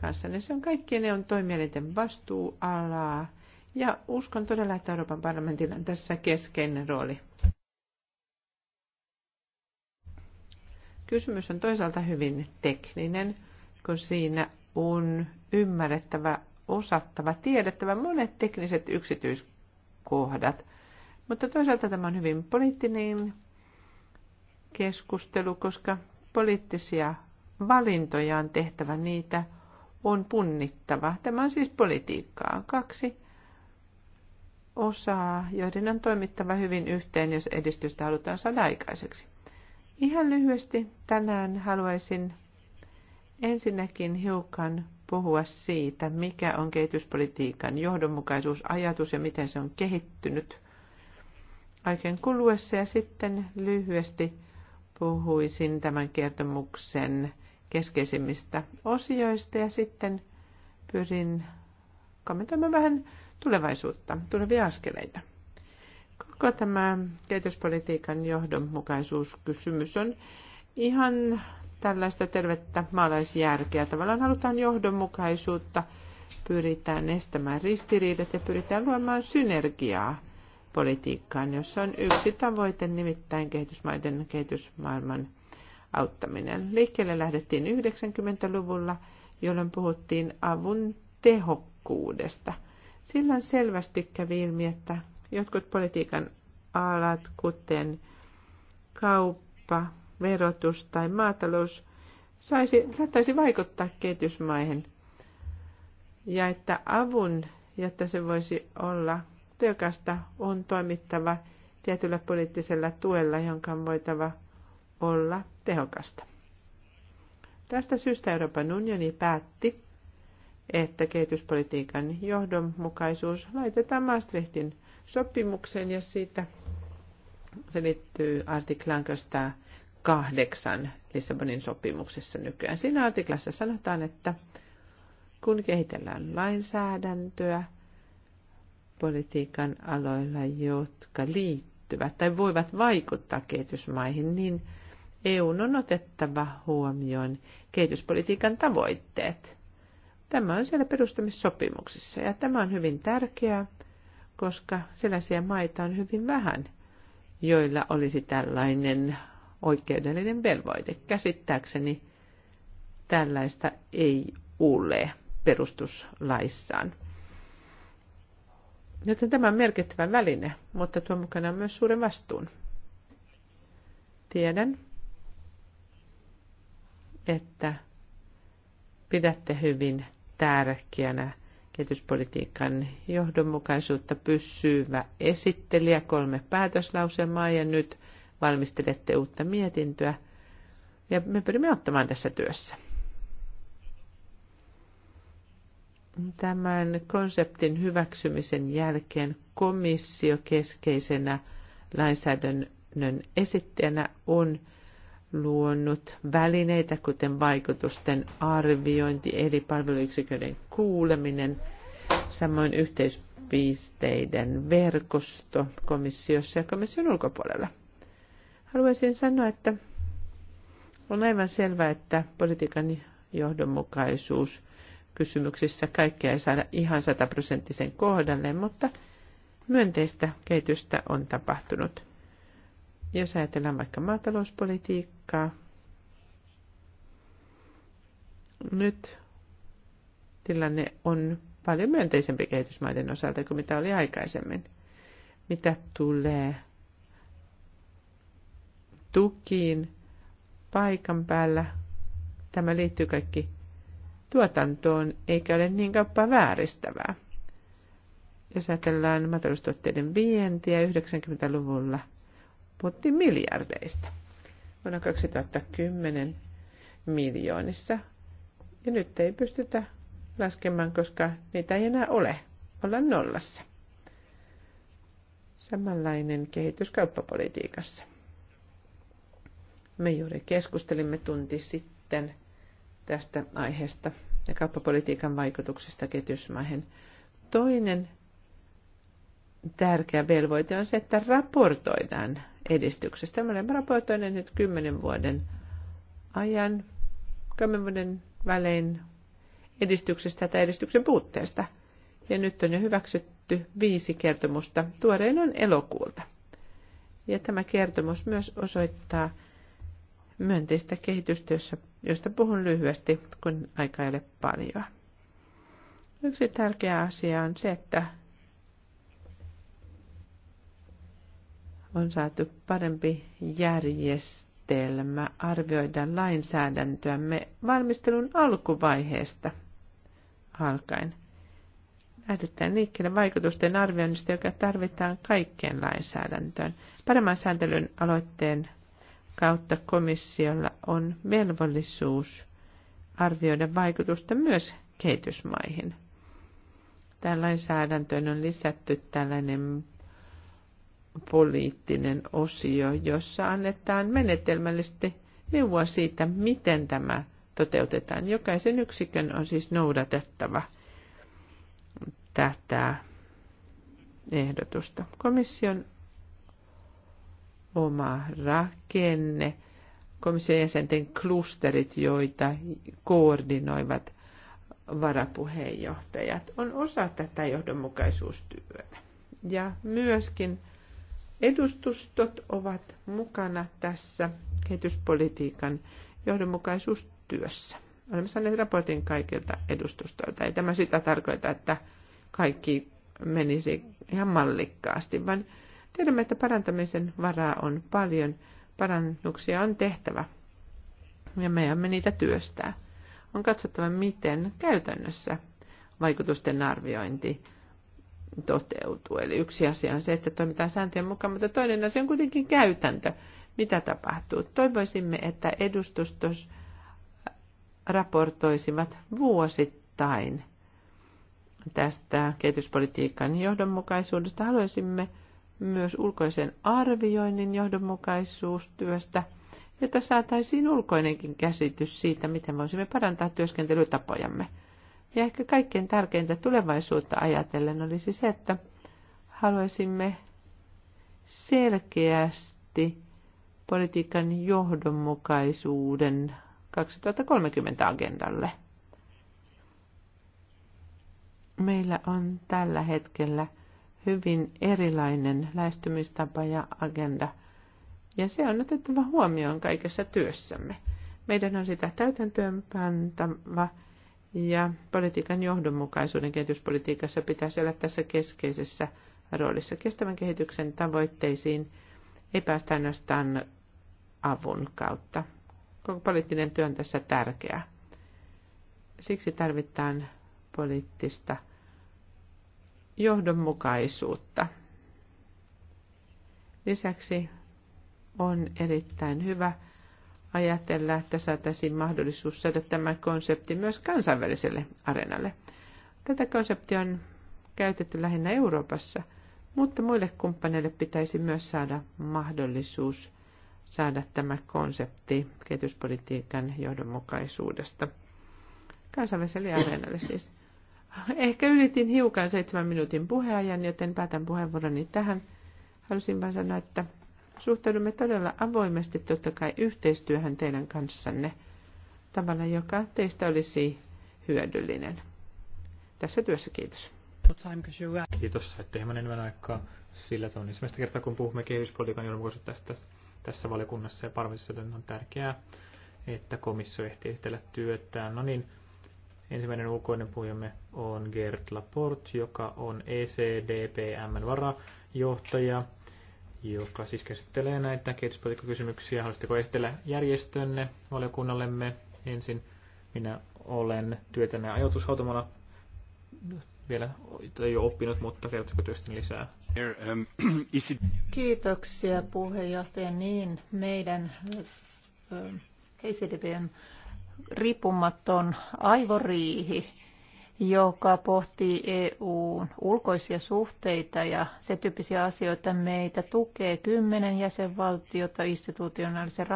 kanssa. Se on kaikkien ne on toimielinten vastuualaa ja uskon todella, että Euroopan parlamentilla on tässä keskeinen rooli. Kysymys on toisaalta hyvin tekninen, kun siinä on ymmärrettävä, osattava, tiedettävä monet tekniset yksityiskohdat. Mutta toisaalta tämä on hyvin poliittinen keskustelu, koska poliittisia valintoja on tehtävä niitä, on punnittava. Tämä on siis politiikkaa. Kaksi osaa, joiden on toimittava hyvin yhteen, jos edistystä halutaan saada aikaiseksi. Ihan lyhyesti tänään haluaisin ensinnäkin hiukan puhua siitä, mikä on kehityspolitiikan johdonmukaisuusajatus ja miten se on kehittynyt aiken kuluessa. Ja sitten lyhyesti puhuisin tämän kertomuksen keskeisimmistä osioista ja sitten pyrin kommentoimaan vähän tulevaisuutta, tulevia askeleita. Koko tämä kehityspolitiikan johdonmukaisuuskysymys on ihan tällaista tervettä maalaisjärkeä. Tavallaan halutaan johdonmukaisuutta, pyritään estämään ristiriidat ja pyritään luomaan synergiaa politiikkaan, jossa on yksi tavoite, nimittäin kehitysmaiden kehitysmaailman auttaminen. Liikkeelle lähdettiin 90-luvulla, jolloin puhuttiin avun tehokkuudesta. Silloin selvästi kävi ilmi, että jotkut politiikan alat, kuten kauppa, verotus tai maatalous, saisi, saattaisi vaikuttaa kehitysmaihin. Ja että avun, jotta se voisi olla tehokasta, on toimittava tietyllä poliittisella tuella, jonka on voitava olla tehokasta. Tästä syystä Euroopan unioni päätti että kehityspolitiikan johdonmukaisuus laitetaan Maastrichtin sopimukseen ja siitä se liittyy artiklaan 8 Lissabonin sopimuksessa nykyään. Siinä artiklassa sanotaan, että kun kehitellään lainsäädäntöä politiikan aloilla, jotka liittyvät tai voivat vaikuttaa kehitysmaihin, niin EU on otettava huomioon kehityspolitiikan tavoitteet – Tämä on siellä perustamissopimuksessa ja tämä on hyvin tärkeää, koska sellaisia maita on hyvin vähän, joilla olisi tällainen oikeudellinen velvoite. Käsittääkseni tällaista ei ole perustuslaissaan. Joten tämä on merkittävä väline, mutta tuo mukana myös suuren vastuun. Tiedän, että pidätte hyvin tärkeänä kehityspolitiikan johdonmukaisuutta pysyvä esittelijä, kolme päätöslausemaa ja nyt valmistelette uutta mietintöä. Ja me pyrimme ottamaan tässä työssä. Tämän konseptin hyväksymisen jälkeen komissio keskeisenä lainsäädännön esittäjänä on luonut välineitä, kuten vaikutusten arviointi, eri palveluyksiköiden kuuleminen, samoin yhteispisteiden verkosto komissiossa ja komission ulkopuolella. Haluaisin sanoa, että on aivan selvää, että politiikan johdonmukaisuus kysymyksissä kaikkea ei saada ihan sataprosenttisen kohdalle, mutta myönteistä kehitystä on tapahtunut. Jos ajatellaan vaikka maatalouspolitiikkaa, paikkaa. Nyt tilanne on paljon myönteisempi kehitysmaiden osalta kuin mitä oli aikaisemmin. Mitä tulee tukiin paikan päällä, tämä liittyy kaikki tuotantoon eikä ole niin kauppaa vääristävää. Jos ajatellaan maataloustuotteiden vientiä 90-luvulla, puhuttiin miljardeista vuonna 2010 miljoonissa. Ja nyt ei pystytä laskemaan, koska niitä ei enää ole. Ollaan nollassa. Samanlainen kehitys kauppapolitiikassa. Me juuri keskustelimme tunti sitten tästä aiheesta ja kauppapolitiikan vaikutuksista ketjusmaihin. Toinen tärkeä velvoite on se, että raportoidaan edistyksestä. Me olemme nyt kymmenen vuoden ajan, kymmenen vuoden välein edistyksestä tai edistyksen puutteesta. Ja nyt on jo hyväksytty viisi kertomusta. Tuorein on elokuulta. Ja tämä kertomus myös osoittaa myönteistä kehitystä, josta puhun lyhyesti, kun aika ei ole paljon. Yksi tärkeä asia on se, että on saatu parempi järjestelmä arvioida lainsäädäntöämme valmistelun alkuvaiheesta alkaen. Lähdetään liikkeelle vaikutusten arvioinnista, joka tarvitaan kaikkeen lainsäädäntöön. Paremman sääntelyn aloitteen kautta komissiolla on velvollisuus arvioida vaikutusta myös kehitysmaihin. Tämän lainsäädäntöön on lisätty tällainen poliittinen osio, jossa annetaan menetelmällisesti neuvoa siitä, miten tämä toteutetaan. Jokaisen yksikön on siis noudatettava tätä ehdotusta. Komission oma rakenne, komission jäsenten klusterit, joita koordinoivat varapuheenjohtajat, on osa tätä johdonmukaisuustyötä. Ja myöskin Edustustot ovat mukana tässä kehityspolitiikan johdonmukaisuustyössä. Olemme saaneet raportin kaikilta edustustoilta. Ei tämä sitä tarkoita, että kaikki menisi ihan mallikkaasti, vaan tiedämme, että parantamisen varaa on paljon. Parannuksia on tehtävä ja meidän niitä työstää. On katsottava, miten käytännössä vaikutusten arviointi toteutuu. Eli yksi asia on se, että toimitaan sääntöjen mukaan, mutta toinen asia on kuitenkin käytäntö. Mitä tapahtuu? Toivoisimme, että edustustos raportoisivat vuosittain tästä kehityspolitiikan johdonmukaisuudesta. Haluaisimme myös ulkoisen arvioinnin johdonmukaisuustyöstä, jotta saataisiin ulkoinenkin käsitys siitä, miten voisimme parantaa työskentelytapojamme. Ja ehkä kaikkein tärkeintä tulevaisuutta ajatellen olisi se, että haluaisimme selkeästi politiikan johdonmukaisuuden 2030 agendalle. Meillä on tällä hetkellä hyvin erilainen lähestymistapa ja agenda, ja se on otettava huomioon kaikessa työssämme. Meidän on sitä täytäntöönpantava pantava ja politiikan johdonmukaisuuden kehityspolitiikassa pitäisi olla tässä keskeisessä roolissa. Kestävän kehityksen tavoitteisiin ei päästä ainoastaan avun kautta. Koko poliittinen työ on tässä tärkeää. Siksi tarvitaan poliittista johdonmukaisuutta. Lisäksi on erittäin hyvä, ajatella, että saataisiin mahdollisuus saada tämä konsepti myös kansainväliselle areenalle. Tätä konseptia on käytetty lähinnä Euroopassa, mutta muille kumppaneille pitäisi myös saada mahdollisuus saada tämä konsepti kehityspolitiikan johdonmukaisuudesta. Kansainväliselle areenalle siis. Ehkä ylitin hiukan seitsemän minuutin puheajan, joten päätän puheenvuoroni tähän. Halusin vain sanoa, että Suhtaudumme todella avoimesti totta kai yhteistyöhön teidän kanssanne tavalla, joka teistä olisi hyödyllinen. Tässä työssä kiitos. Kiitos, saitte hieman enemmän aikaa sillä on ensimmäistä kertaa, kun puhumme kehityspolitiikan ilmoituksesta tästä, tässä valiokunnassa ja parvissa, että on tärkeää, että komissio ehtii esitellä työtään. No niin, ensimmäinen ulkoinen puhujamme on Gert Laporte, joka on ECDPMn varajohtaja joka siis käsittelee näitä kehityspolitiikkakysymyksiä. Haluaisitteko esitellä järjestönne valiokunnallemme ensin? Minä olen työtänne ajatushautomalla vielä ei ole oppinut, mutta kerrotko työstä lisää? Kiitoksia puheenjohtaja. Niin, meidän ECDBn riippumaton aivoriihi joka pohtii EUn ulkoisia suhteita ja se tyyppisiä asioita meitä tukee kymmenen jäsenvaltiota institutionaalisen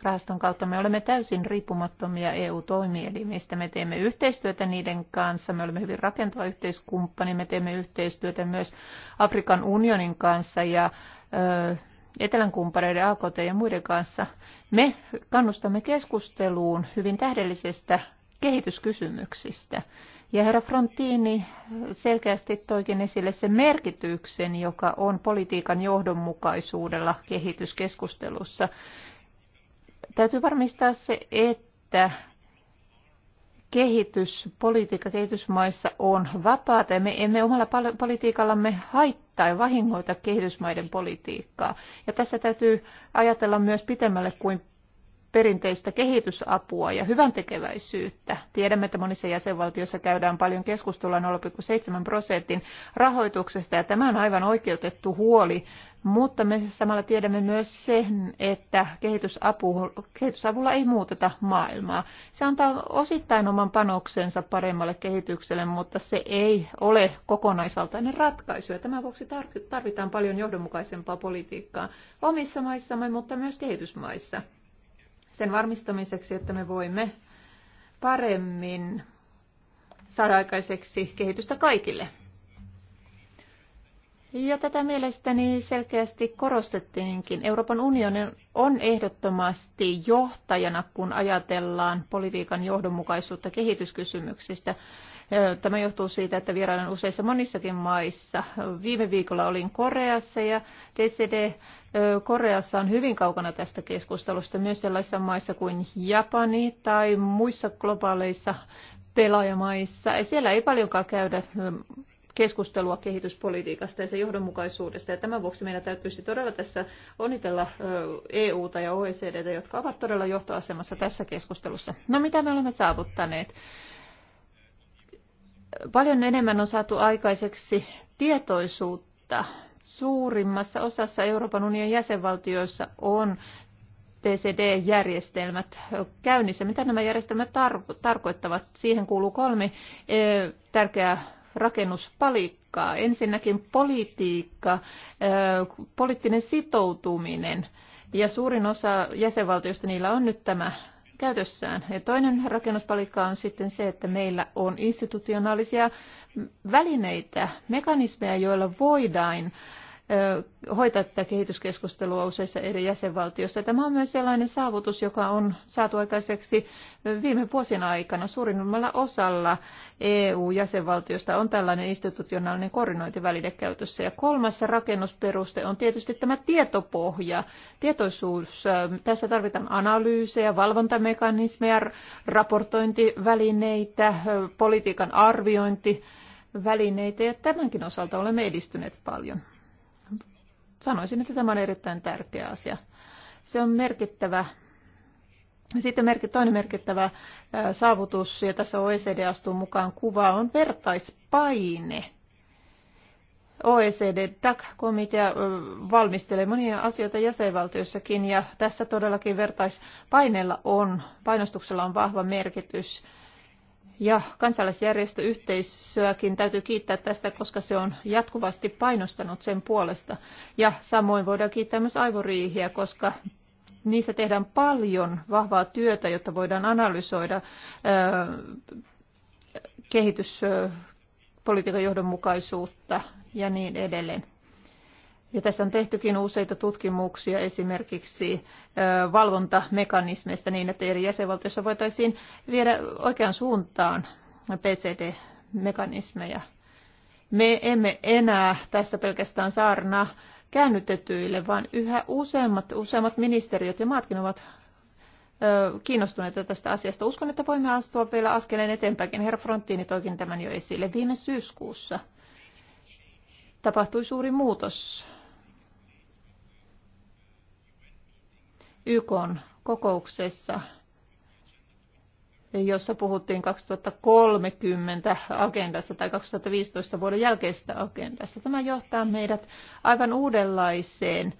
rahaston kautta. Me olemme täysin riippumattomia EU-toimielimistä. Me teemme yhteistyötä niiden kanssa. Me olemme hyvin rakentava yhteiskumppani. Me teemme yhteistyötä myös Afrikan unionin kanssa ja ö, etelän kumppaneiden AKT ja muiden kanssa. Me kannustamme keskusteluun hyvin tähdellisestä kehityskysymyksistä. Ja herra Frontini selkeästi toikin esille sen merkityksen, joka on politiikan johdonmukaisuudella kehityskeskustelussa. Täytyy varmistaa se, että kehityspolitiikka kehitysmaissa on vapaata ja me emme omalla politiikallamme haittaa ja vahingoita kehitysmaiden politiikkaa. Ja tässä täytyy ajatella myös pitemmälle kuin perinteistä kehitysapua ja hyvän tekeväisyyttä. Tiedämme, että monissa jäsenvaltioissa käydään paljon keskustelua 0,7 prosentin rahoituksesta ja tämä on aivan oikeutettu huoli, mutta me samalla tiedämme myös sen, että kehitysapu, kehitysavulla ei muuteta maailmaa. Se antaa osittain oman panoksensa paremmalle kehitykselle, mutta se ei ole kokonaisvaltainen ratkaisu. Ja tämän vuoksi tarvitaan paljon johdonmukaisempaa politiikkaa omissa maissamme, mutta myös kehitysmaissa sen varmistamiseksi, että me voimme paremmin saada aikaiseksi kehitystä kaikille. Ja tätä mielestäni selkeästi korostettiinkin. Euroopan unionin on ehdottomasti johtajana, kun ajatellaan politiikan johdonmukaisuutta kehityskysymyksistä. Tämä johtuu siitä, että vierailen useissa monissakin maissa. Viime viikolla olin Koreassa ja DCD Koreassa on hyvin kaukana tästä keskustelusta myös sellaisissa maissa kuin Japani tai muissa globaaleissa pelaajamaissa. Siellä ei paljonkaan käydä keskustelua kehityspolitiikasta ja sen johdonmukaisuudesta. Ja tämän vuoksi meidän täytyisi todella tässä onnitella EUta ja OECDtä, jotka ovat todella johtoasemassa tässä keskustelussa. No mitä me olemme saavuttaneet? paljon enemmän on saatu aikaiseksi tietoisuutta. Suurimmassa osassa Euroopan unionin jäsenvaltioissa on TCD-järjestelmät käynnissä. Mitä nämä järjestelmät tar- tarkoittavat? Siihen kuuluu kolme e, tärkeää rakennuspalikkaa. Ensinnäkin politiikka, e, poliittinen sitoutuminen. Ja suurin osa jäsenvaltioista niillä on nyt tämä käytössään. Ja toinen rakennuspalikka on sitten se, että meillä on institutionaalisia välineitä, mekanismeja, joilla voidaan hoitaa tätä kehityskeskustelua useissa eri jäsenvaltioissa. Tämä on myös sellainen saavutus, joka on saatu aikaiseksi viime vuosien aikana. Suurimmalla osalla EU-jäsenvaltioista on tällainen institutionaalinen koordinointiväline käytössä. Ja kolmas rakennusperuste on tietysti tämä tietopohja, tietoisuus. Tässä tarvitaan analyysejä, valvontamekanismeja, raportointivälineitä, politiikan arviointi välineitä ja tämänkin osalta olemme edistyneet paljon. Sanoisin, että tämä on erittäin tärkeä asia. Se on merkittävä sitten toinen merkittävä saavutus, ja tässä OECD astuu mukaan kuva, on vertaispaine. OECD DAC-komitea valmistelee monia asioita jäsenvaltioissakin, ja tässä todellakin vertaispaineella on, painostuksella on vahva merkitys ja kansalaisjärjestöyhteisöäkin täytyy kiittää tästä, koska se on jatkuvasti painostanut sen puolesta. Ja samoin voidaan kiittää myös aivoriihiä, koska niissä tehdään paljon vahvaa työtä, jotta voidaan analysoida kehityspolitiikan johdonmukaisuutta ja niin edelleen. Ja tässä on tehtykin useita tutkimuksia esimerkiksi valvontamekanismeista niin, että eri jäsenvaltioissa voitaisiin viedä oikean suuntaan PCD-mekanismeja. Me emme enää tässä pelkästään saarna käännytetyille, vaan yhä useammat, useammat ministeriöt ja maatkin ovat kiinnostuneita tästä asiasta. Uskon, että voimme astua vielä askeleen eteenpäin Herra Fronttiini toikin tämän jo esille viime syyskuussa. Tapahtui suuri muutos YK kokouksessa, jossa puhuttiin 2030 agendasta tai 2015 vuoden jälkeisestä agendasta. Tämä johtaa meidät aivan uudenlaiseen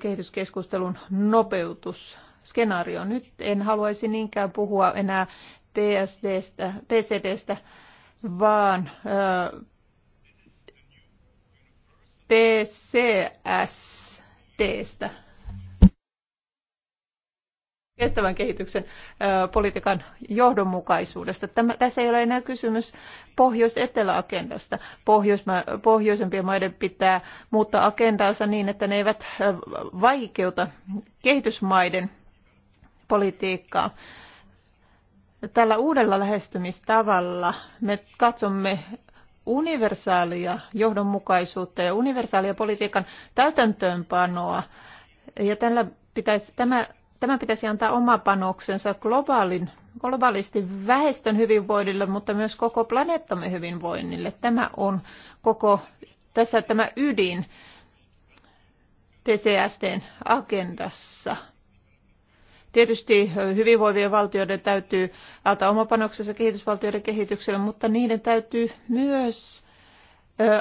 kehityskeskustelun nopeutusskenaarioon. Nyt en haluaisi niinkään puhua enää TSDstä, TCDstä, vaan PCSDstä kestävän kehityksen politiikan johdonmukaisuudesta. Tämä, tässä ei ole enää kysymys pohjois-etelä-agendasta. Pohjois, pohjoisempien maiden pitää muuttaa agendaansa niin, että ne eivät vaikeuta kehitysmaiden politiikkaa. Tällä uudella lähestymistavalla me katsomme universaalia johdonmukaisuutta ja universaalia politiikan täytäntöönpanoa. Ja tällä pitäisi, tämä Tämän pitäisi antaa oma panoksensa globaalin, globaalisti väestön hyvinvoinnille, mutta myös koko planeettamme hyvinvoinnille. Tämä on koko, tässä tämä ydin TCSTn agendassa. Tietysti hyvinvoivien valtioiden täytyy antaa oma panoksensa kehitysvaltioiden kehitykselle, mutta niiden täytyy myös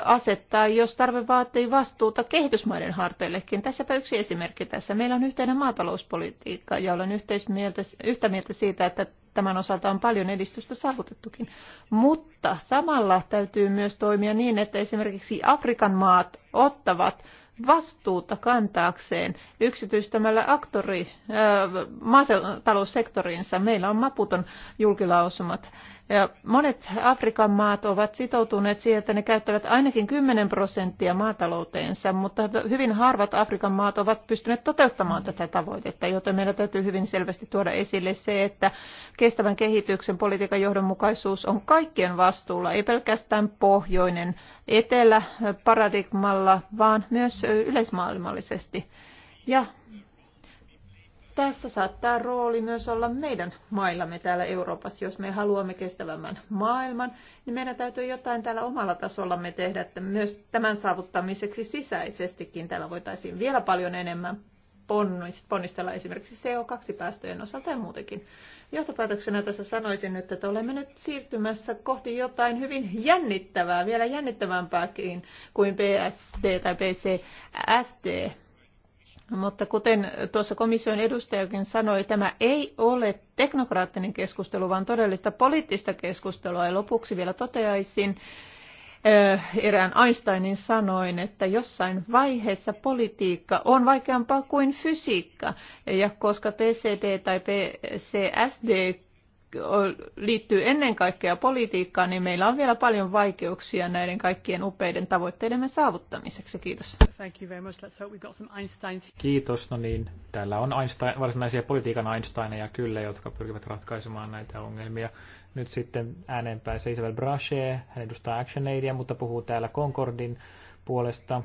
asettaa, jos tarve vaatii vastuuta kehitysmaiden harteillekin. Tässäpä yksi esimerkki tässä. Meillä on yhteinen maatalouspolitiikka ja olen yhteismieltä, yhtä mieltä siitä, että tämän osalta on paljon edistystä saavutettukin. Mutta samalla täytyy myös toimia niin, että esimerkiksi Afrikan maat ottavat vastuuta kantaakseen yksityistämällä aktori, maataloussektoriinsa, Meillä on maputon julkilausumat monet Afrikan maat ovat sitoutuneet siihen, että ne käyttävät ainakin 10 prosenttia maatalouteensa, mutta hyvin harvat Afrikan maat ovat pystyneet toteuttamaan tätä tavoitetta, joten meidän täytyy hyvin selvästi tuoda esille se, että kestävän kehityksen politiikan johdonmukaisuus on kaikkien vastuulla, ei pelkästään pohjoinen etelä paradigmalla, vaan myös yleismaailmallisesti. Ja tässä saattaa rooli myös olla meidän maillamme täällä Euroopassa. Jos me haluamme kestävämmän maailman, niin meidän täytyy jotain täällä omalla tasollamme tehdä, että myös tämän saavuttamiseksi sisäisestikin täällä voitaisiin vielä paljon enemmän ponnistella esimerkiksi CO2-päästöjen osalta ja muutenkin. Johtopäätöksenä tässä sanoisin nyt, että olemme nyt siirtymässä kohti jotain hyvin jännittävää, vielä jännittävämpääkin kuin PSD tai PCSD mutta kuten tuossa komission edustajakin sanoi, tämä ei ole teknokraattinen keskustelu, vaan todellista poliittista keskustelua. Ja lopuksi vielä toteaisin eh, erään Einsteinin sanoin, että jossain vaiheessa politiikka on vaikeampaa kuin fysiikka. Ja koska PCD tai PCSD liittyy ennen kaikkea politiikkaan, niin meillä on vielä paljon vaikeuksia näiden kaikkien upeiden tavoitteidemme saavuttamiseksi. Kiitos. Thank you very much. Let's hope we've got some Einsteins. Kiitos. No niin, täällä on Einstein, varsinaisia politiikan Einsteineja kyllä, jotka pyrkivät ratkaisemaan näitä ongelmia. Nyt sitten ääneen pääsee Isabel Brachet, hän edustaa ActionAidia, mutta puhuu täällä Concordin puolesta.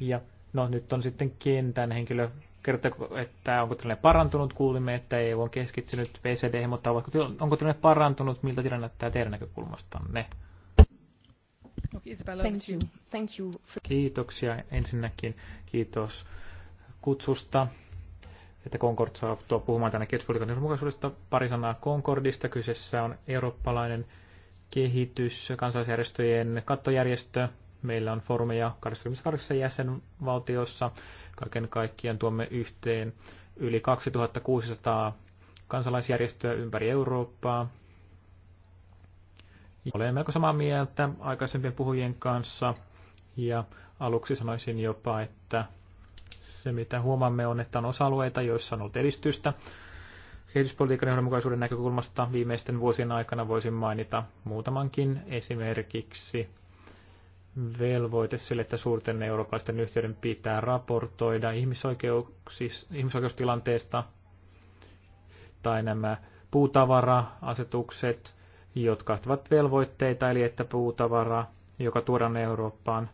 Ja no nyt on sitten kentän henkilö kertooko, että onko tilanne parantunut? Kuulimme, että EU on keskittynyt VCD, mutta onko, tilanne parantunut? Miltä tilanne näyttää teidän näkökulmastanne? Thank you. Thank you. Kiitoksia ensinnäkin. Kiitos kutsusta että Concord tuo puhumaan tänne kehityspolitiikan mukaisuudesta. Pari sanaa Concordista. Kyseessä on eurooppalainen kehitys, kansalaisjärjestöjen kattojärjestö. Meillä on foorumeja 28 jäsenvaltiossa. Kaiken kaikkiaan tuomme yhteen yli 2600 kansalaisjärjestöä ympäri Eurooppaa. Olen melko samaa mieltä aikaisempien puhujien kanssa ja aluksi sanoisin jopa, että se mitä huomaamme on, että on osa-alueita, joissa on ollut edistystä. Kehityspolitiikan johdonmukaisuuden näkökulmasta viimeisten vuosien aikana voisin mainita muutamankin esimerkiksi velvoite sille, että suurten eurooppalaisten yhteyden pitää raportoida ihmisoikeustilanteesta tai nämä puutavara-asetukset, jotka ovat velvoitteita, eli että puutavara, joka tuodaan Eurooppaan,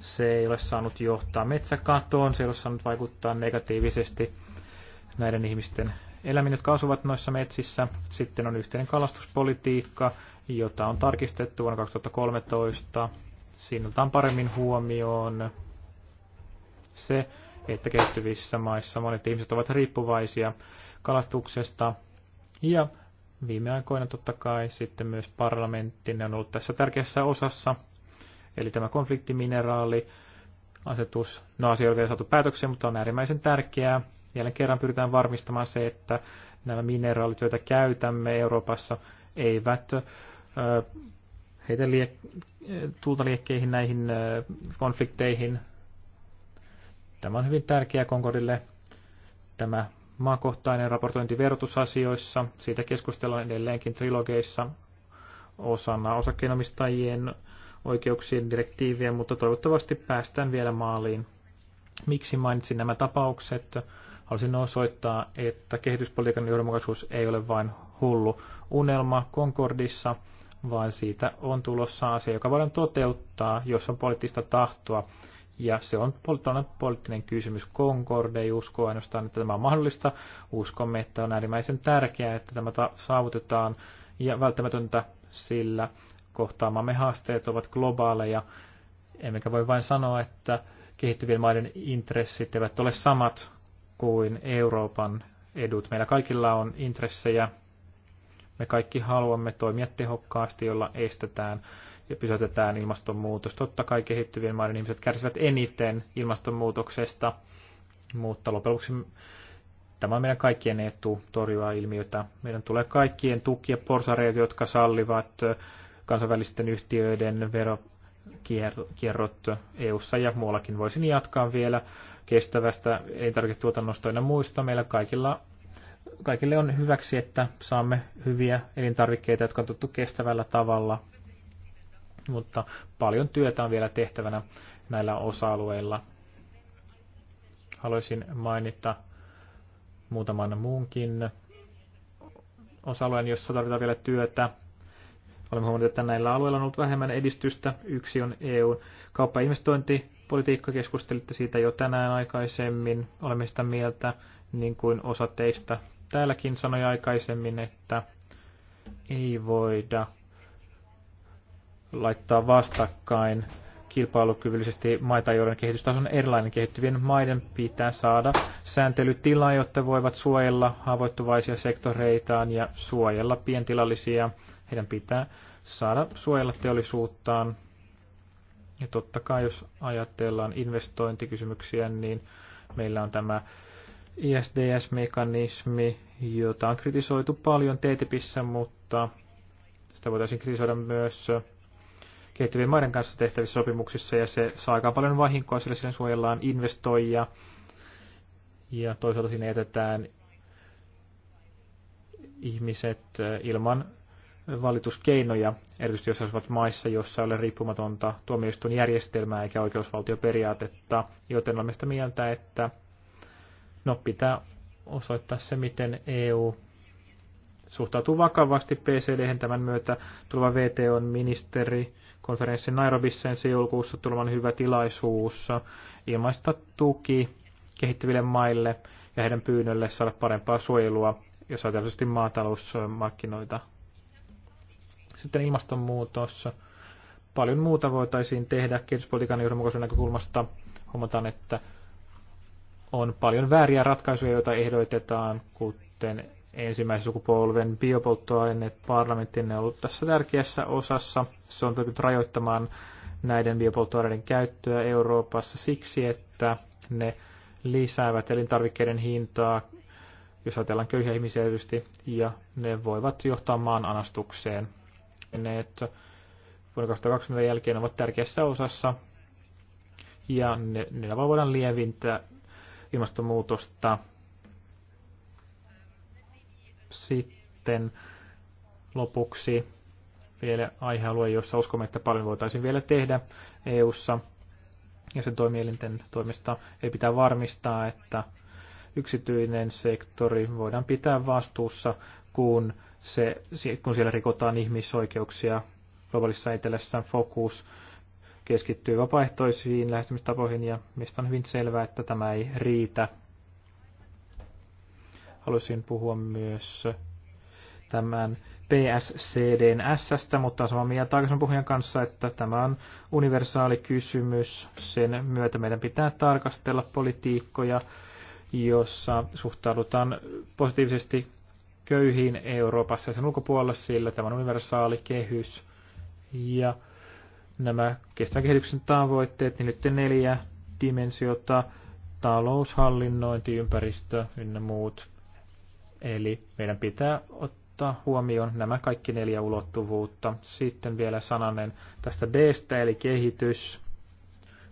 se ei ole saanut johtaa metsäkatoon, se ei ole saanut vaikuttaa negatiivisesti näiden ihmisten eläimiin, jotka asuvat noissa metsissä. Sitten on yhteinen kalastuspolitiikka, jota on tarkistettu vuonna 2013 Siinä otetaan paremmin huomioon se, että kehittyvissä maissa monet ihmiset ovat riippuvaisia kalastuksesta. Ja viime aikoina totta kai sitten myös parlamentti ne on ollut tässä tärkeässä osassa. Eli tämä konfliktimineraali, asetus, no asia on vielä saatu päätökseen, mutta on äärimmäisen tärkeää. Jälleen kerran pyritään varmistamaan se, että nämä mineraalit, joita käytämme Euroopassa, eivät ö, heitä liek- tuulta liekkeihin näihin konflikteihin. Tämä on hyvin tärkeää Konkordille, tämä maakohtainen raportointi verotusasioissa. Siitä keskustellaan edelleenkin trilogeissa osana osakkeenomistajien oikeuksien direktiiviä, mutta toivottavasti päästään vielä maaliin. Miksi mainitsin nämä tapaukset? Haluaisin osoittaa, että kehityspolitiikan johdonmukaisuus ei ole vain hullu unelma. Concordissa vaan siitä on tulossa asia, joka voidaan toteuttaa, jos on poliittista tahtoa. Ja se on poliittinen kysymys. Concorde ei usko ainoastaan, että tämä on mahdollista. Uskomme, että on äärimmäisen tärkeää, että tämä saavutetaan ja välttämätöntä, sillä kohtaamamme haasteet ovat globaaleja. Emmekä voi vain sanoa, että kehittyvien maiden intressit eivät ole samat kuin Euroopan edut. Meillä kaikilla on intressejä me kaikki haluamme toimia tehokkaasti, jolla estetään ja pysäytetään ilmastonmuutos. Totta kai kehittyvien maiden ihmiset kärsivät eniten ilmastonmuutoksesta, mutta loppujen lopuksi tämä on meidän kaikkien etu torjua ilmiötä. Meidän tulee kaikkien tukia porsareita, jotka sallivat kansainvälisten yhtiöiden verokierrot EU-ssa ja muuallakin. Voisin jatkaa vielä kestävästä elintarviketuotannosta ja muista. Meillä kaikilla kaikille on hyväksi, että saamme hyviä elintarvikkeita, jotka on tuttu kestävällä tavalla, mutta paljon työtä on vielä tehtävänä näillä osa-alueilla. Haluaisin mainita muutaman muunkin osa-alueen, jossa tarvitaan vielä työtä. Olemme huomanneet, että näillä alueilla on ollut vähemmän edistystä. Yksi on EUn kauppa- ja investointipolitiikka. Keskustelitte siitä jo tänään aikaisemmin. Olemme sitä mieltä, niin kuin osa teistä täälläkin sanoi aikaisemmin, että ei voida laittaa vastakkain kilpailukyvyllisesti maita, joiden kehitystaso on erilainen. Kehittyvien maiden pitää saada sääntelytilaa, jotta voivat suojella haavoittuvaisia sektoreitaan ja suojella pientilallisia. Heidän pitää saada suojella teollisuuttaan. Ja totta kai, jos ajatellaan investointikysymyksiä, niin meillä on tämä ISDS-mekanismi, jota on kritisoitu paljon TTIPissä, mutta sitä voitaisiin kritisoida myös kehittyvien maiden kanssa tehtävissä sopimuksissa, ja se saa aika paljon vahinkoa, sillä siinä suojellaan investoijia, ja toisaalta siinä jätetään ihmiset eh, ilman valituskeinoja, erityisesti jos asuvat maissa, joissa ei ole riippumatonta tuomioistuinjärjestelmää eikä oikeusvaltioperiaatetta, joten olemme sitä mieltä, että No pitää osoittaa se, miten EU suhtautuu vakavasti PCD tämän myötä. Tuleva VTOn ministeri konferenssi Nairobissa ensi joulukuussa tulevan hyvä tilaisuus ilmaista tuki kehittyville maille ja heidän pyynnölle saada parempaa suojelua, jos ajatellaan tietysti maatalousmarkkinoita. Sitten ilmastonmuutos. Paljon muuta voitaisiin tehdä kehityspolitiikan johdonmukaisuuden näkökulmasta. Huomataan, että on paljon vääriä ratkaisuja, joita ehdotetaan, kuten ensimmäisen sukupolven biopolttoaineet. parlamenttiin on ollut tässä tärkeässä osassa. Se on pyrkinyt rajoittamaan näiden biopolttoaineiden käyttöä Euroopassa siksi, että ne lisäävät elintarvikkeiden hintaa, jos ajatellaan köyhiä ihmisiä tietysti, ja ne voivat johtaa maan anastukseen. Ne vuonna 2020 jälkeen ovat tärkeässä osassa, ja ne, niillä voidaan lieventää, ilmastonmuutosta. Sitten lopuksi vielä aihealue, jossa uskomme, että paljon voitaisiin vielä tehdä EU-ssa ja sen toimielinten toimesta. Ei pitää varmistaa, että yksityinen sektori voidaan pitää vastuussa, kun, se, kun siellä rikotaan ihmisoikeuksia globaalissa etelässä. Fokus keskittyy vapaaehtoisiin lähestymistapoihin ja mistä on hyvin selvää, että tämä ei riitä. Haluaisin puhua myös tämän PSCDNSstä, mutta on samaa mieltä aikaisemman puhujan kanssa, että tämä on universaali kysymys. Sen myötä meidän pitää tarkastella politiikkoja, jossa suhtaudutaan positiivisesti köyhiin Euroopassa ja sen ulkopuolella, sillä tämä on universaali kehys. Ja nämä kestävän kehityksen tavoitteet, niin nyt neljä dimensiota, taloushallinnointi, ympäristö ynnä muut. Eli meidän pitää ottaa huomioon nämä kaikki neljä ulottuvuutta. Sitten vielä sananen tästä d eli kehitys.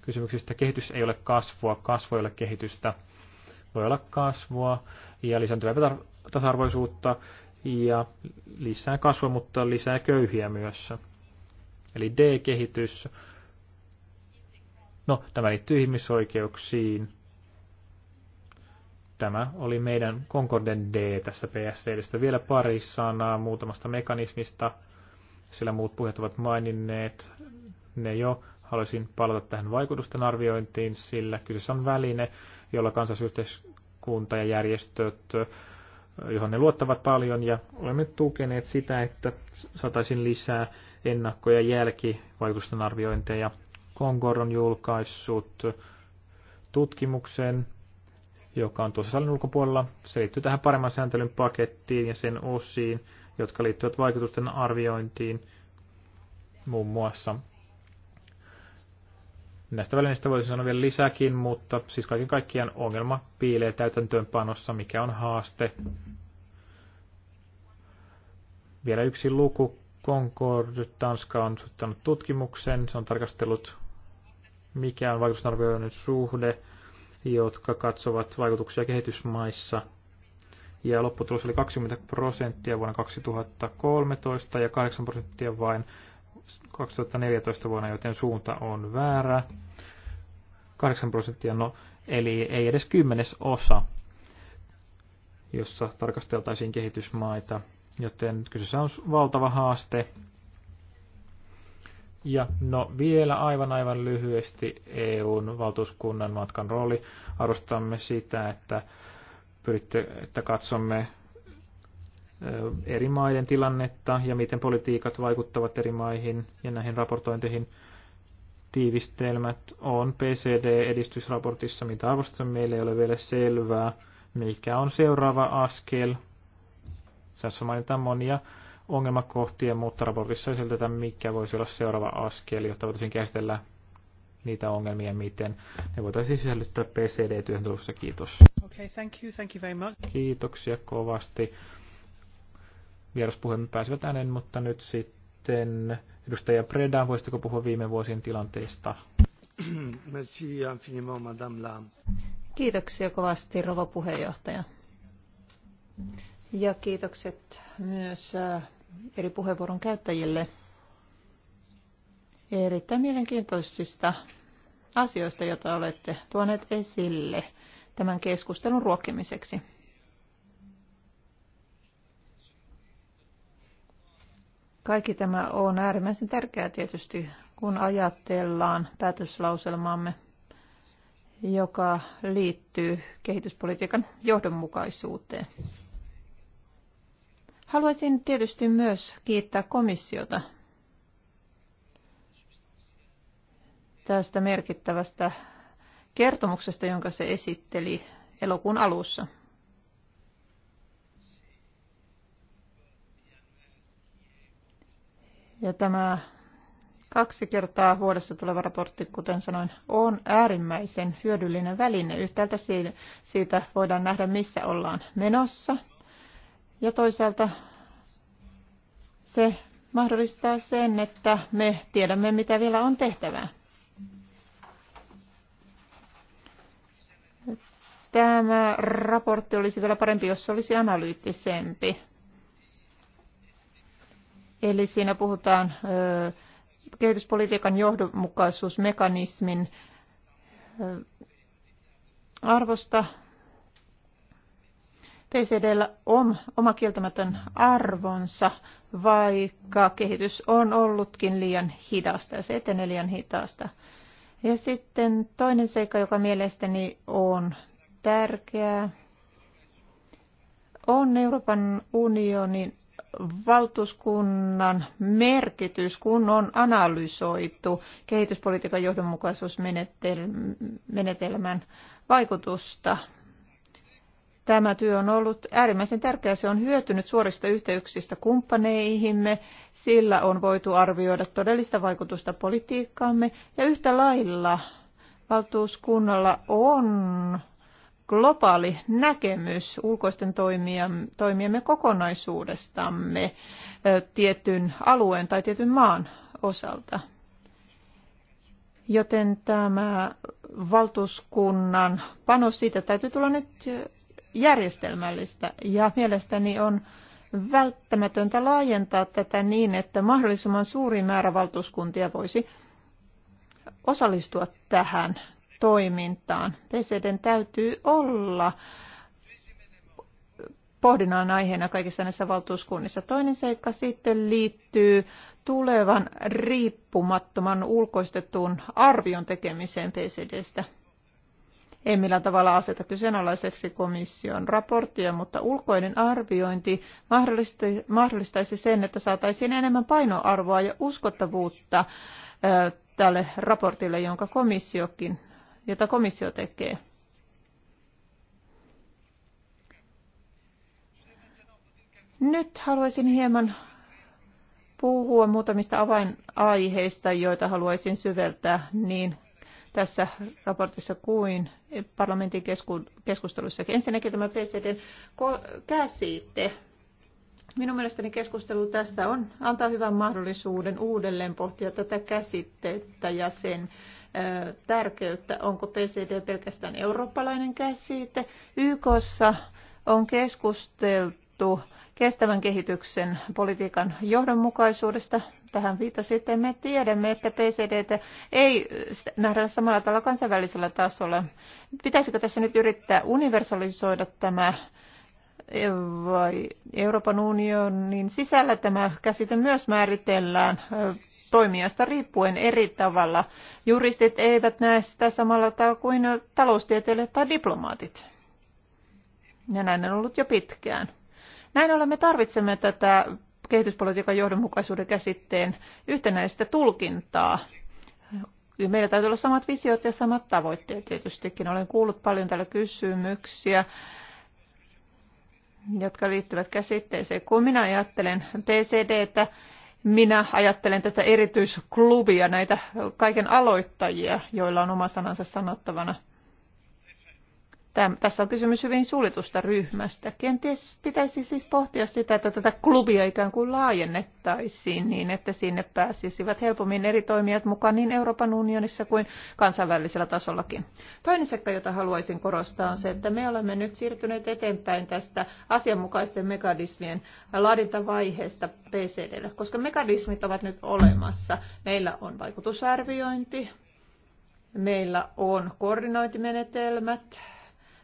Kysymyksestä kehitys ei ole kasvua, kasvu ei ole kehitystä. Voi olla kasvua ja lisääntyvää tasa-arvoisuutta ja lisää kasvua, mutta lisää köyhiä myös eli D-kehitys. No, tämä liittyy ihmisoikeuksiin. Tämä oli meidän Concorden D tässä PSCDstä. Vielä pari sanaa muutamasta mekanismista, sillä muut puhet ovat maininneet ne jo. Haluaisin palata tähän vaikutusten arviointiin, sillä kyseessä on väline, jolla kansallisyhteiskunta ja järjestöt johon ne luottavat paljon ja olemme tukeneet sitä, että saataisiin lisää ennakko- ja jälkivaikutusten arviointeja. Kongor on julkaissut tutkimuksen, joka on tuossa salin ulkopuolella. Se liittyy tähän paremman sääntelyn pakettiin ja sen osiin, jotka liittyvät vaikutusten arviointiin muun muassa. Näistä välineistä voisi sanoa vielä lisääkin, mutta siis kaiken kaikkiaan ongelma piilee täytäntöönpanossa, mikä on haaste. Vielä yksi luku Concord Tanska on suorittanut tutkimuksen, se on tarkastellut mikä on vaikutusarvioinnin suhde, jotka katsovat vaikutuksia kehitysmaissa. Ja lopputulos oli 20 prosenttia vuonna 2013 ja 8 prosenttia vain 2014 vuonna, joten suunta on väärä. 8 prosenttia, no eli ei edes kymmenes osa, jossa tarkasteltaisiin kehitysmaita. Joten kyseessä on valtava haaste. Ja no vielä aivan aivan lyhyesti EUn valtuuskunnan matkan rooli. Arvostamme sitä, että pyritte, että katsomme eri maiden tilannetta ja miten politiikat vaikuttavat eri maihin ja näihin raportointeihin. Tiivistelmät on PCD-edistysraportissa, mitä arvostamme. Meillä ei ole vielä selvää, mikä on seuraava askel tässä mainitaan monia ongelmakohtia, mutta raportissa ei siltä, mikä voisi olla seuraava askel, jotta voitaisiin käsitellä niitä ongelmia, miten ne voitaisiin sisällyttää PCD-työhön tulossa. Kiitos. Okay, thank you, thank you very much. Kiitoksia kovasti. Vieraspuhemme pääsivät ääneen, mutta nyt sitten edustaja Preda, voisitteko puhua viime vuosien tilanteesta? Merci infiniment, madame la. Kiitoksia kovasti, rova puheenjohtaja. Ja kiitokset myös äh, eri puheenvuoron käyttäjille erittäin mielenkiintoisista asioista, joita olette tuoneet esille tämän keskustelun ruokkimiseksi. Kaikki tämä on äärimmäisen tärkeää tietysti, kun ajatellaan päätöslauselmaamme, joka liittyy kehityspolitiikan johdonmukaisuuteen. Haluaisin tietysti myös kiittää komissiota tästä merkittävästä kertomuksesta, jonka se esitteli elokuun alussa. Ja tämä kaksi kertaa vuodessa tuleva raportti, kuten sanoin, on äärimmäisen hyödyllinen väline. Yhtäältä siitä voidaan nähdä, missä ollaan menossa ja toisaalta se mahdollistaa sen, että me tiedämme, mitä vielä on tehtävää. Tämä raportti olisi vielä parempi, jos se olisi analyyttisempi. Eli siinä puhutaan kehityspolitiikan johdonmukaisuusmekanismin arvosta PCDllä on oma kieltämätön arvonsa, vaikka kehitys on ollutkin liian hidasta ja se etenee liian hitaasta. Ja sitten toinen seikka, joka mielestäni on tärkeää, on Euroopan unionin valtuuskunnan merkitys, kun on analysoitu kehityspolitiikan johdonmukaisuusmenetelmän vaikutusta Tämä työ on ollut äärimmäisen tärkeää. Se on hyötynyt suorista yhteyksistä kumppaneihimme. Sillä on voitu arvioida todellista vaikutusta politiikkaamme. Ja yhtä lailla valtuuskunnalla on globaali näkemys ulkoisten toimijamme kokonaisuudestamme tietyn alueen tai tietyn maan osalta. Joten tämä valtuuskunnan panos siitä täytyy tulla nyt järjestelmällistä ja mielestäni on välttämätöntä laajentaa tätä niin, että mahdollisimman suuri määrä valtuuskuntia voisi osallistua tähän toimintaan. PCDn täytyy olla pohdinnan aiheena kaikissa näissä valtuuskunnissa. Toinen seikka sitten liittyy tulevan riippumattoman ulkoistetun arvion tekemiseen PCDstä en millään tavalla aseta kyseenalaiseksi komission raporttia, mutta ulkoinen arviointi mahdollistaisi sen, että saataisiin enemmän painoarvoa ja uskottavuutta tälle raportille, jonka komissiokin, jota komissio tekee. Nyt haluaisin hieman puhua muutamista avainaiheista, joita haluaisin syveltää niin tässä raportissa kuin parlamentin kesku, keskustelussa. Ensinnäkin tämä PCDn käsite. Minun mielestäni keskustelu tästä on, antaa hyvän mahdollisuuden uudelleen pohtia tätä käsitettä ja sen ö, tärkeyttä. Onko PCD pelkästään eurooppalainen käsite? YKssa on keskusteltu kestävän kehityksen politiikan johdonmukaisuudesta tähän että me tiedämme, että PCD ei nähdä samalla tavalla kansainvälisellä tasolla. Pitäisikö tässä nyt yrittää universalisoida tämä e, vai Euroopan unionin sisällä tämä käsite myös määritellään e, toimijasta riippuen eri tavalla. Juristit eivät näe sitä samalla tavalla kuin taloustieteilijät tai diplomaatit. Ja näin on ollut jo pitkään. Näin olemme tarvitsemme tätä kehityspolitiikan johdonmukaisuuden käsitteen yhtenäistä tulkintaa. Meillä täytyy olla samat visiot ja samat tavoitteet tietystikin. Olen kuullut paljon täällä kysymyksiä jotka liittyvät käsitteeseen. Kun minä ajattelen että minä ajattelen tätä erityisklubia, näitä kaiken aloittajia, joilla on oma sanansa sanottavana – Täm, tässä on kysymys hyvin suljetusta ryhmästä. Kenties pitäisi siis pohtia sitä, että tätä klubia ikään kuin laajennettaisiin niin, että sinne pääsisivät helpommin eri toimijat mukaan niin Euroopan unionissa kuin kansainvälisellä tasollakin. Toinen seikka, jota haluaisin korostaa, on se, että me olemme nyt siirtyneet eteenpäin tästä asianmukaisten mekanismien laadintavaiheesta PCDlle, koska mekanismit ovat nyt olemassa. Meillä on vaikutusarviointi, meillä on koordinointimenetelmät,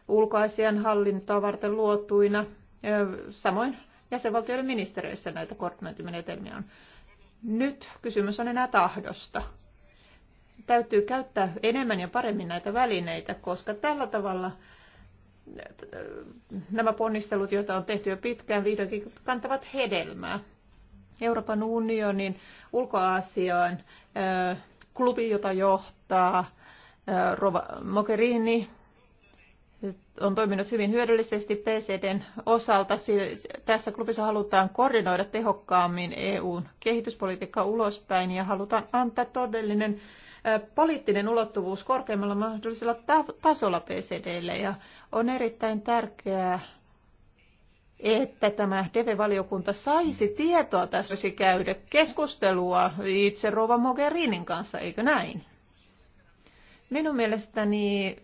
ulkoasian hallintoa varten luotuina. Samoin jäsenvaltioiden ministeriöissä näitä koordinointimenetelmiä on. Nyt kysymys on enää tahdosta. Täytyy käyttää enemmän ja paremmin näitä välineitä, koska tällä tavalla nämä ponnistelut, joita on tehty jo pitkään, vihdoinkin kantavat hedelmää. Euroopan unionin ulkoasiaan klubi, jota johtaa Rova Mogherini, on toiminut hyvin hyödyllisesti PCDn osalta. Tässä klubissa halutaan koordinoida tehokkaammin EUn kehityspolitiikkaa ulospäin ja halutaan antaa todellinen poliittinen ulottuvuus korkeimmalla mahdollisella tasolla PCDlle. Ja on erittäin tärkeää, että tämä dv valiokunta saisi tietoa tässä olisi käydä keskustelua itse Rova Mogherinin kanssa, eikö näin? Minun mielestäni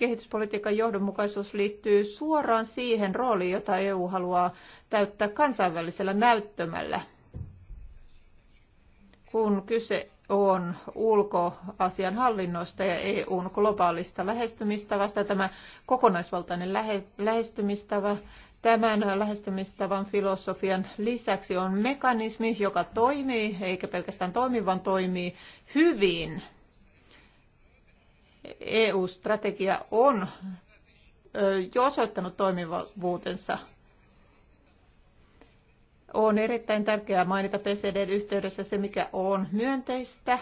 kehityspolitiikan johdonmukaisuus liittyy suoraan siihen rooliin, jota EU haluaa täyttää kansainvälisellä näyttämällä, kun kyse on ulkoasian hallinnosta ja EUn globaalista lähestymistavasta. Tämä kokonaisvaltainen lähe, lähestymistava Tämän lähestymistavan filosofian lisäksi on mekanismi, joka toimii, eikä pelkästään toimi, vaan toimii hyvin EU-strategia on jo osoittanut toimivuutensa. On erittäin tärkeää mainita pcd yhteydessä se, mikä on myönteistä,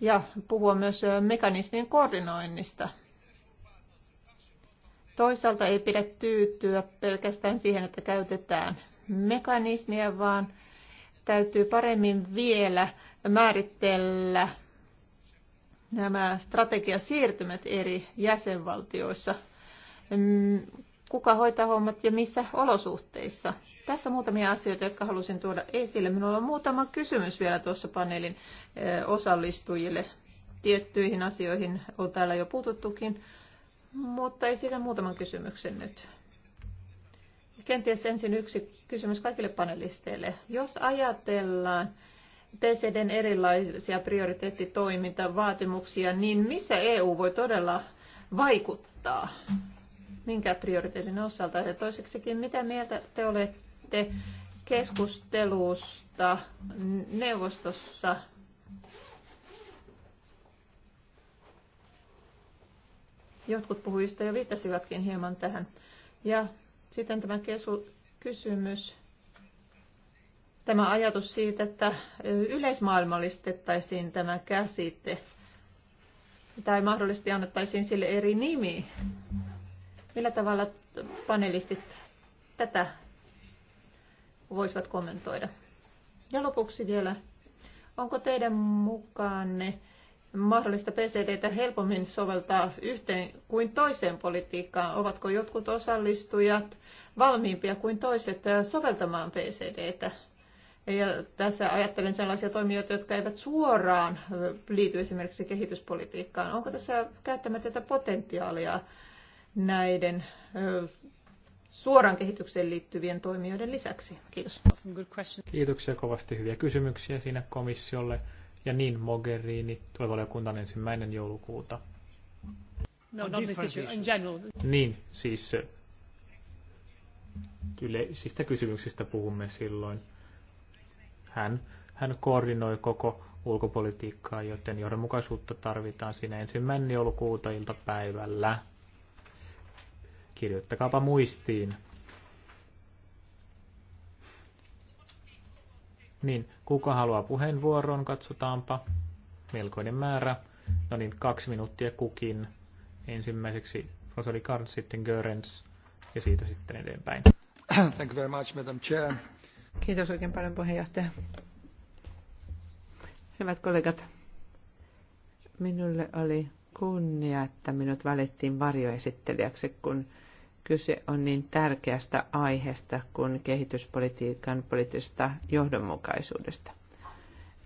ja puhua myös mekanismien koordinoinnista. Toisaalta ei pidä tyytyä pelkästään siihen, että käytetään mekanismia, vaan täytyy paremmin vielä määritellä nämä strategiasiirtymät eri jäsenvaltioissa. Mm, kuka hoitaa hommat ja missä olosuhteissa? Tässä muutamia asioita, jotka halusin tuoda esille. Minulla on muutama kysymys vielä tuossa paneelin osallistujille. Tiettyihin asioihin on täällä jo puututtukin, mutta esitän muutaman kysymyksen nyt. Kenties ensin yksi kysymys kaikille panelisteille. Jos ajatellaan DCDn erilaisia prioriteettitoimintavaatimuksia, niin missä EU voi todella vaikuttaa? Minkä prioriteetin osalta? Ja toiseksikin, mitä mieltä te olette keskustelusta neuvostossa jotkut puhujista jo viittasivatkin hieman tähän. Ja sitten tämä kesu- kysymys tämä ajatus siitä, että yleismaailmallistettaisiin tämä käsite tai mahdollisesti annettaisiin sille eri nimi. Millä tavalla panelistit tätä voisivat kommentoida? Ja lopuksi vielä, onko teidän mukaanne mahdollista PCDtä helpommin soveltaa yhteen kuin toiseen politiikkaan? Ovatko jotkut osallistujat valmiimpia kuin toiset soveltamaan PCDtä? Ja tässä ajattelen sellaisia toimijoita, jotka eivät suoraan liity esimerkiksi kehityspolitiikkaan. Onko tässä käyttämätöntä potentiaalia näiden suoran kehitykseen liittyvien toimijoiden lisäksi? Kiitos. Kiitoksia kovasti. Hyviä kysymyksiä siinä komissiolle. Ja niin Mogherini tulee on ensimmäinen joulukuuta. No, not in general. Niin, siis yleisistä kysymyksistä puhumme silloin hän, hän koordinoi koko ulkopolitiikkaa, joten johdonmukaisuutta tarvitaan siinä ensimmäinen joulukuuta iltapäivällä. Kirjoittakaapa muistiin. Niin, kuka haluaa puheenvuoron, katsotaanpa. Melkoinen määrä. No niin, kaksi minuuttia kukin. Ensimmäiseksi Rosalie Karl, sitten Görens ja siitä sitten eteenpäin. Thank you very much, Madam Chair. Kiitos oikein paljon puheenjohtaja. Hyvät kollegat, minulle oli kunnia, että minut valittiin varjoesittelijäksi, kun kyse on niin tärkeästä aiheesta kuin kehityspolitiikan poliittisesta johdonmukaisuudesta.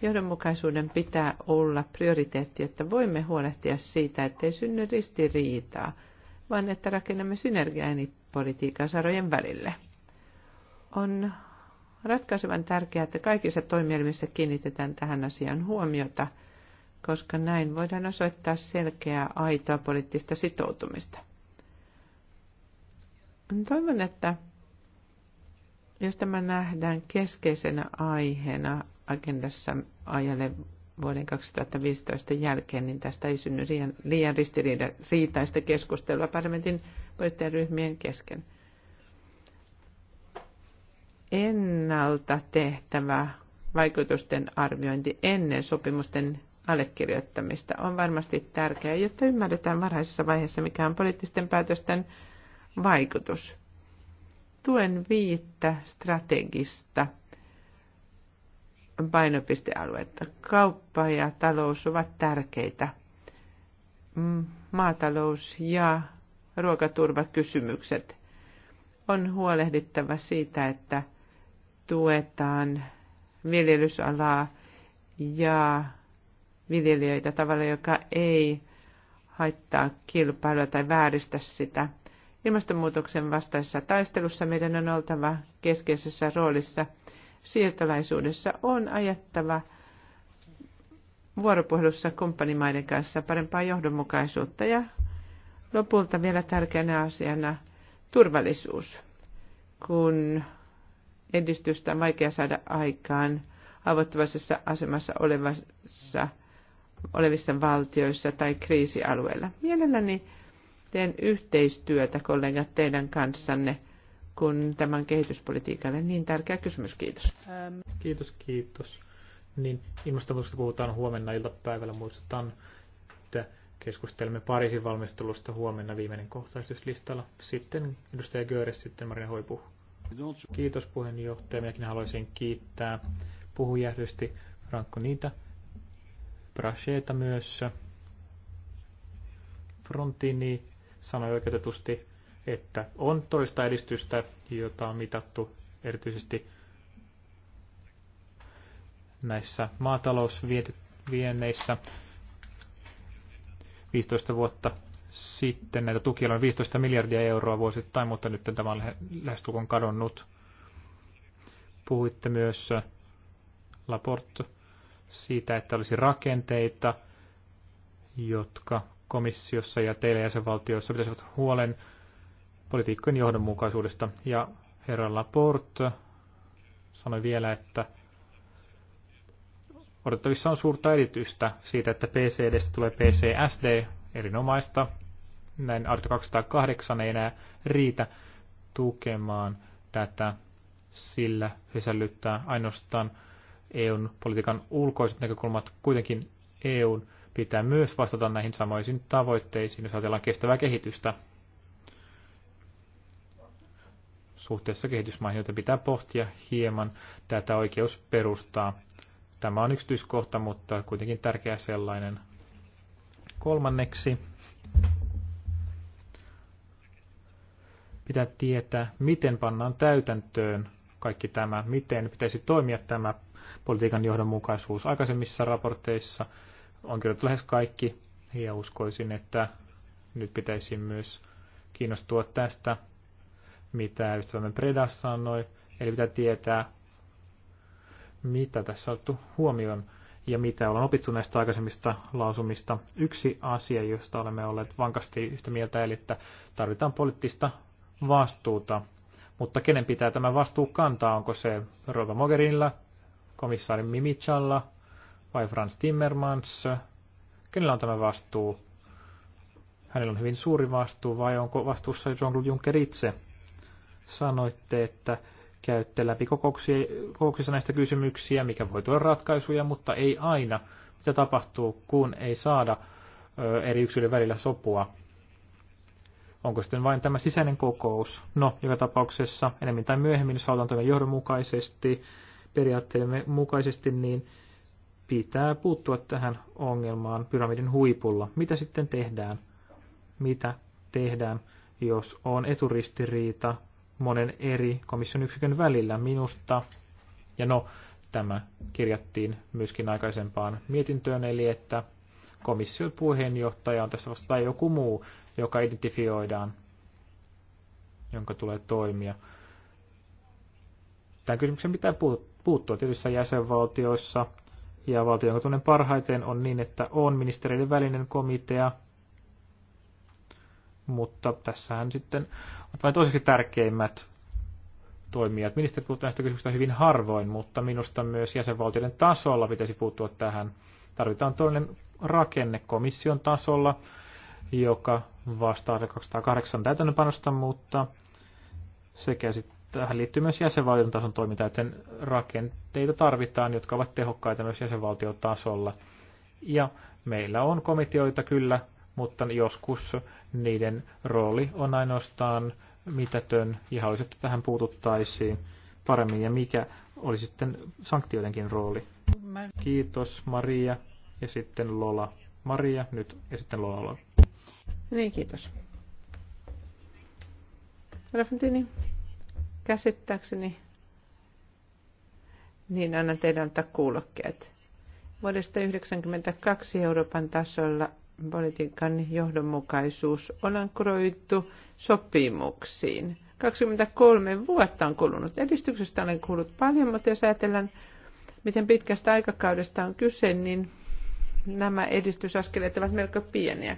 Johdonmukaisuuden pitää olla prioriteetti, että voimme huolehtia siitä, ettei synny ristiriitaa, vaan että rakennamme synergiaa eri politiikan sarojen välille. On ratkaisevan tärkeää, että kaikissa toimielimissä kiinnitetään tähän asiaan huomiota, koska näin voidaan osoittaa selkeää aitoa poliittista sitoutumista. Toivon, että jos tämä nähdään keskeisenä aiheena agendassa ajalle vuoden 2015 jälkeen, niin tästä ei synny liian ristiriitaista keskustelua parlamentin poliittisten ryhmien kesken ennalta tehtävä vaikutusten arviointi ennen sopimusten allekirjoittamista on varmasti tärkeää, jotta ymmärretään varhaisessa vaiheessa, mikä on poliittisten päätösten vaikutus. Tuen viittä strategista painopistealuetta. Kauppa ja talous ovat tärkeitä. Maatalous ja ruokaturvakysymykset. On huolehdittava siitä, että – tuetaan viljelysalaa ja viljelijöitä tavalla, joka ei haittaa kilpailua tai vääristä sitä. Ilmastonmuutoksen vastaisessa taistelussa meidän on oltava keskeisessä roolissa. Siirtolaisuudessa on ajattava vuoropuhelussa kumppanimaiden kanssa parempaa johdonmukaisuutta ja lopulta vielä tärkeänä asiana turvallisuus. Kun edistystä on vaikea saada aikaan haavoittuvassa asemassa olevassa, olevissa valtioissa tai kriisialueilla. Mielelläni teen yhteistyötä kollegat teidän kanssanne, kun tämän kehityspolitiikalle niin tärkeä kysymys. Kiitos. Ähm. Kiitos, kiitos. Niin, ilmastonmuutoksesta puhutaan huomenna iltapäivällä. Muistutan, että keskustelemme Pariisin valmistelusta huomenna viimeinen kohtaisuuslistalla. Sitten edustaja Göres, sitten Marina Hoipu Kiitos puheenjohtaja. Minäkin haluaisin kiittää puhujähdysti Franco Niitä, Prasheta myös. Frontini sanoi oikeutetusti, että on todellista edistystä, jota on mitattu erityisesti näissä maatalousvienneissä 15 vuotta sitten näitä tukia on 15 miljardia euroa vuosittain, mutta nyt tämä on lähestulkoon kadonnut. Puhuitte myös äh, Laporto siitä, että olisi rakenteita, jotka komissiossa ja teillä jäsenvaltioissa pitäisivät huolen politiikkojen johdonmukaisuudesta. Ja herra Laporte sanoi vielä, että odottavissa on suurta erityistä siitä, että PCDstä tulee PCSD, erinomaista näin Arto 208 ei enää riitä tukemaan tätä, sillä sällyttää ainoastaan EUn politiikan ulkoiset näkökulmat. Kuitenkin EUn pitää myös vastata näihin samoisiin tavoitteisiin, jos ajatellaan kestävää kehitystä suhteessa kehitysmaihin, joita pitää pohtia hieman tätä oikeusperustaa. Tämä on yksityiskohta, mutta kuitenkin tärkeä sellainen. Kolmanneksi Pitää tietää, miten pannaan täytäntöön kaikki tämä, miten pitäisi toimia tämä politiikan johdonmukaisuus. Aikaisemmissa raporteissa on kirjoitettu lähes kaikki, ja uskoisin, että nyt pitäisi myös kiinnostua tästä, mitä ystävämme Preda sanoi, eli pitää tietää, mitä tässä on otettu huomioon ja mitä ollaan opittu näistä aikaisemmista lausumista. Yksi asia, josta olemme olleet vankasti yhtä mieltä, eli että tarvitaan poliittista vastuuta. Mutta kenen pitää tämä vastuu kantaa? Onko se Rova Mogherinilla, komissaari Mimicalla vai Franz Timmermans? Kenellä on tämä vastuu? Hänellä on hyvin suuri vastuu vai onko vastuussa Jean-Claude Juncker itse? Sanoitte, että käytte läpi kokouksissa näistä kysymyksiä, mikä voi tuoda ratkaisuja, mutta ei aina. Mitä tapahtuu, kun ei saada eri yksilöiden välillä sopua? Onko sitten vain tämä sisäinen kokous? No, joka tapauksessa enemmän tai myöhemmin, jos halutaan toimia johdonmukaisesti, periaatteemme mukaisesti, niin pitää puuttua tähän ongelmaan pyramidin huipulla. Mitä sitten tehdään? Mitä tehdään, jos on eturistiriita monen eri komission yksikön välillä minusta? Ja no, tämä kirjattiin myöskin aikaisempaan mietintöön, eli että komission puheenjohtaja on tässä vasta tai joku muu, joka identifioidaan, jonka tulee toimia. Tämän kysymyksen pitää puuttua tietyissä jäsenvaltioissa, ja valtio, jonka tunnen parhaiten, on niin, että on ministeriöiden välinen komitea, mutta tässähän sitten ovat vain toiseksi tärkeimmät toimijat. Ministeri puhuvat näistä kysymyksistä hyvin harvoin, mutta minusta myös jäsenvaltioiden tasolla pitäisi puuttua tähän. Tarvitaan toinen rakenne komission tasolla, joka vastaan 208 täytännöpanosta, mutta sekä sitten tähän liittyy myös jäsenvaltion tason toiminta, joten rakenteita tarvitaan, jotka ovat tehokkaita myös jäsenvaltiotasolla. Ja meillä on komiteoita kyllä, mutta joskus niiden rooli on ainoastaan mitätön ja haluaisin, että tähän puututtaisiin paremmin ja mikä oli sitten sanktioidenkin rooli. Kiitos Maria ja sitten Lola. Maria nyt ja sitten Lola. Niin, kiitos. Rafantini, käsittääkseni, niin annan teidän ottaa kuulokkeet. Vuodesta 1992 Euroopan tasolla politiikan johdonmukaisuus on ankkuroitu sopimuksiin. 23 vuotta on kulunut. Edistyksestä olen kuullut paljon, mutta jos ajatellaan, miten pitkästä aikakaudesta on kyse, niin nämä edistysaskeleet ovat melko pieniä.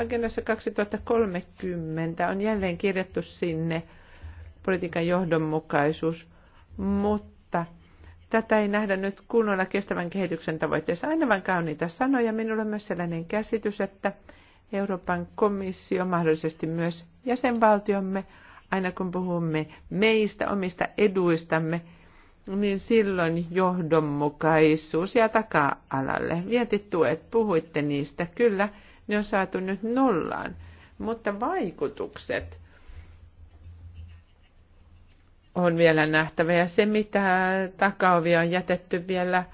Agendassa 2030 on jälleen kirjattu sinne politiikan johdonmukaisuus, mutta tätä ei nähdä nyt kunnolla kestävän kehityksen tavoitteessa. Aina vain kauniita sanoja. Minulla on myös sellainen käsitys, että Euroopan komissio, mahdollisesti myös jäsenvaltiomme, aina kun puhumme meistä, omista eduistamme, niin silloin johdonmukaisuus ja taka-alalle. tuet, puhuitte niistä, kyllä. Ne on saatu nyt nollaan, mutta vaikutukset on vielä nähtävä ja se, mitä takaovia on jätetty vielä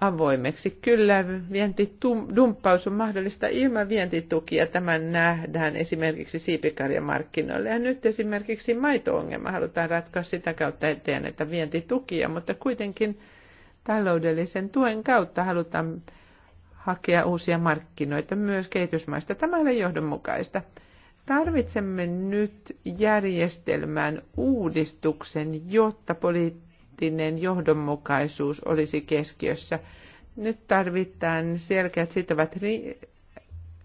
avoimeksi. Kyllä vientidumppaus on mahdollista ilman vientitukia. tämän nähdään esimerkiksi siipikarjamarkkinoille. Ja nyt esimerkiksi maito-ongelma halutaan ratkaista sitä kautta eteen, että vientitukia, mutta kuitenkin taloudellisen tuen kautta halutaan hakea uusia markkinoita myös kehitysmaista. Tämä on johdonmukaista. Tarvitsemme nyt järjestelmän uudistuksen, jotta poliittinen johdonmukaisuus olisi keskiössä. Nyt tarvitaan selkeät sitovat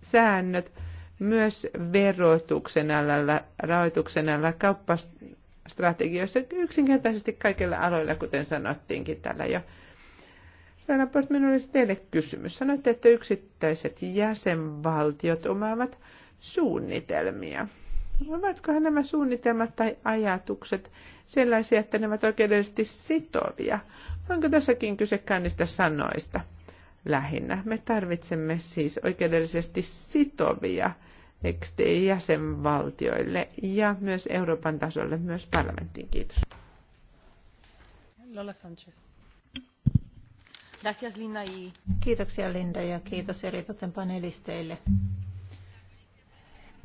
säännöt myös verotuksen alalla, rahoituksen alalla, kauppastrategioissa, yksinkertaisesti kaikilla aloilla, kuten sanottiinkin täällä jo. Rapport, minulla olisi teille kysymys. Sanoitte, että yksittäiset jäsenvaltiot omaavat suunnitelmia. Ovatkohan nämä suunnitelmat tai ajatukset sellaisia, että ne ovat oikeudellisesti sitovia? Onko tässäkin kyse käynnistä sanoista? Lähinnä me tarvitsemme siis oikeudellisesti sitovia jäsenvaltioille ja myös Euroopan tasolle, myös parlamenttiin. Kiitos. Lola Sanchez. Gracias, Linda. Y... Kiitoksia Linda ja kiitos eritoten panelisteille.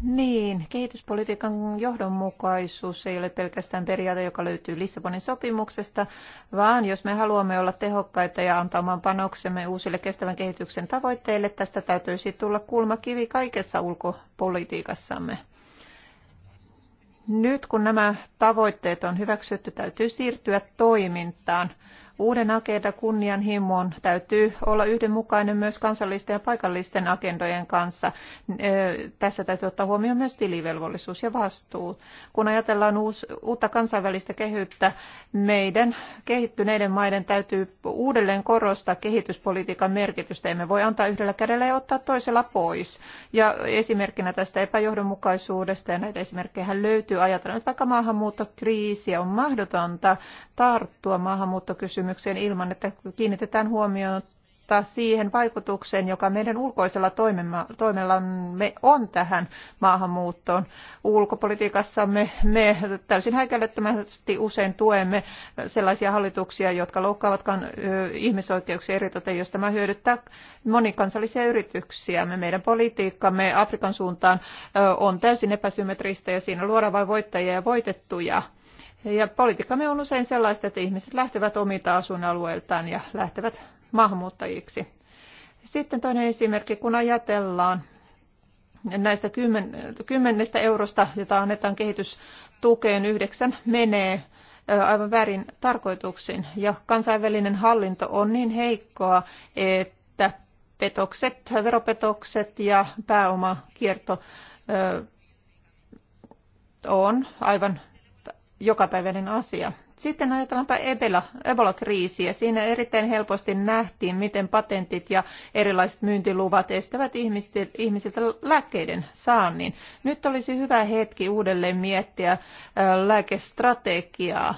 Niin, kehityspolitiikan johdonmukaisuus ei ole pelkästään periaate, joka löytyy Lissabonin sopimuksesta, vaan jos me haluamme olla tehokkaita ja antaa oman panoksemme uusille kestävän kehityksen tavoitteille, tästä täytyisi tulla kulmakivi kaikessa ulkopolitiikassamme. Nyt kun nämä tavoitteet on hyväksytty, täytyy siirtyä toimintaan – Uuden agenda kunnianhimon täytyy olla yhdenmukainen myös kansallisten ja paikallisten agendojen kanssa. Tässä täytyy ottaa huomioon myös tilivelvollisuus ja vastuu. Kun ajatellaan uutta kansainvälistä kehyttä, meidän kehittyneiden maiden täytyy uudelleen korostaa kehityspolitiikan merkitystä. Emme voi antaa yhdellä kädellä ja ottaa toisella pois. Ja esimerkkinä tästä epäjohdonmukaisuudesta, ja näitä esimerkkejä löytyy, ajatellaan nyt vaikka maahanmuuttokriisiä, on mahdotonta tarttua maahanmuuttokysymykseen ilman, että kiinnitetään huomiota siihen vaikutukseen, joka meidän ulkoisella toimellamme on tähän maahanmuuttoon. Ulkopolitiikassamme me täysin häikäilettömästi usein tuemme sellaisia hallituksia, jotka loukkaavat ihmisoikeuksia eritoten, jos tämä hyödyttää monikansallisia yrityksiä. Meidän politiikkamme Afrikan suuntaan on täysin epäsymmetristä ja siinä luodaan vain voittajia ja voitettuja ja politiikkamme on usein sellaista, että ihmiset lähtevät omilta asuinalueiltaan ja lähtevät maahanmuuttajiksi. Sitten toinen esimerkki, kun ajatellaan näistä kymmenestä eurosta, jota annetaan kehitystukeen, yhdeksän menee aivan väärin tarkoituksiin. Ja kansainvälinen hallinto on niin heikkoa, että petokset, veropetokset ja pääomakierto on aivan jokapäiväinen asia. Sitten ajatellaanpa Ebola, Ebola-kriisiä. Siinä erittäin helposti nähtiin, miten patentit ja erilaiset myyntiluvat estävät ihmisiltä, lääkkeiden saannin. Nyt olisi hyvä hetki uudelleen miettiä lääkestrategiaa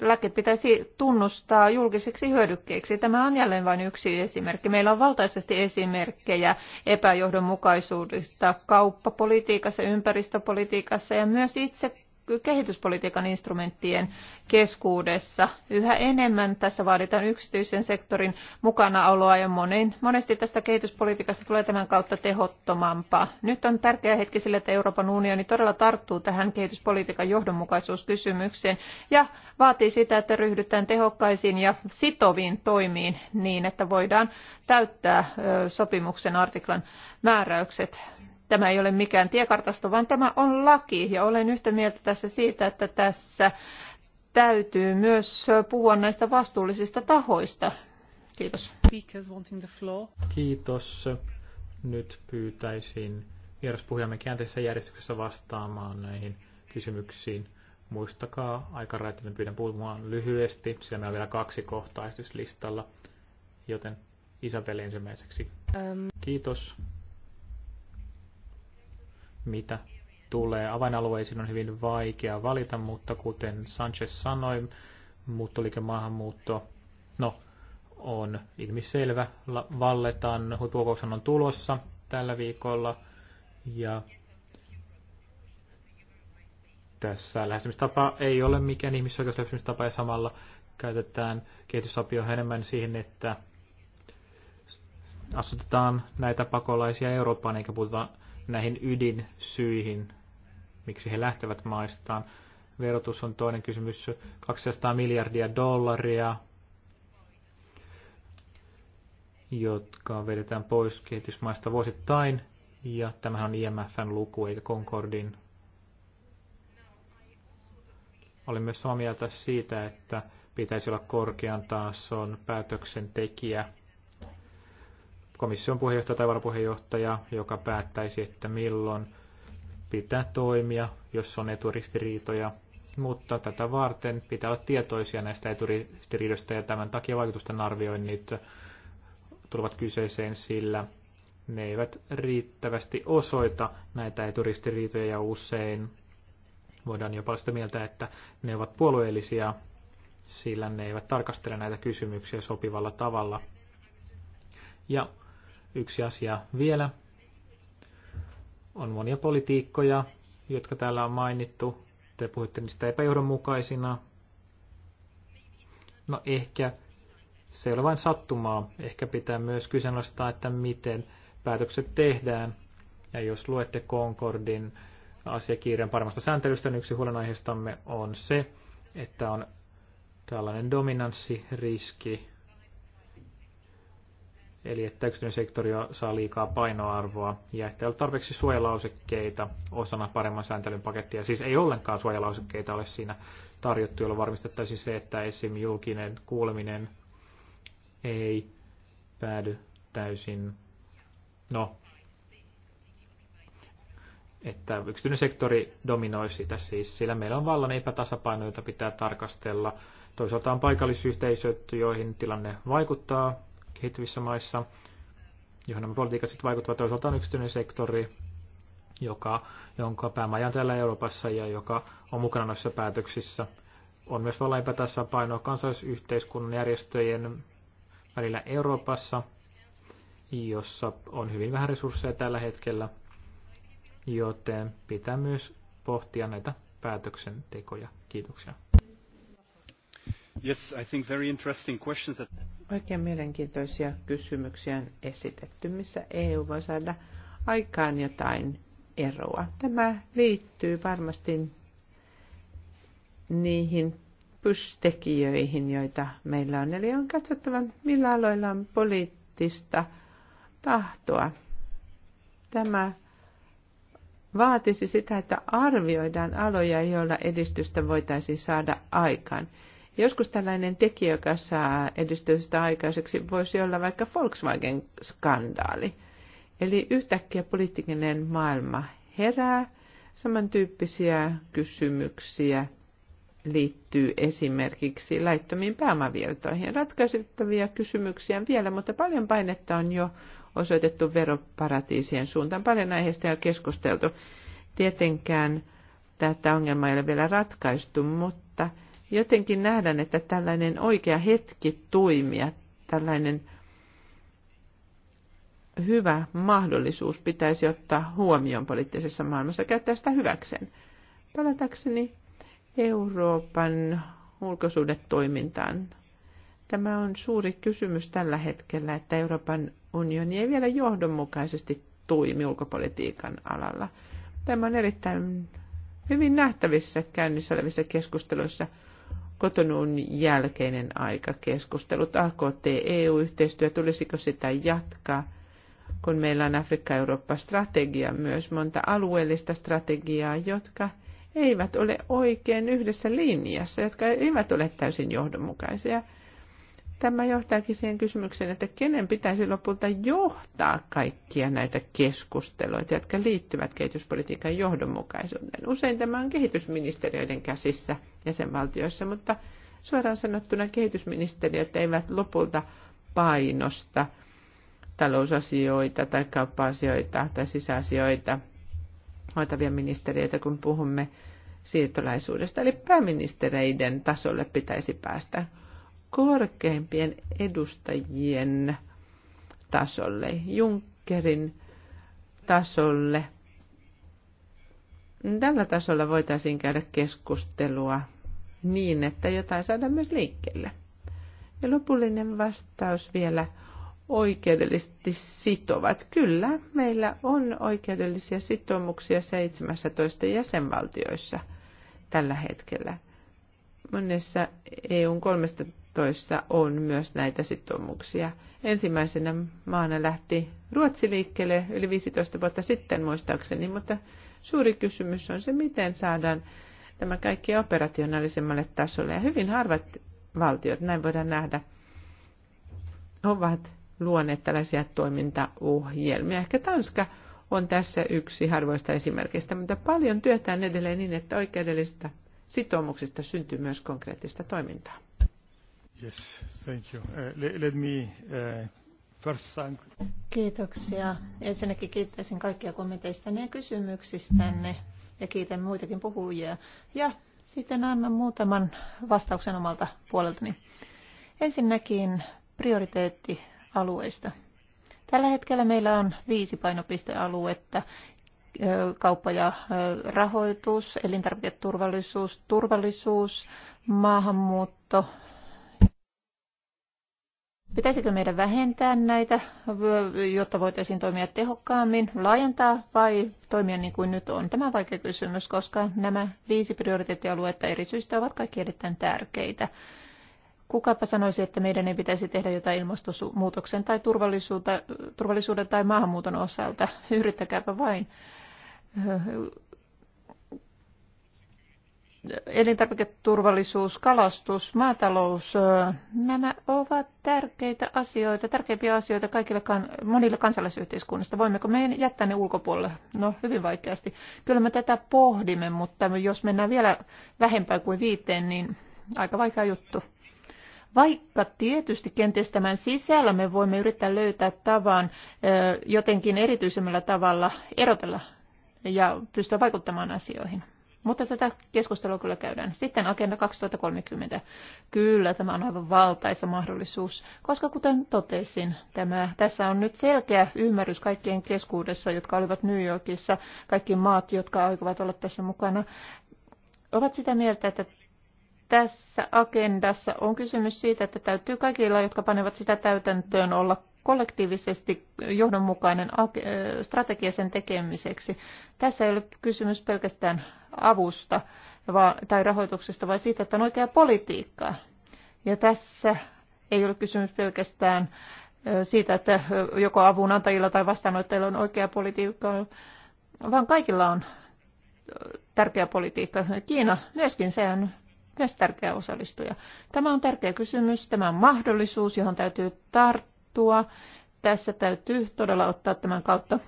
lääke pitäisi tunnustaa julkiseksi hyödykkeeksi. Tämä on jälleen vain yksi esimerkki. Meillä on valtaisesti esimerkkejä epäjohdonmukaisuudesta kauppapolitiikassa, ympäristöpolitiikassa ja myös itse kehityspolitiikan instrumenttien keskuudessa. Yhä enemmän tässä vaaditaan yksityisen sektorin mukanaoloa ja monen, monesti tästä kehityspolitiikasta tulee tämän kautta tehottomampaa. Nyt on tärkeä hetki sille, että Euroopan unioni todella tarttuu tähän kehityspolitiikan johdonmukaisuuskysymykseen ja vaatii sitä, että ryhdytään tehokkaisiin ja sitoviin toimiin niin, että voidaan täyttää sopimuksen artiklan määräykset. Tämä ei ole mikään tiekartasto, vaan tämä on laki ja olen yhtä mieltä tässä siitä, että tässä täytyy myös puhua näistä vastuullisista tahoista. Kiitos. Kiitos. Nyt pyytäisin vieraspuhujamme käänteisessä järjestyksessä vastaamaan näihin kysymyksiin. Muistakaa aikarajoittaminen pyydän puhumaan lyhyesti, sillä meillä on vielä kaksi kohtaa esityslistalla, joten Isabelle ensimmäiseksi. Kiitos mitä tulee avainalueisiin, on hyvin vaikea valita, mutta kuten Sanchez sanoi, muuttoliike maahanmuutto, no, on ilmiselvä. Valletan huippukokoushan on tulossa tällä viikolla ja tässä lähestymistapa ei ole mikään ihmisoikeuslähestymistapa ja samalla käytetään kehitysapio enemmän siihen, että asutetaan näitä pakolaisia Eurooppaan eikä puhuta näihin ydinsyihin, miksi he lähtevät maistaan. Verotus on toinen kysymys, 200 miljardia dollaria, jotka vedetään pois kehitysmaista vuosittain, ja tämähän on IMFn luku eikä Concordin. Olen myös samaa mieltä siitä, että pitäisi olla korkean tason päätöksentekijä komission puheenjohtaja tai varapuheenjohtaja, joka päättäisi, että milloin pitää toimia, jos on eturistiriitoja. Mutta tätä varten pitää olla tietoisia näistä eturistiriidoista ja tämän takia vaikutusten arvioinnit tulevat kyseeseen sillä, ne eivät riittävästi osoita näitä eturistiriitoja ja usein voidaan jopa sitä mieltä, että ne ovat puolueellisia, sillä ne eivät tarkastele näitä kysymyksiä sopivalla tavalla. Ja Yksi asia vielä. On monia politiikkoja, jotka täällä on mainittu. Te puhutte niistä epäjohdonmukaisina. No ehkä se ei ole vain sattumaa. Ehkä pitää myös kyseenalaistaa, että miten päätökset tehdään. Ja jos luette Concordin asiakirjan paremmasta sääntelystä, niin yksi huolenaiheistamme on se, että on tällainen dominanssiriski eli että yksityinen sektori saa liikaa painoarvoa ja että ei ole tarpeeksi suojalausekkeita osana paremman sääntelyn pakettia. Siis ei ollenkaan suojalausekkeita ole siinä tarjottu, jolla varmistettaisiin se, että esim. julkinen kuuleminen ei päädy täysin, no, että yksityinen sektori dominoi sitä siis, sillä meillä on vallan epätasapaino, jota pitää tarkastella. Toisaalta on paikallisyhteisöt, joihin tilanne vaikuttaa kehittyvissä maissa, johon nämä politiikat sitten vaikuttavat. Toisaalta on yksityinen sektori, joka, jonka päämaja on täällä Euroopassa ja joka on mukana noissa päätöksissä. On myös vallan epätasapainoa kansallisyhteiskunnan järjestöjen välillä Euroopassa, jossa on hyvin vähän resursseja tällä hetkellä, joten pitää myös pohtia näitä päätöksentekoja. Kiitoksia. Yes, I think very interesting questions that... Oikein mielenkiintoisia kysymyksiä on esitetty, missä EU voi saada aikaan jotain eroa. Tämä liittyy varmasti niihin pystekijöihin, joita meillä on. Eli on katsottava, millä aloilla on poliittista tahtoa. Tämä vaatisi sitä, että arvioidaan aloja, joilla edistystä voitaisiin saada aikaan. Joskus tällainen tekijä, joka saa edistystä aikaiseksi, voisi olla vaikka Volkswagen-skandaali. Eli yhtäkkiä poliittinen maailma herää, samantyyppisiä kysymyksiä liittyy esimerkiksi laittomiin pääomavirtoihin. Ratkaisettavia kysymyksiä on vielä, mutta paljon painetta on jo osoitettu veroparatiisien suuntaan. Paljon aiheesta on keskusteltu. Tietenkään tätä ongelmaa ei ole vielä ratkaistu, mutta jotenkin nähdään, että tällainen oikea hetki toimia, tällainen hyvä mahdollisuus pitäisi ottaa huomioon poliittisessa maailmassa, käyttää sitä hyväkseen. Palatakseni Euroopan ulkosuhdetoimintaan. Tämä on suuri kysymys tällä hetkellä, että Euroopan unioni ei vielä johdonmukaisesti toimi ulkopolitiikan alalla. Tämä on erittäin hyvin nähtävissä käynnissä olevissa keskusteluissa – kotonun jälkeinen aika keskustelut, AKT-EU-yhteistyö, tulisiko sitä jatkaa, kun meillä on Afrikka-Eurooppa-strategia myös, monta alueellista strategiaa, jotka eivät ole oikein yhdessä linjassa, jotka eivät ole täysin johdonmukaisia – Tämä johtaakin siihen kysymykseen, että kenen pitäisi lopulta johtaa kaikkia näitä keskusteluita, jotka liittyvät kehityspolitiikan johdonmukaisuuteen. Usein tämä on kehitysministeriöiden käsissä jäsenvaltioissa, mutta suoraan sanottuna kehitysministeriöt eivät lopulta painosta talousasioita tai kauppa-asioita tai sisäasioita hoitavia ministeriöitä, kun puhumme siirtolaisuudesta. Eli pääministereiden tasolle pitäisi päästä korkeimpien edustajien tasolle, Junckerin tasolle. Tällä tasolla voitaisiin käydä keskustelua niin, että jotain saadaan myös liikkeelle. Ja lopullinen vastaus vielä oikeudellisesti sitovat. Kyllä, meillä on oikeudellisia sitoumuksia 17 jäsenvaltioissa tällä hetkellä. Monessa EUn 13 rahastoissa on myös näitä sitoumuksia. Ensimmäisenä maana lähti Ruotsi liikkeelle yli 15 vuotta sitten muistaakseni, mutta suuri kysymys on se, miten saadaan tämä kaikki operationaalisemmalle tasolle. Ja hyvin harvat valtiot, näin voidaan nähdä, ovat luoneet tällaisia toimintaohjelmia. Ehkä Tanska on tässä yksi harvoista esimerkistä, mutta paljon työtään edelleen niin, että oikeudellista sitoumuksista syntyy myös konkreettista toimintaa. Yes, thank you. Uh, let me uh, first thank... Kiitoksia. Ensinnäkin kiittäisin kaikkia kommenteistanne ja kysymyksistänne ja kiitän muitakin puhujia. Ja sitten annan muutaman vastauksen omalta puoleltani. Ensinnäkin prioriteettialueista. Tällä hetkellä meillä on viisi painopistealuetta. Kauppa ja rahoitus, elintarviketurvallisuus, turvallisuus, maahanmuutto, Pitäisikö meidän vähentää näitä, jotta voitaisiin toimia tehokkaammin, laajentaa vai toimia niin kuin nyt on? Tämä on vaikea kysymys, koska nämä viisi prioriteettialuetta eri syistä ovat kaikki erittäin tärkeitä. Kukapa sanoisi, että meidän ei pitäisi tehdä jotain ilmastonmuutoksen tai turvallisuuden tai maahanmuuton osalta. Yrittäkääpä vain elintarviketurvallisuus, kalastus, maatalous, nämä ovat tärkeitä asioita, tärkeimpiä asioita kaikille monille kansalaisyhteiskunnista. Voimmeko me jättää ne ulkopuolelle? No hyvin vaikeasti. Kyllä me tätä pohdimme, mutta jos mennään vielä vähempään kuin viiteen, niin aika vaikea juttu. Vaikka tietysti kenties tämän sisällä me voimme yrittää löytää tavan jotenkin erityisemmällä tavalla erotella ja pystyä vaikuttamaan asioihin. Mutta tätä keskustelua kyllä käydään. Sitten Agenda 2030. Kyllä, tämä on aivan valtaisa mahdollisuus, koska kuten totesin, tämä, tässä on nyt selkeä ymmärrys kaikkien keskuudessa, jotka olivat New Yorkissa, kaikki maat, jotka aikovat olla tässä mukana, ovat sitä mieltä, että tässä agendassa on kysymys siitä, että täytyy kaikilla, jotka panevat sitä täytäntöön, olla kollektiivisesti johdonmukainen strategia sen tekemiseksi. Tässä ei ole kysymys pelkästään avusta tai rahoituksesta, vaan siitä, että on oikea politiikkaa. Ja tässä ei ole kysymys pelkästään siitä, että joko avunantajilla tai vastaanottajilla on oikea politiikka, vaan kaikilla on tärkeä politiikka. Kiina myöskin, se on myös tärkeä osallistuja. Tämä on tärkeä kysymys, tämä on mahdollisuus, johon täytyy tarttua. Tässä täytyy todella ottaa tämän kautta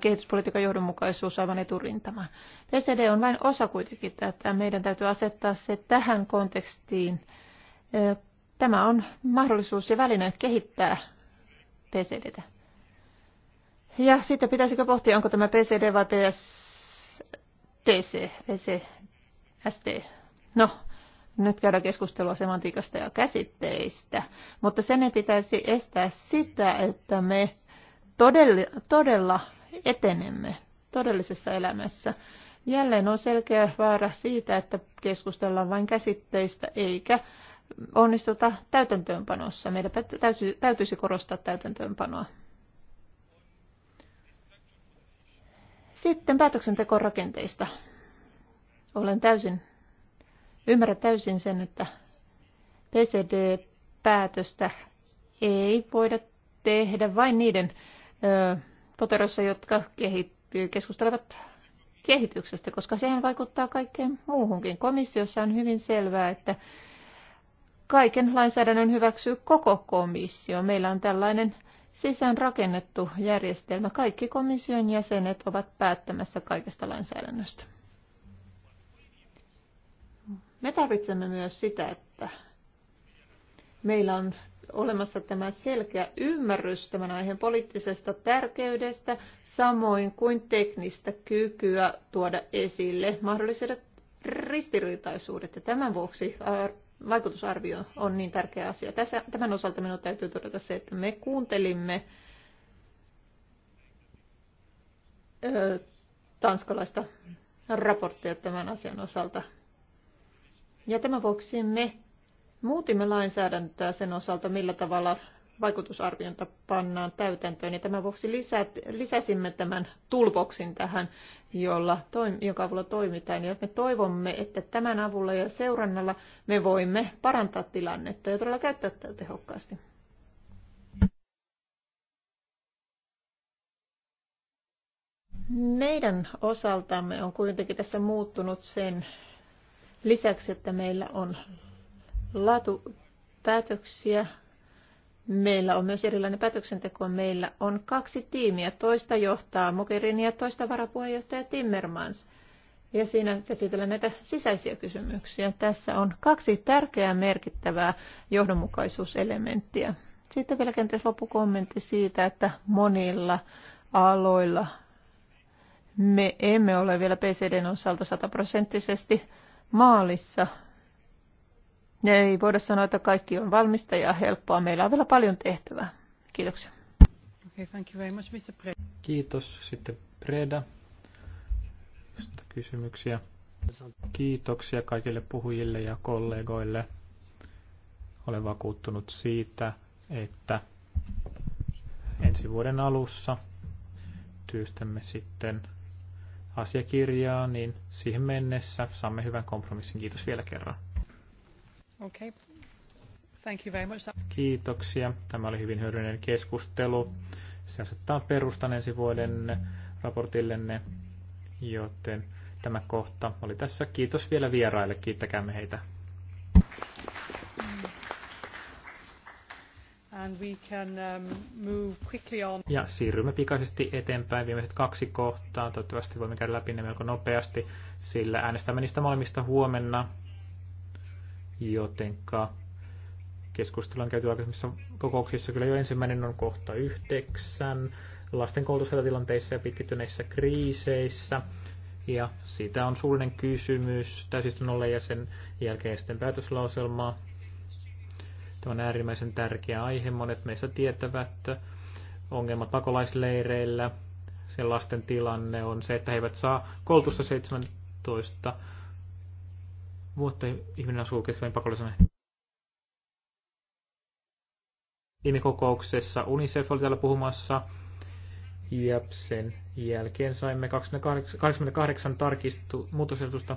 kehityspolitiikan johdonmukaisuus aivan eturintamaan. PCD on vain osa kuitenkin tätä. Meidän täytyy asettaa se tähän kontekstiin. Tämä on mahdollisuus ja väline kehittää PCDtä. Ja sitten pitäisikö pohtia, onko tämä PCD vai PSTC, PCST. No, nyt käydään keskustelua semantiikasta ja käsitteistä, mutta sen ei pitäisi estää sitä, että me todella, todella etenemme todellisessa elämässä. Jälleen on selkeä vaara siitä, että keskustellaan vain käsitteistä eikä onnistuta täytäntöönpanossa. Meidän täytyisi, täytyisi korostaa täytäntöönpanoa. Sitten päätöksentekorakenteista. Olen täysin, ymmärrän täysin sen, että PCD-päätöstä ei voida tehdä vain niiden poteroissa, jotka kehittyy, keskustelevat kehityksestä, koska sehän vaikuttaa kaikkeen muuhunkin. Komissiossa on hyvin selvää, että kaiken lainsäädännön hyväksyy koko komissio. Meillä on tällainen sisään rakennettu järjestelmä. Kaikki komission jäsenet ovat päättämässä kaikesta lainsäädännöstä. Me tarvitsemme myös sitä, että meillä on olemassa tämä selkeä ymmärrys tämän aiheen poliittisesta tärkeydestä, samoin kuin teknistä kykyä tuoda esille mahdolliset ristiriitaisuudet. Ja tämän vuoksi vaikutusarvio on niin tärkeä asia. Tässä, tämän osalta minun täytyy todeta se, että me kuuntelimme ö, tanskalaista raporttia tämän asian osalta. Ja tämän vuoksi me muutimme lainsäädäntöä sen osalta, millä tavalla vaikutusarviointa pannaan täytäntöön. niin tämän vuoksi lisät, lisäsimme tämän tulboksin tähän, jolla, toim, jonka avulla toimitaan. Ja me toivomme, että tämän avulla ja seurannalla me voimme parantaa tilannetta ja todella käyttää tätä tehokkaasti. Meidän osaltamme on kuitenkin tässä muuttunut sen lisäksi, että meillä on laatupäätöksiä. Meillä on myös erilainen päätöksenteko. Meillä on kaksi tiimiä. Toista johtaa Mogherini ja toista varapuheenjohtaja Timmermans. Ja siinä käsitellään näitä sisäisiä kysymyksiä. Tässä on kaksi tärkeää merkittävää johdonmukaisuuselementtiä. Sitten vielä kenties loppukommentti siitä, että monilla aloilla me emme ole vielä PCDn osalta sataprosenttisesti maalissa – ei voida sanoa, että kaikki on valmista ja helppoa. Meillä on vielä paljon tehtävää. Kiitoksia. Okay, thank you very much, Mr. Kiitos. Sitten Preda. Sitten kysymyksiä. Kiitoksia kaikille puhujille ja kollegoille. Olen vakuuttunut siitä, että ensi vuoden alussa työstämme sitten asiakirjaa, niin siihen mennessä saamme hyvän kompromissin. Kiitos vielä kerran. Okay. Thank you very much. Kiitoksia. Tämä oli hyvin hyödyllinen keskustelu. Se asettaa perustan ensi vuoden raportillenne, joten tämä kohta oli tässä. Kiitos vielä vieraille. Kiittäkäämme heitä. And we can, um, move quickly on. Ja siirrymme pikaisesti eteenpäin. Viimeiset kaksi kohtaa. Toivottavasti voimme käydä läpi ne melko nopeasti, sillä äänestämme niistä molemmista huomenna jotenka keskustellaan käyty aikaisemmissa kokouksissa kyllä jo ensimmäinen on kohta yhdeksän lasten koulutushätätilanteissa ja pitkittyneissä kriiseissä. Ja siitä on suullinen kysymys täysistunnolle ja sen jälkeen sitten päätöslauselmaa. Tämä on äärimmäisen tärkeä aihe. Monet meistä tietävät ongelmat pakolaisleireillä. sen lasten tilanne on se, että he eivät saa koulutusta 17 vuotta ihminen asuu Ketkamin pakollisena. Viime kokouksessa UNICEF oli täällä puhumassa. Ja sen jälkeen saimme 28, tarkistu, muutosehdotusta.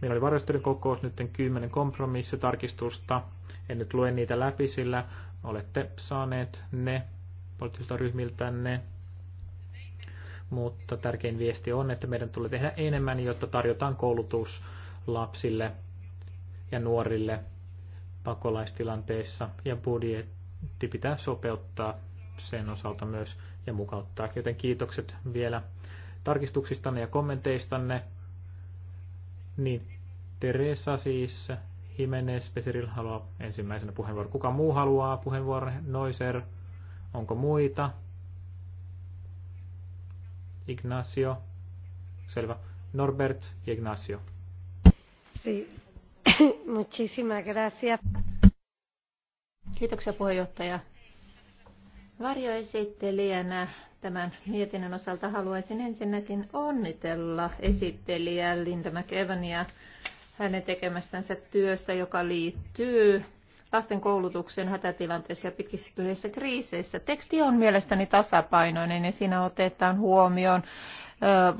Meillä oli varjostelun kokous, nyt 10 kompromissitarkistusta. En nyt lue niitä läpi, sillä olette saaneet ne poliittisilta ryhmiltänne. Mutta tärkein viesti on, että meidän tulee tehdä enemmän, jotta tarjotaan koulutus lapsille ja nuorille pakolaistilanteissa ja budjetti pitää sopeuttaa sen osalta myös ja mukauttaa. Joten kiitokset vielä tarkistuksistanne ja kommenteistanne. Niin, Teresa siis, Jimenez, Peseril haluaa ensimmäisenä puheenvuoron. Kuka muu haluaa puheenvuoron? Noiser, onko muita? Ignacio, selvä. Norbert ja Ignacio. Sí. Muchísimas gracias. Kiitoksia puheenjohtaja. Varjoesittelijänä tämän mietinnön osalta haluaisin ensinnäkin onnitella esittelijä Linda McEvania hänen tekemästänsä työstä, joka liittyy lasten koulutukseen, hätätilanteissa ja pitkistyneissä kriiseissä. Teksti on mielestäni tasapainoinen ja siinä otetaan huomioon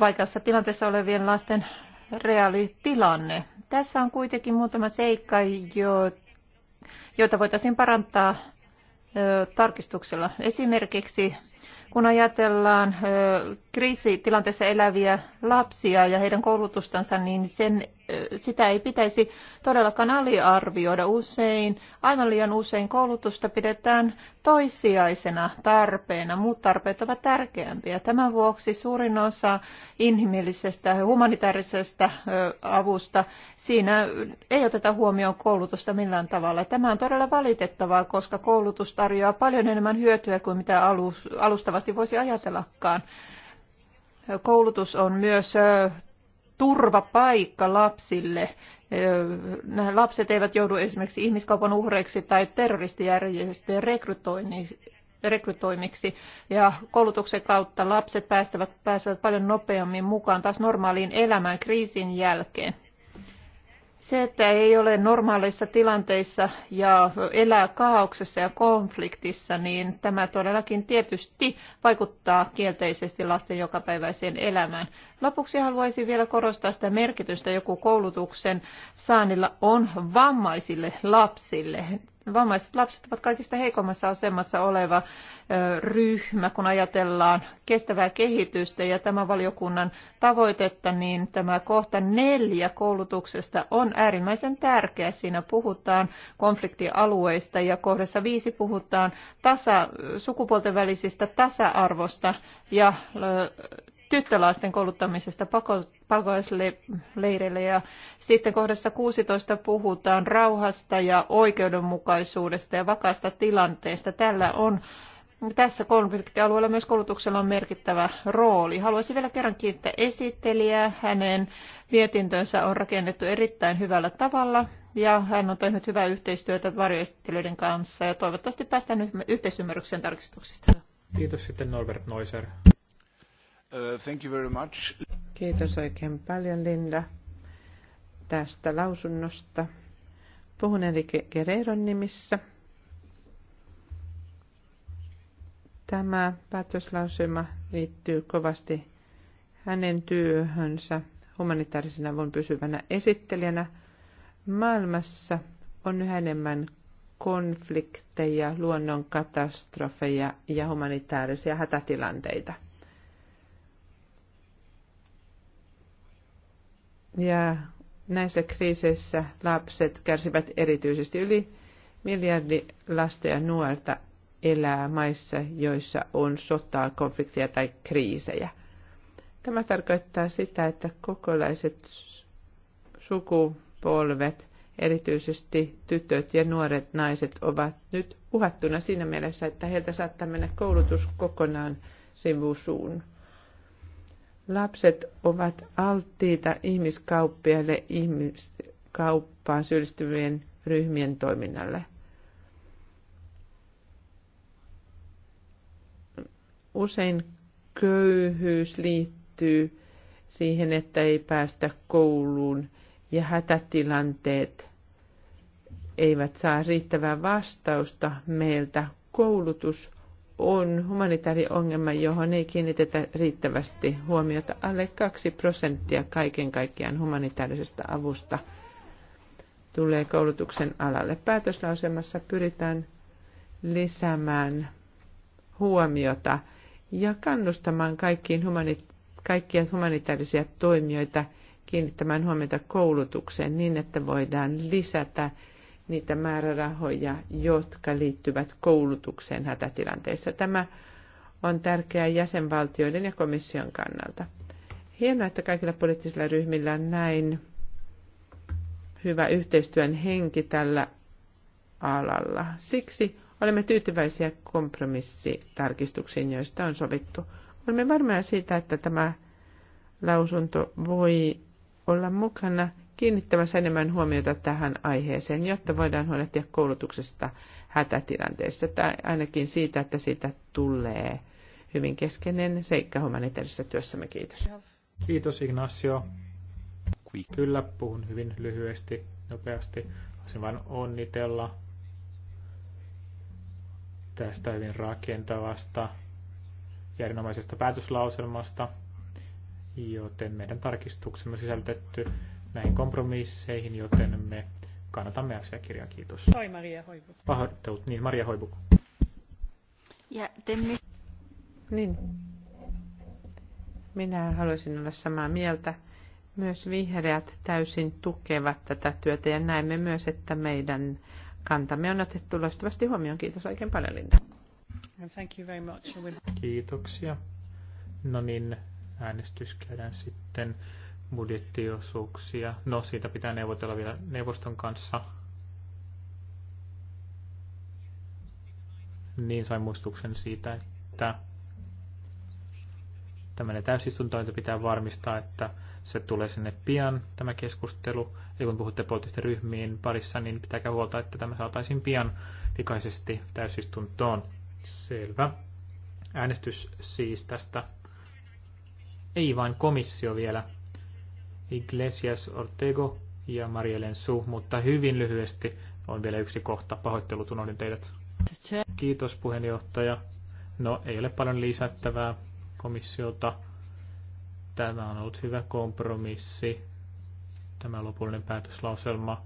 vaikeassa tilanteessa olevien lasten reaalitilanne. Tässä on kuitenkin muutama seikka, joita voitaisiin parantaa tarkistuksella. Esimerkiksi kun ajatellaan kriisitilanteessa eläviä lapsia ja heidän koulutustansa, niin sen, sitä ei pitäisi todellakaan aliarvioida usein. Aivan liian usein koulutusta pidetään toissijaisena tarpeena. Muut tarpeet ovat tärkeämpiä. Tämän vuoksi suurin osa inhimillisestä ja humanitaarisesta avusta, siinä ei oteta huomioon koulutusta millään tavalla. Tämä on todella valitettavaa, koska koulutus tarjoaa paljon enemmän hyötyä kuin mitä alustavasti voisi ajatellakaan koulutus on myös turvapaikka lapsille. Nämä lapset eivät joudu esimerkiksi ihmiskaupan uhreiksi tai terroristijärjestöjen rekrytoimiksi. Ja koulutuksen kautta lapset päästävät, pääsevät paljon nopeammin mukaan taas normaaliin elämään kriisin jälkeen. Se, että ei ole normaaleissa tilanteissa ja elää kaauksessa ja konfliktissa, niin tämä todellakin tietysti vaikuttaa kielteisesti lasten jokapäiväiseen elämään. Lopuksi haluaisin vielä korostaa sitä merkitystä, joku koulutuksen saannilla on vammaisille lapsille. Vammaiset lapset ovat kaikista heikommassa asemassa oleva ryhmä, kun ajatellaan kestävää kehitystä ja tämän valiokunnan tavoitetta, niin tämä kohta neljä koulutuksesta on äärimmäisen tärkeä. Siinä puhutaan konfliktialueista ja kohdassa viisi puhutaan tasa, sukupuolten välisistä tasa-arvosta ja tyttölasten kouluttamisesta pakolaisleireille ja sitten kohdassa 16 puhutaan rauhasta ja oikeudenmukaisuudesta ja vakaasta tilanteesta. Tällä on tässä konfliktialueella myös koulutuksella on merkittävä rooli. Haluaisin vielä kerran kiittää esittelijää. Hänen mietintönsä on rakennettu erittäin hyvällä tavalla ja hän on tehnyt hyvää yhteistyötä varjoesittelyiden kanssa ja toivottavasti päästään yhteisymmärrykseen tarkistuksista. Kiitos sitten Norbert Noiser. Uh, thank you very much. Kiitos oikein paljon Linda tästä lausunnosta. Puhun Enrique Guerreron nimissä. Tämä päätöslausuma liittyy kovasti hänen työhönsä humanitaarisen avun pysyvänä esittelijänä. Maailmassa on yhä enemmän konflikteja, luonnonkatastrofeja ja humanitaarisia hätätilanteita – Ja näissä kriiseissä lapset kärsivät erityisesti yli miljardi lasta ja nuorta elää maissa, joissa on sotaa, konflikteja tai kriisejä. Tämä tarkoittaa sitä, että kokolaiset sukupolvet, erityisesti tytöt ja nuoret naiset, ovat nyt uhattuna siinä mielessä, että heiltä saattaa mennä koulutus kokonaan sivusuun. Lapset ovat alttiita ihmiskauppiaille ihmiskauppaan syyllistyvien ryhmien toiminnalle. Usein köyhyys liittyy siihen, että ei päästä kouluun ja hätätilanteet eivät saa riittävää vastausta meiltä. Koulutus on humanitaari ongelma, johon ei kiinnitetä riittävästi huomiota. Alle 2 prosenttia kaiken kaikkiaan humanitaarisesta avusta tulee koulutuksen alalle. Päätöslausemassa pyritään lisäämään huomiota ja kannustamaan kaikkiin humanit- kaikkia humanitaarisia toimijoita kiinnittämään huomiota koulutukseen niin, että voidaan lisätä niitä määrärahoja, jotka liittyvät koulutukseen hätätilanteessa. Tämä on tärkeää jäsenvaltioiden ja komission kannalta. Hienoa, että kaikilla poliittisilla ryhmillä on näin hyvä yhteistyön henki tällä alalla. Siksi olemme tyytyväisiä kompromissitarkistuksiin, joista on sovittu. Olemme varmoja siitä, että tämä lausunto voi olla mukana kiinnittämässä enemmän huomiota tähän aiheeseen, jotta voidaan huolehtia koulutuksesta hätätilanteessa tai ainakin siitä, että siitä tulee hyvin keskeinen seikka humanitaarisessa työssämme. Kiitos. Kiitos Ignacio. Kyllä, puhun hyvin lyhyesti, nopeasti. Haluaisin vain onnitella tästä hyvin rakentavasta ja erinomaisesta päätöslauselmasta, joten meidän tarkistuksemme on sisältetty näihin kompromisseihin, joten me kannatamme asiakirjaa. Kiitos. Hoi Maria Hoibuk. Pahoittelut. Niin, Maria Hoibuk. Ja Temmi. Niin. Minä haluaisin olla samaa mieltä. Myös vihreät täysin tukevat tätä työtä ja näemme myös, että meidän kantamme on otettu loistavasti huomioon. Kiitos oikein paljon, Linda. Thank you very much. Kiitoksia. No niin, äänestys käydään sitten budjettiosuuksia. No, siitä pitää neuvotella vielä neuvoston kanssa. Niin sain muistuksen siitä, että tämmöinen täysistuntointi pitää varmistaa, että se tulee sinne pian, tämä keskustelu. Ja kun puhutte poliittisten ryhmiin parissa, niin pitääkö huolta, että tämä saataisiin pian pikaisesti täysistuntoon. Selvä. Äänestys siis tästä. Ei vain komissio vielä Iglesias Ortego ja Marielen Su, mutta hyvin lyhyesti on vielä yksi kohta. Pahoittelut, unohdin teidät. Kiitos puheenjohtaja. No, ei ole paljon lisättävää komissiota. Tämä on ollut hyvä kompromissi. Tämä lopullinen päätöslauselma.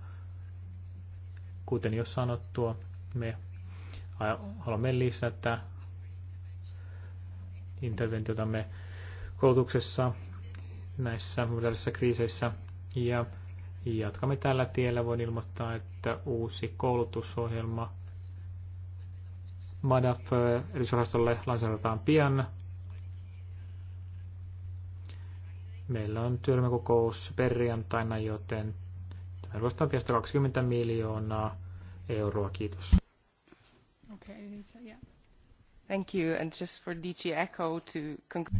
Kuten jo sanottua, me haluamme lisätä interventiotamme koulutuksessa näissä modernissa kriiseissä. Ja jatkamme tällä tiellä. Voin ilmoittaa, että uusi koulutusohjelma MADAF erityisrahastolle lanseerataan pian. Meillä on työryhmäkokous perjantaina, joten tämä arvostaa piasta 20 miljoonaa euroa. Kiitos. Okay, niin yeah.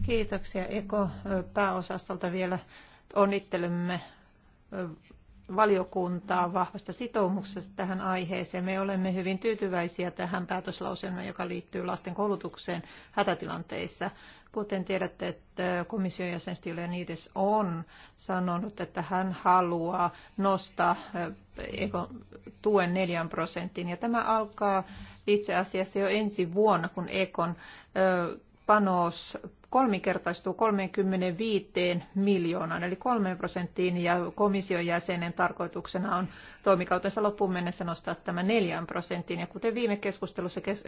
Kiitoksia Eko-pääosastolta vielä. Onnittelemme valiokuntaa vahvasta sitoumuksesta tähän aiheeseen. Me olemme hyvin tyytyväisiä tähän päätöslauselmaan, joka liittyy lasten koulutukseen hätätilanteissa. Kuten tiedätte, että komission jäsen Stylianides on sanonut, että hän haluaa nostaa tuen neljän prosenttiin. Ja tämä alkaa itse asiassa jo ensi vuonna, kun Ekon panos kolminkertaistuu 35 miljoonaan, eli 3 prosenttiin, ja komission jäsenen tarkoituksena on toimikautensa loppuun mennessä nostaa tämä 4 prosenttiin. Ja kuten viime keskustelussa kes-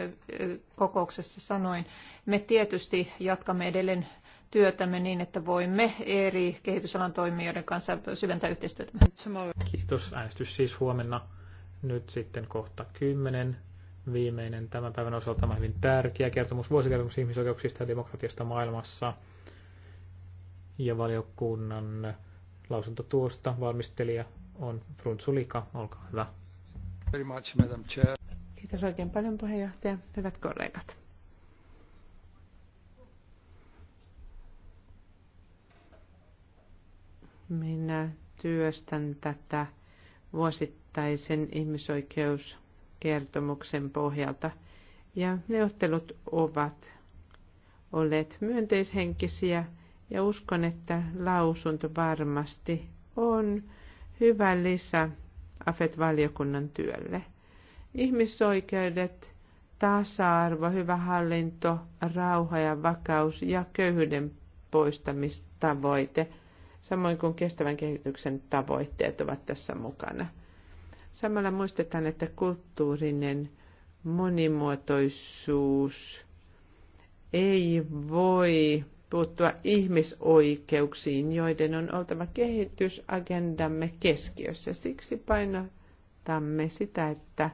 kokouksessa sanoin, me tietysti jatkamme edelleen työtämme niin, että voimme eri kehitysalan toimijoiden kanssa syventää yhteistyötä. Kiitos. Äänestys siis huomenna. Nyt sitten kohta 10 viimeinen tämän päivän osalta. Tämä on hyvin tärkeä kertomus, vuosikertomus ihmisoikeuksista ja demokratiasta maailmassa. Ja valiokunnan lausunto tuosta valmistelija on Frunzulika. Olkaa hyvä. Very much, Madam Chair. Kiitos oikein paljon puheenjohtaja. Hyvät kollegat. Minä työstän tätä vuosittaisen ihmisoikeus kertomuksen pohjalta. Ja neuvottelut ovat olleet myönteishenkisiä ja uskon, että lausunto varmasti on hyvä lisä AFET-valiokunnan työlle. Ihmisoikeudet, tasa-arvo, hyvä hallinto, rauha ja vakaus ja köyhyyden poistamistavoite, samoin kuin kestävän kehityksen tavoitteet ovat tässä mukana – Samalla muistetaan, että kulttuurinen monimuotoisuus ei voi puuttua ihmisoikeuksiin, joiden on oltava kehitysagendamme keskiössä. Siksi painotamme sitä, että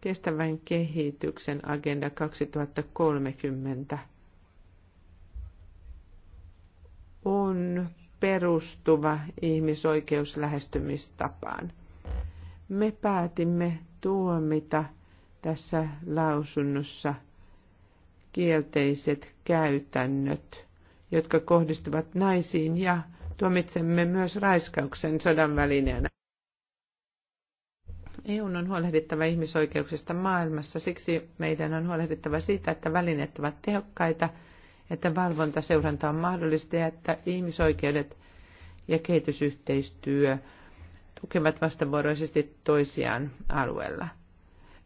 kestävän kehityksen agenda 2030 on perustuva ihmisoikeuslähestymistapaan. Me päätimme tuomita tässä lausunnossa kielteiset käytännöt, jotka kohdistuvat naisiin ja tuomitsemme myös raiskauksen sodan välineenä. EU on huolehdittava ihmisoikeuksista maailmassa, siksi meidän on huolehdittava siitä, että välineet ovat tehokkaita, että valvontaseuranta on mahdollista ja että ihmisoikeudet ja kehitysyhteistyö tukevat vastavuoroisesti toisiaan alueella.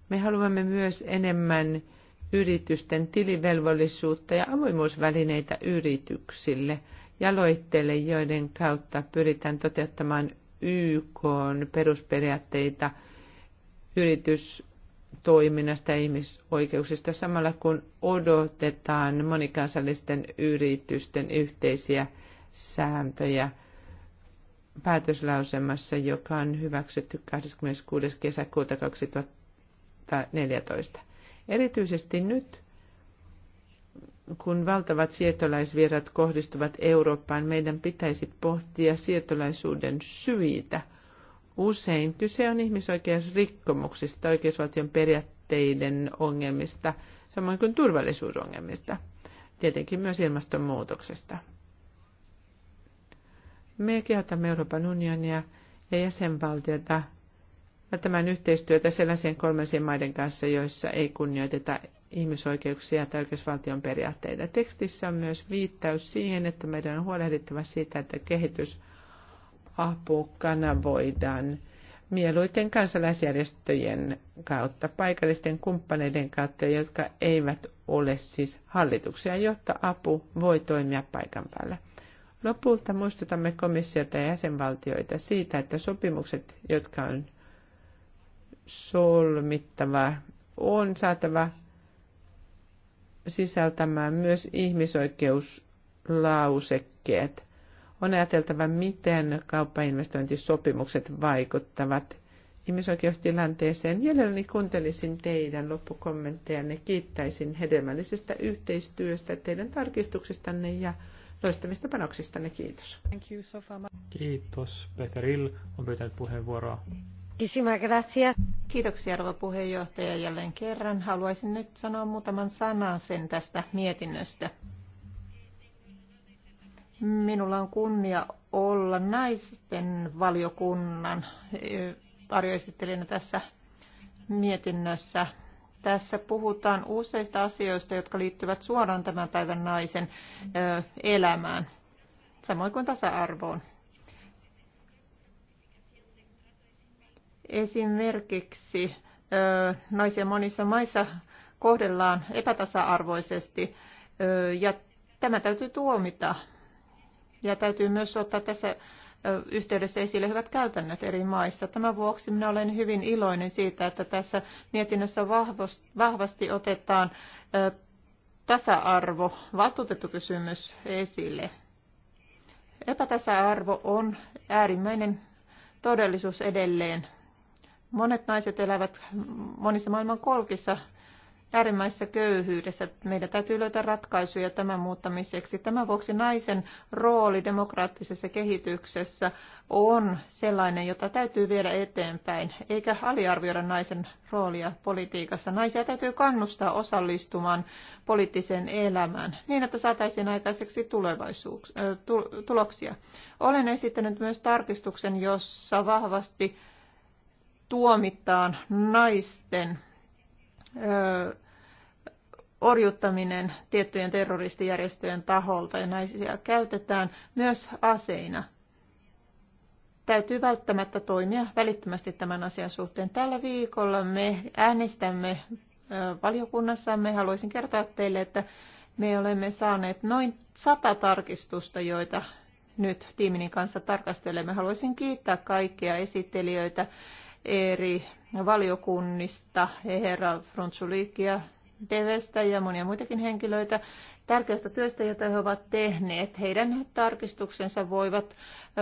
Me haluamme myös enemmän yritysten tilivelvollisuutta ja avoimuusvälineitä yrityksille loitteille, joiden kautta pyritään toteuttamaan YK perusperiaatteita yritystoiminnasta ja ihmisoikeuksista samalla kun odotetaan monikansallisten yritysten yhteisiä sääntöjä – päätöslausemassa, joka on hyväksytty 26. kesäkuuta 2014. Erityisesti nyt, kun valtavat siirtolaisvirrat kohdistuvat Eurooppaan, meidän pitäisi pohtia siirtolaisuuden syitä. Usein kyse on ihmisoikeusrikkomuksista, oikeusvaltion periaatteiden ongelmista, samoin kuin turvallisuusongelmista, tietenkin myös ilmastonmuutoksesta. Me kehotamme Euroopan unionia ja jäsenvaltiota välttämään yhteistyötä sellaisen kolmansien maiden kanssa, joissa ei kunnioiteta ihmisoikeuksia tai oikeusvaltion periaatteita. Tekstissä on myös viittaus siihen, että meidän on huolehdittava siitä, että kehitysapu kanavoidaan mieluiten kansalaisjärjestöjen kautta, paikallisten kumppaneiden kautta, jotka eivät ole siis hallituksia, jotta apu voi toimia paikan päällä. Lopulta muistutamme komissiota ja jäsenvaltioita siitä, että sopimukset, jotka on solmittava, on saatava sisältämään myös ihmisoikeuslausekkeet. On ajateltava, miten kauppainvestointisopimukset vaikuttavat ihmisoikeustilanteeseen. Mielelläni kuuntelisin teidän loppukommenttejanne, kiittäisin hedelmällisestä yhteistyöstä, teidän tarkistuksestanne ja loistavista ne Kiitos. Thank you so Kiitos. Peter Ill on pyytänyt puheenvuoroa. Kiitoksia arvo puheenjohtaja jälleen kerran. Haluaisin nyt sanoa muutaman sanan sen tästä mietinnöstä. Minulla on kunnia olla naisten valiokunnan varjoesittelijänä tässä mietinnössä. Tässä puhutaan useista asioista, jotka liittyvät suoraan tämän päivän naisen elämään, samoin kuin tasa-arvoon. Esimerkiksi naisia monissa maissa kohdellaan epätasa-arvoisesti ja tämä täytyy tuomita. Ja täytyy myös ottaa tässä yhteydessä esille hyvät käytännöt eri maissa. Tämän vuoksi minä olen hyvin iloinen siitä, että tässä mietinnössä vahvasti otetaan tasa-arvo, valtuutettu kysymys esille. Epätasa-arvo on äärimmäinen todellisuus edelleen. Monet naiset elävät monissa maailman kolkissa äärimmäisessä köyhyydessä. Meidän täytyy löytää ratkaisuja tämän muuttamiseksi. Tämän vuoksi naisen rooli demokraattisessa kehityksessä on sellainen, jota täytyy viedä eteenpäin, eikä aliarvioida naisen roolia politiikassa. Naisia täytyy kannustaa osallistumaan poliittiseen elämään niin, että saataisiin aikaiseksi tulevaisuus, tuloksia. Olen esittänyt myös tarkistuksen, jossa vahvasti tuomitaan naisten orjuttaminen tiettyjen terroristijärjestöjen taholta ja naisia käytetään myös aseina. Täytyy välttämättä toimia välittömästi tämän asian suhteen. Tällä viikolla me äänestämme valiokunnassamme. Haluaisin kertoa teille, että me olemme saaneet noin sata tarkistusta, joita nyt tiiminin kanssa tarkastelemme. Haluaisin kiittää kaikkia esittelijöitä eri valiokunnista, herra Frontsulikia, Devestä ja monia muitakin henkilöitä tärkeästä työstä, jota he ovat tehneet. Heidän tarkistuksensa voivat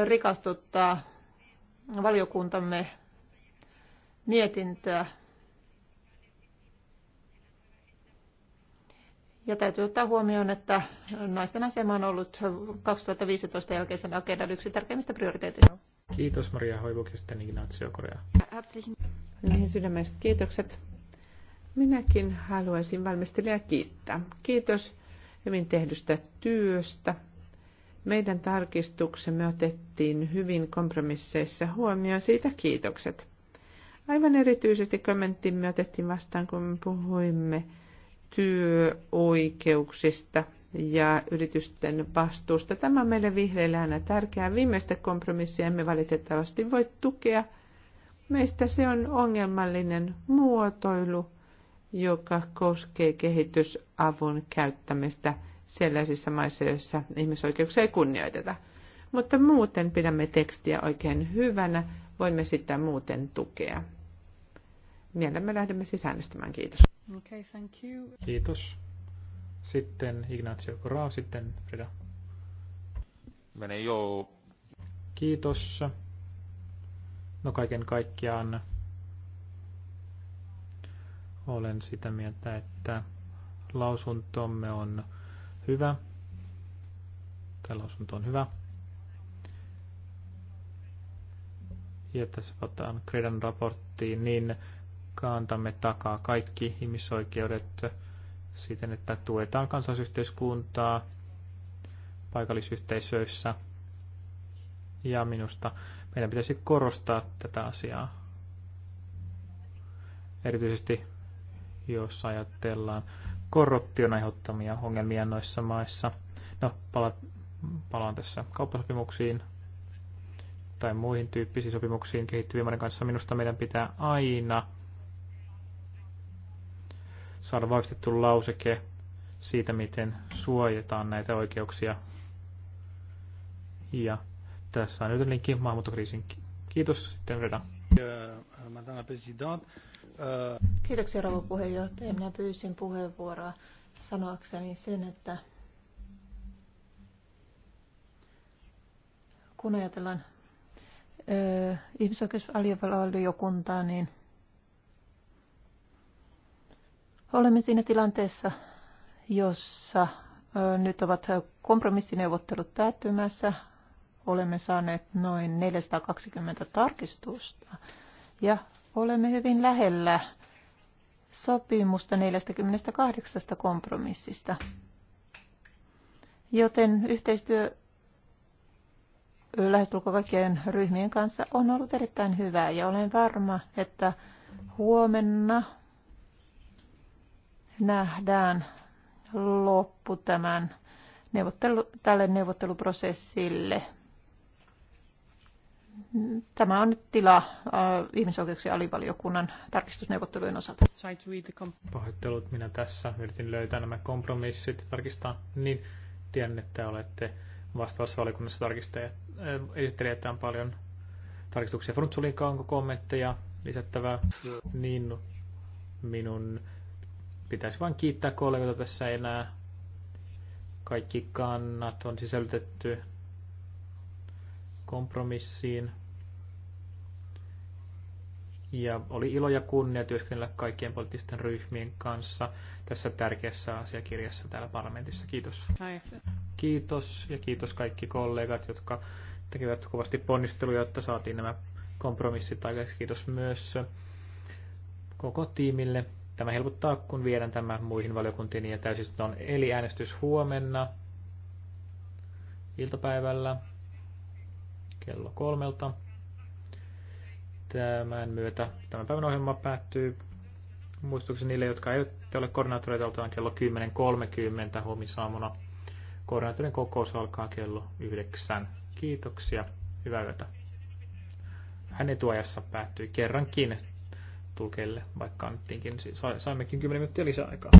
rikastuttaa valiokuntamme mietintöä. Ja täytyy ottaa huomioon, että naisten asema on ollut 2015 jälkeisen agendan yksi tärkeimmistä prioriteeteista. Kiitos Maria Hoivuk ja sitten Ignacio Korea. Niin sydämestä kiitokset. Minäkin haluaisin valmistelijaa kiittää. Kiitos hyvin tehdystä työstä. Meidän tarkistuksemme otettiin hyvin kompromisseissa huomioon, siitä kiitokset. Aivan erityisesti kommenttimme otettiin vastaan, kun puhuimme työoikeuksista ja yritysten vastuusta. Tämä on meille vihreillä aina tärkeää. Viimeistä kompromissia emme valitettavasti voi tukea. Meistä se on ongelmallinen muotoilu, joka koskee kehitysavun käyttämistä sellaisissa maissa, joissa ihmisoikeuksia ei kunnioiteta. Mutta muuten pidämme tekstiä oikein hyvänä, voimme sitä muuten tukea. Mielemme lähdemme sisäänestämään. Kiitos. Okay, thank you. Kiitos. Sitten Ignacio Corao, sitten Frida. Mene joo. Kiitos. No kaiken kaikkiaan olen sitä mieltä, että lausuntomme on hyvä. Tämä lausunto on hyvä. Ja tässä otetaan Credan raporttiin, niin kaantamme takaa kaikki ihmisoikeudet, siten, että tuetaan kansallisyhteiskuntaa paikallisyhteisöissä. Ja minusta meidän pitäisi korostaa tätä asiaa. Erityisesti jos ajatellaan korruption aiheuttamia ongelmia noissa maissa. No, pala- palaan tässä kauppasopimuksiin tai muihin tyyppisiin sopimuksiin kehittyvien maiden kanssa. Minusta meidän pitää aina saada vahvistettu lauseke siitä, miten suojataan näitä oikeuksia. Ja tässä on nyt linkki maahanmuuttokriisin. Kiitos sitten Reda. Kiitoksia rouva puheenjohtaja. Minä pyysin puheenvuoroa sanoakseni sen, että kun ajatellaan ihmisoikeusvaliokuntaa, niin Olemme siinä tilanteessa, jossa nyt ovat kompromissineuvottelut päättymässä. Olemme saaneet noin 420 tarkistusta ja olemme hyvin lähellä sopimusta 48 kompromissista. Joten yhteistyö lähestulkoon kaikkien ryhmien kanssa on ollut erittäin hyvää ja olen varma, että huomenna nähdään loppu tämän neuvottelu, tälle neuvotteluprosessille. Tämä on nyt tila äh, ihmisoikeuksien alivaliokunnan tarkistusneuvottelujen osalta. Pahoittelut, minä tässä yritin löytää nämä kompromissit, tarkistaa, niin tiedän, että olette vastaavassa valiokunnassa tarkistajat, äh, esittelijät paljon tarkistuksia. Frutsulinkaan onko kommentteja lisättävää? Niin minun Pitäisi vain kiittää kollegoita tässä enää. Kaikki kannat on sisällytetty kompromissiin. Ja oli ilo ja kunnia työskennellä kaikkien poliittisten ryhmien kanssa tässä tärkeässä asiakirjassa täällä parlamentissa. Kiitos. Nice. Kiitos ja kiitos kaikki kollegat, jotka tekivät kovasti ponnisteluja, että saatiin nämä kompromissit aikaiseksi. Kiitos myös koko tiimille Tämä helpottaa, kun viedään tämä muihin valiokuntiin ja täysistuntoon. Eli äänestys huomenna iltapäivällä kello kolmelta. Tämän myötä tämän päivän ohjelma päättyy Muistuksen niille, jotka eivät ole koordinaattoreita, aloitetaan kello 10.30 huomisaamuna. Koordinaattorin kokous alkaa kello 9. Kiitoksia. Hyvää yötä. Hänen tuojassa päättyi kerrankin kelle, vaikka annettiinkin, saimmekin 10 minuuttia lisäaikaa.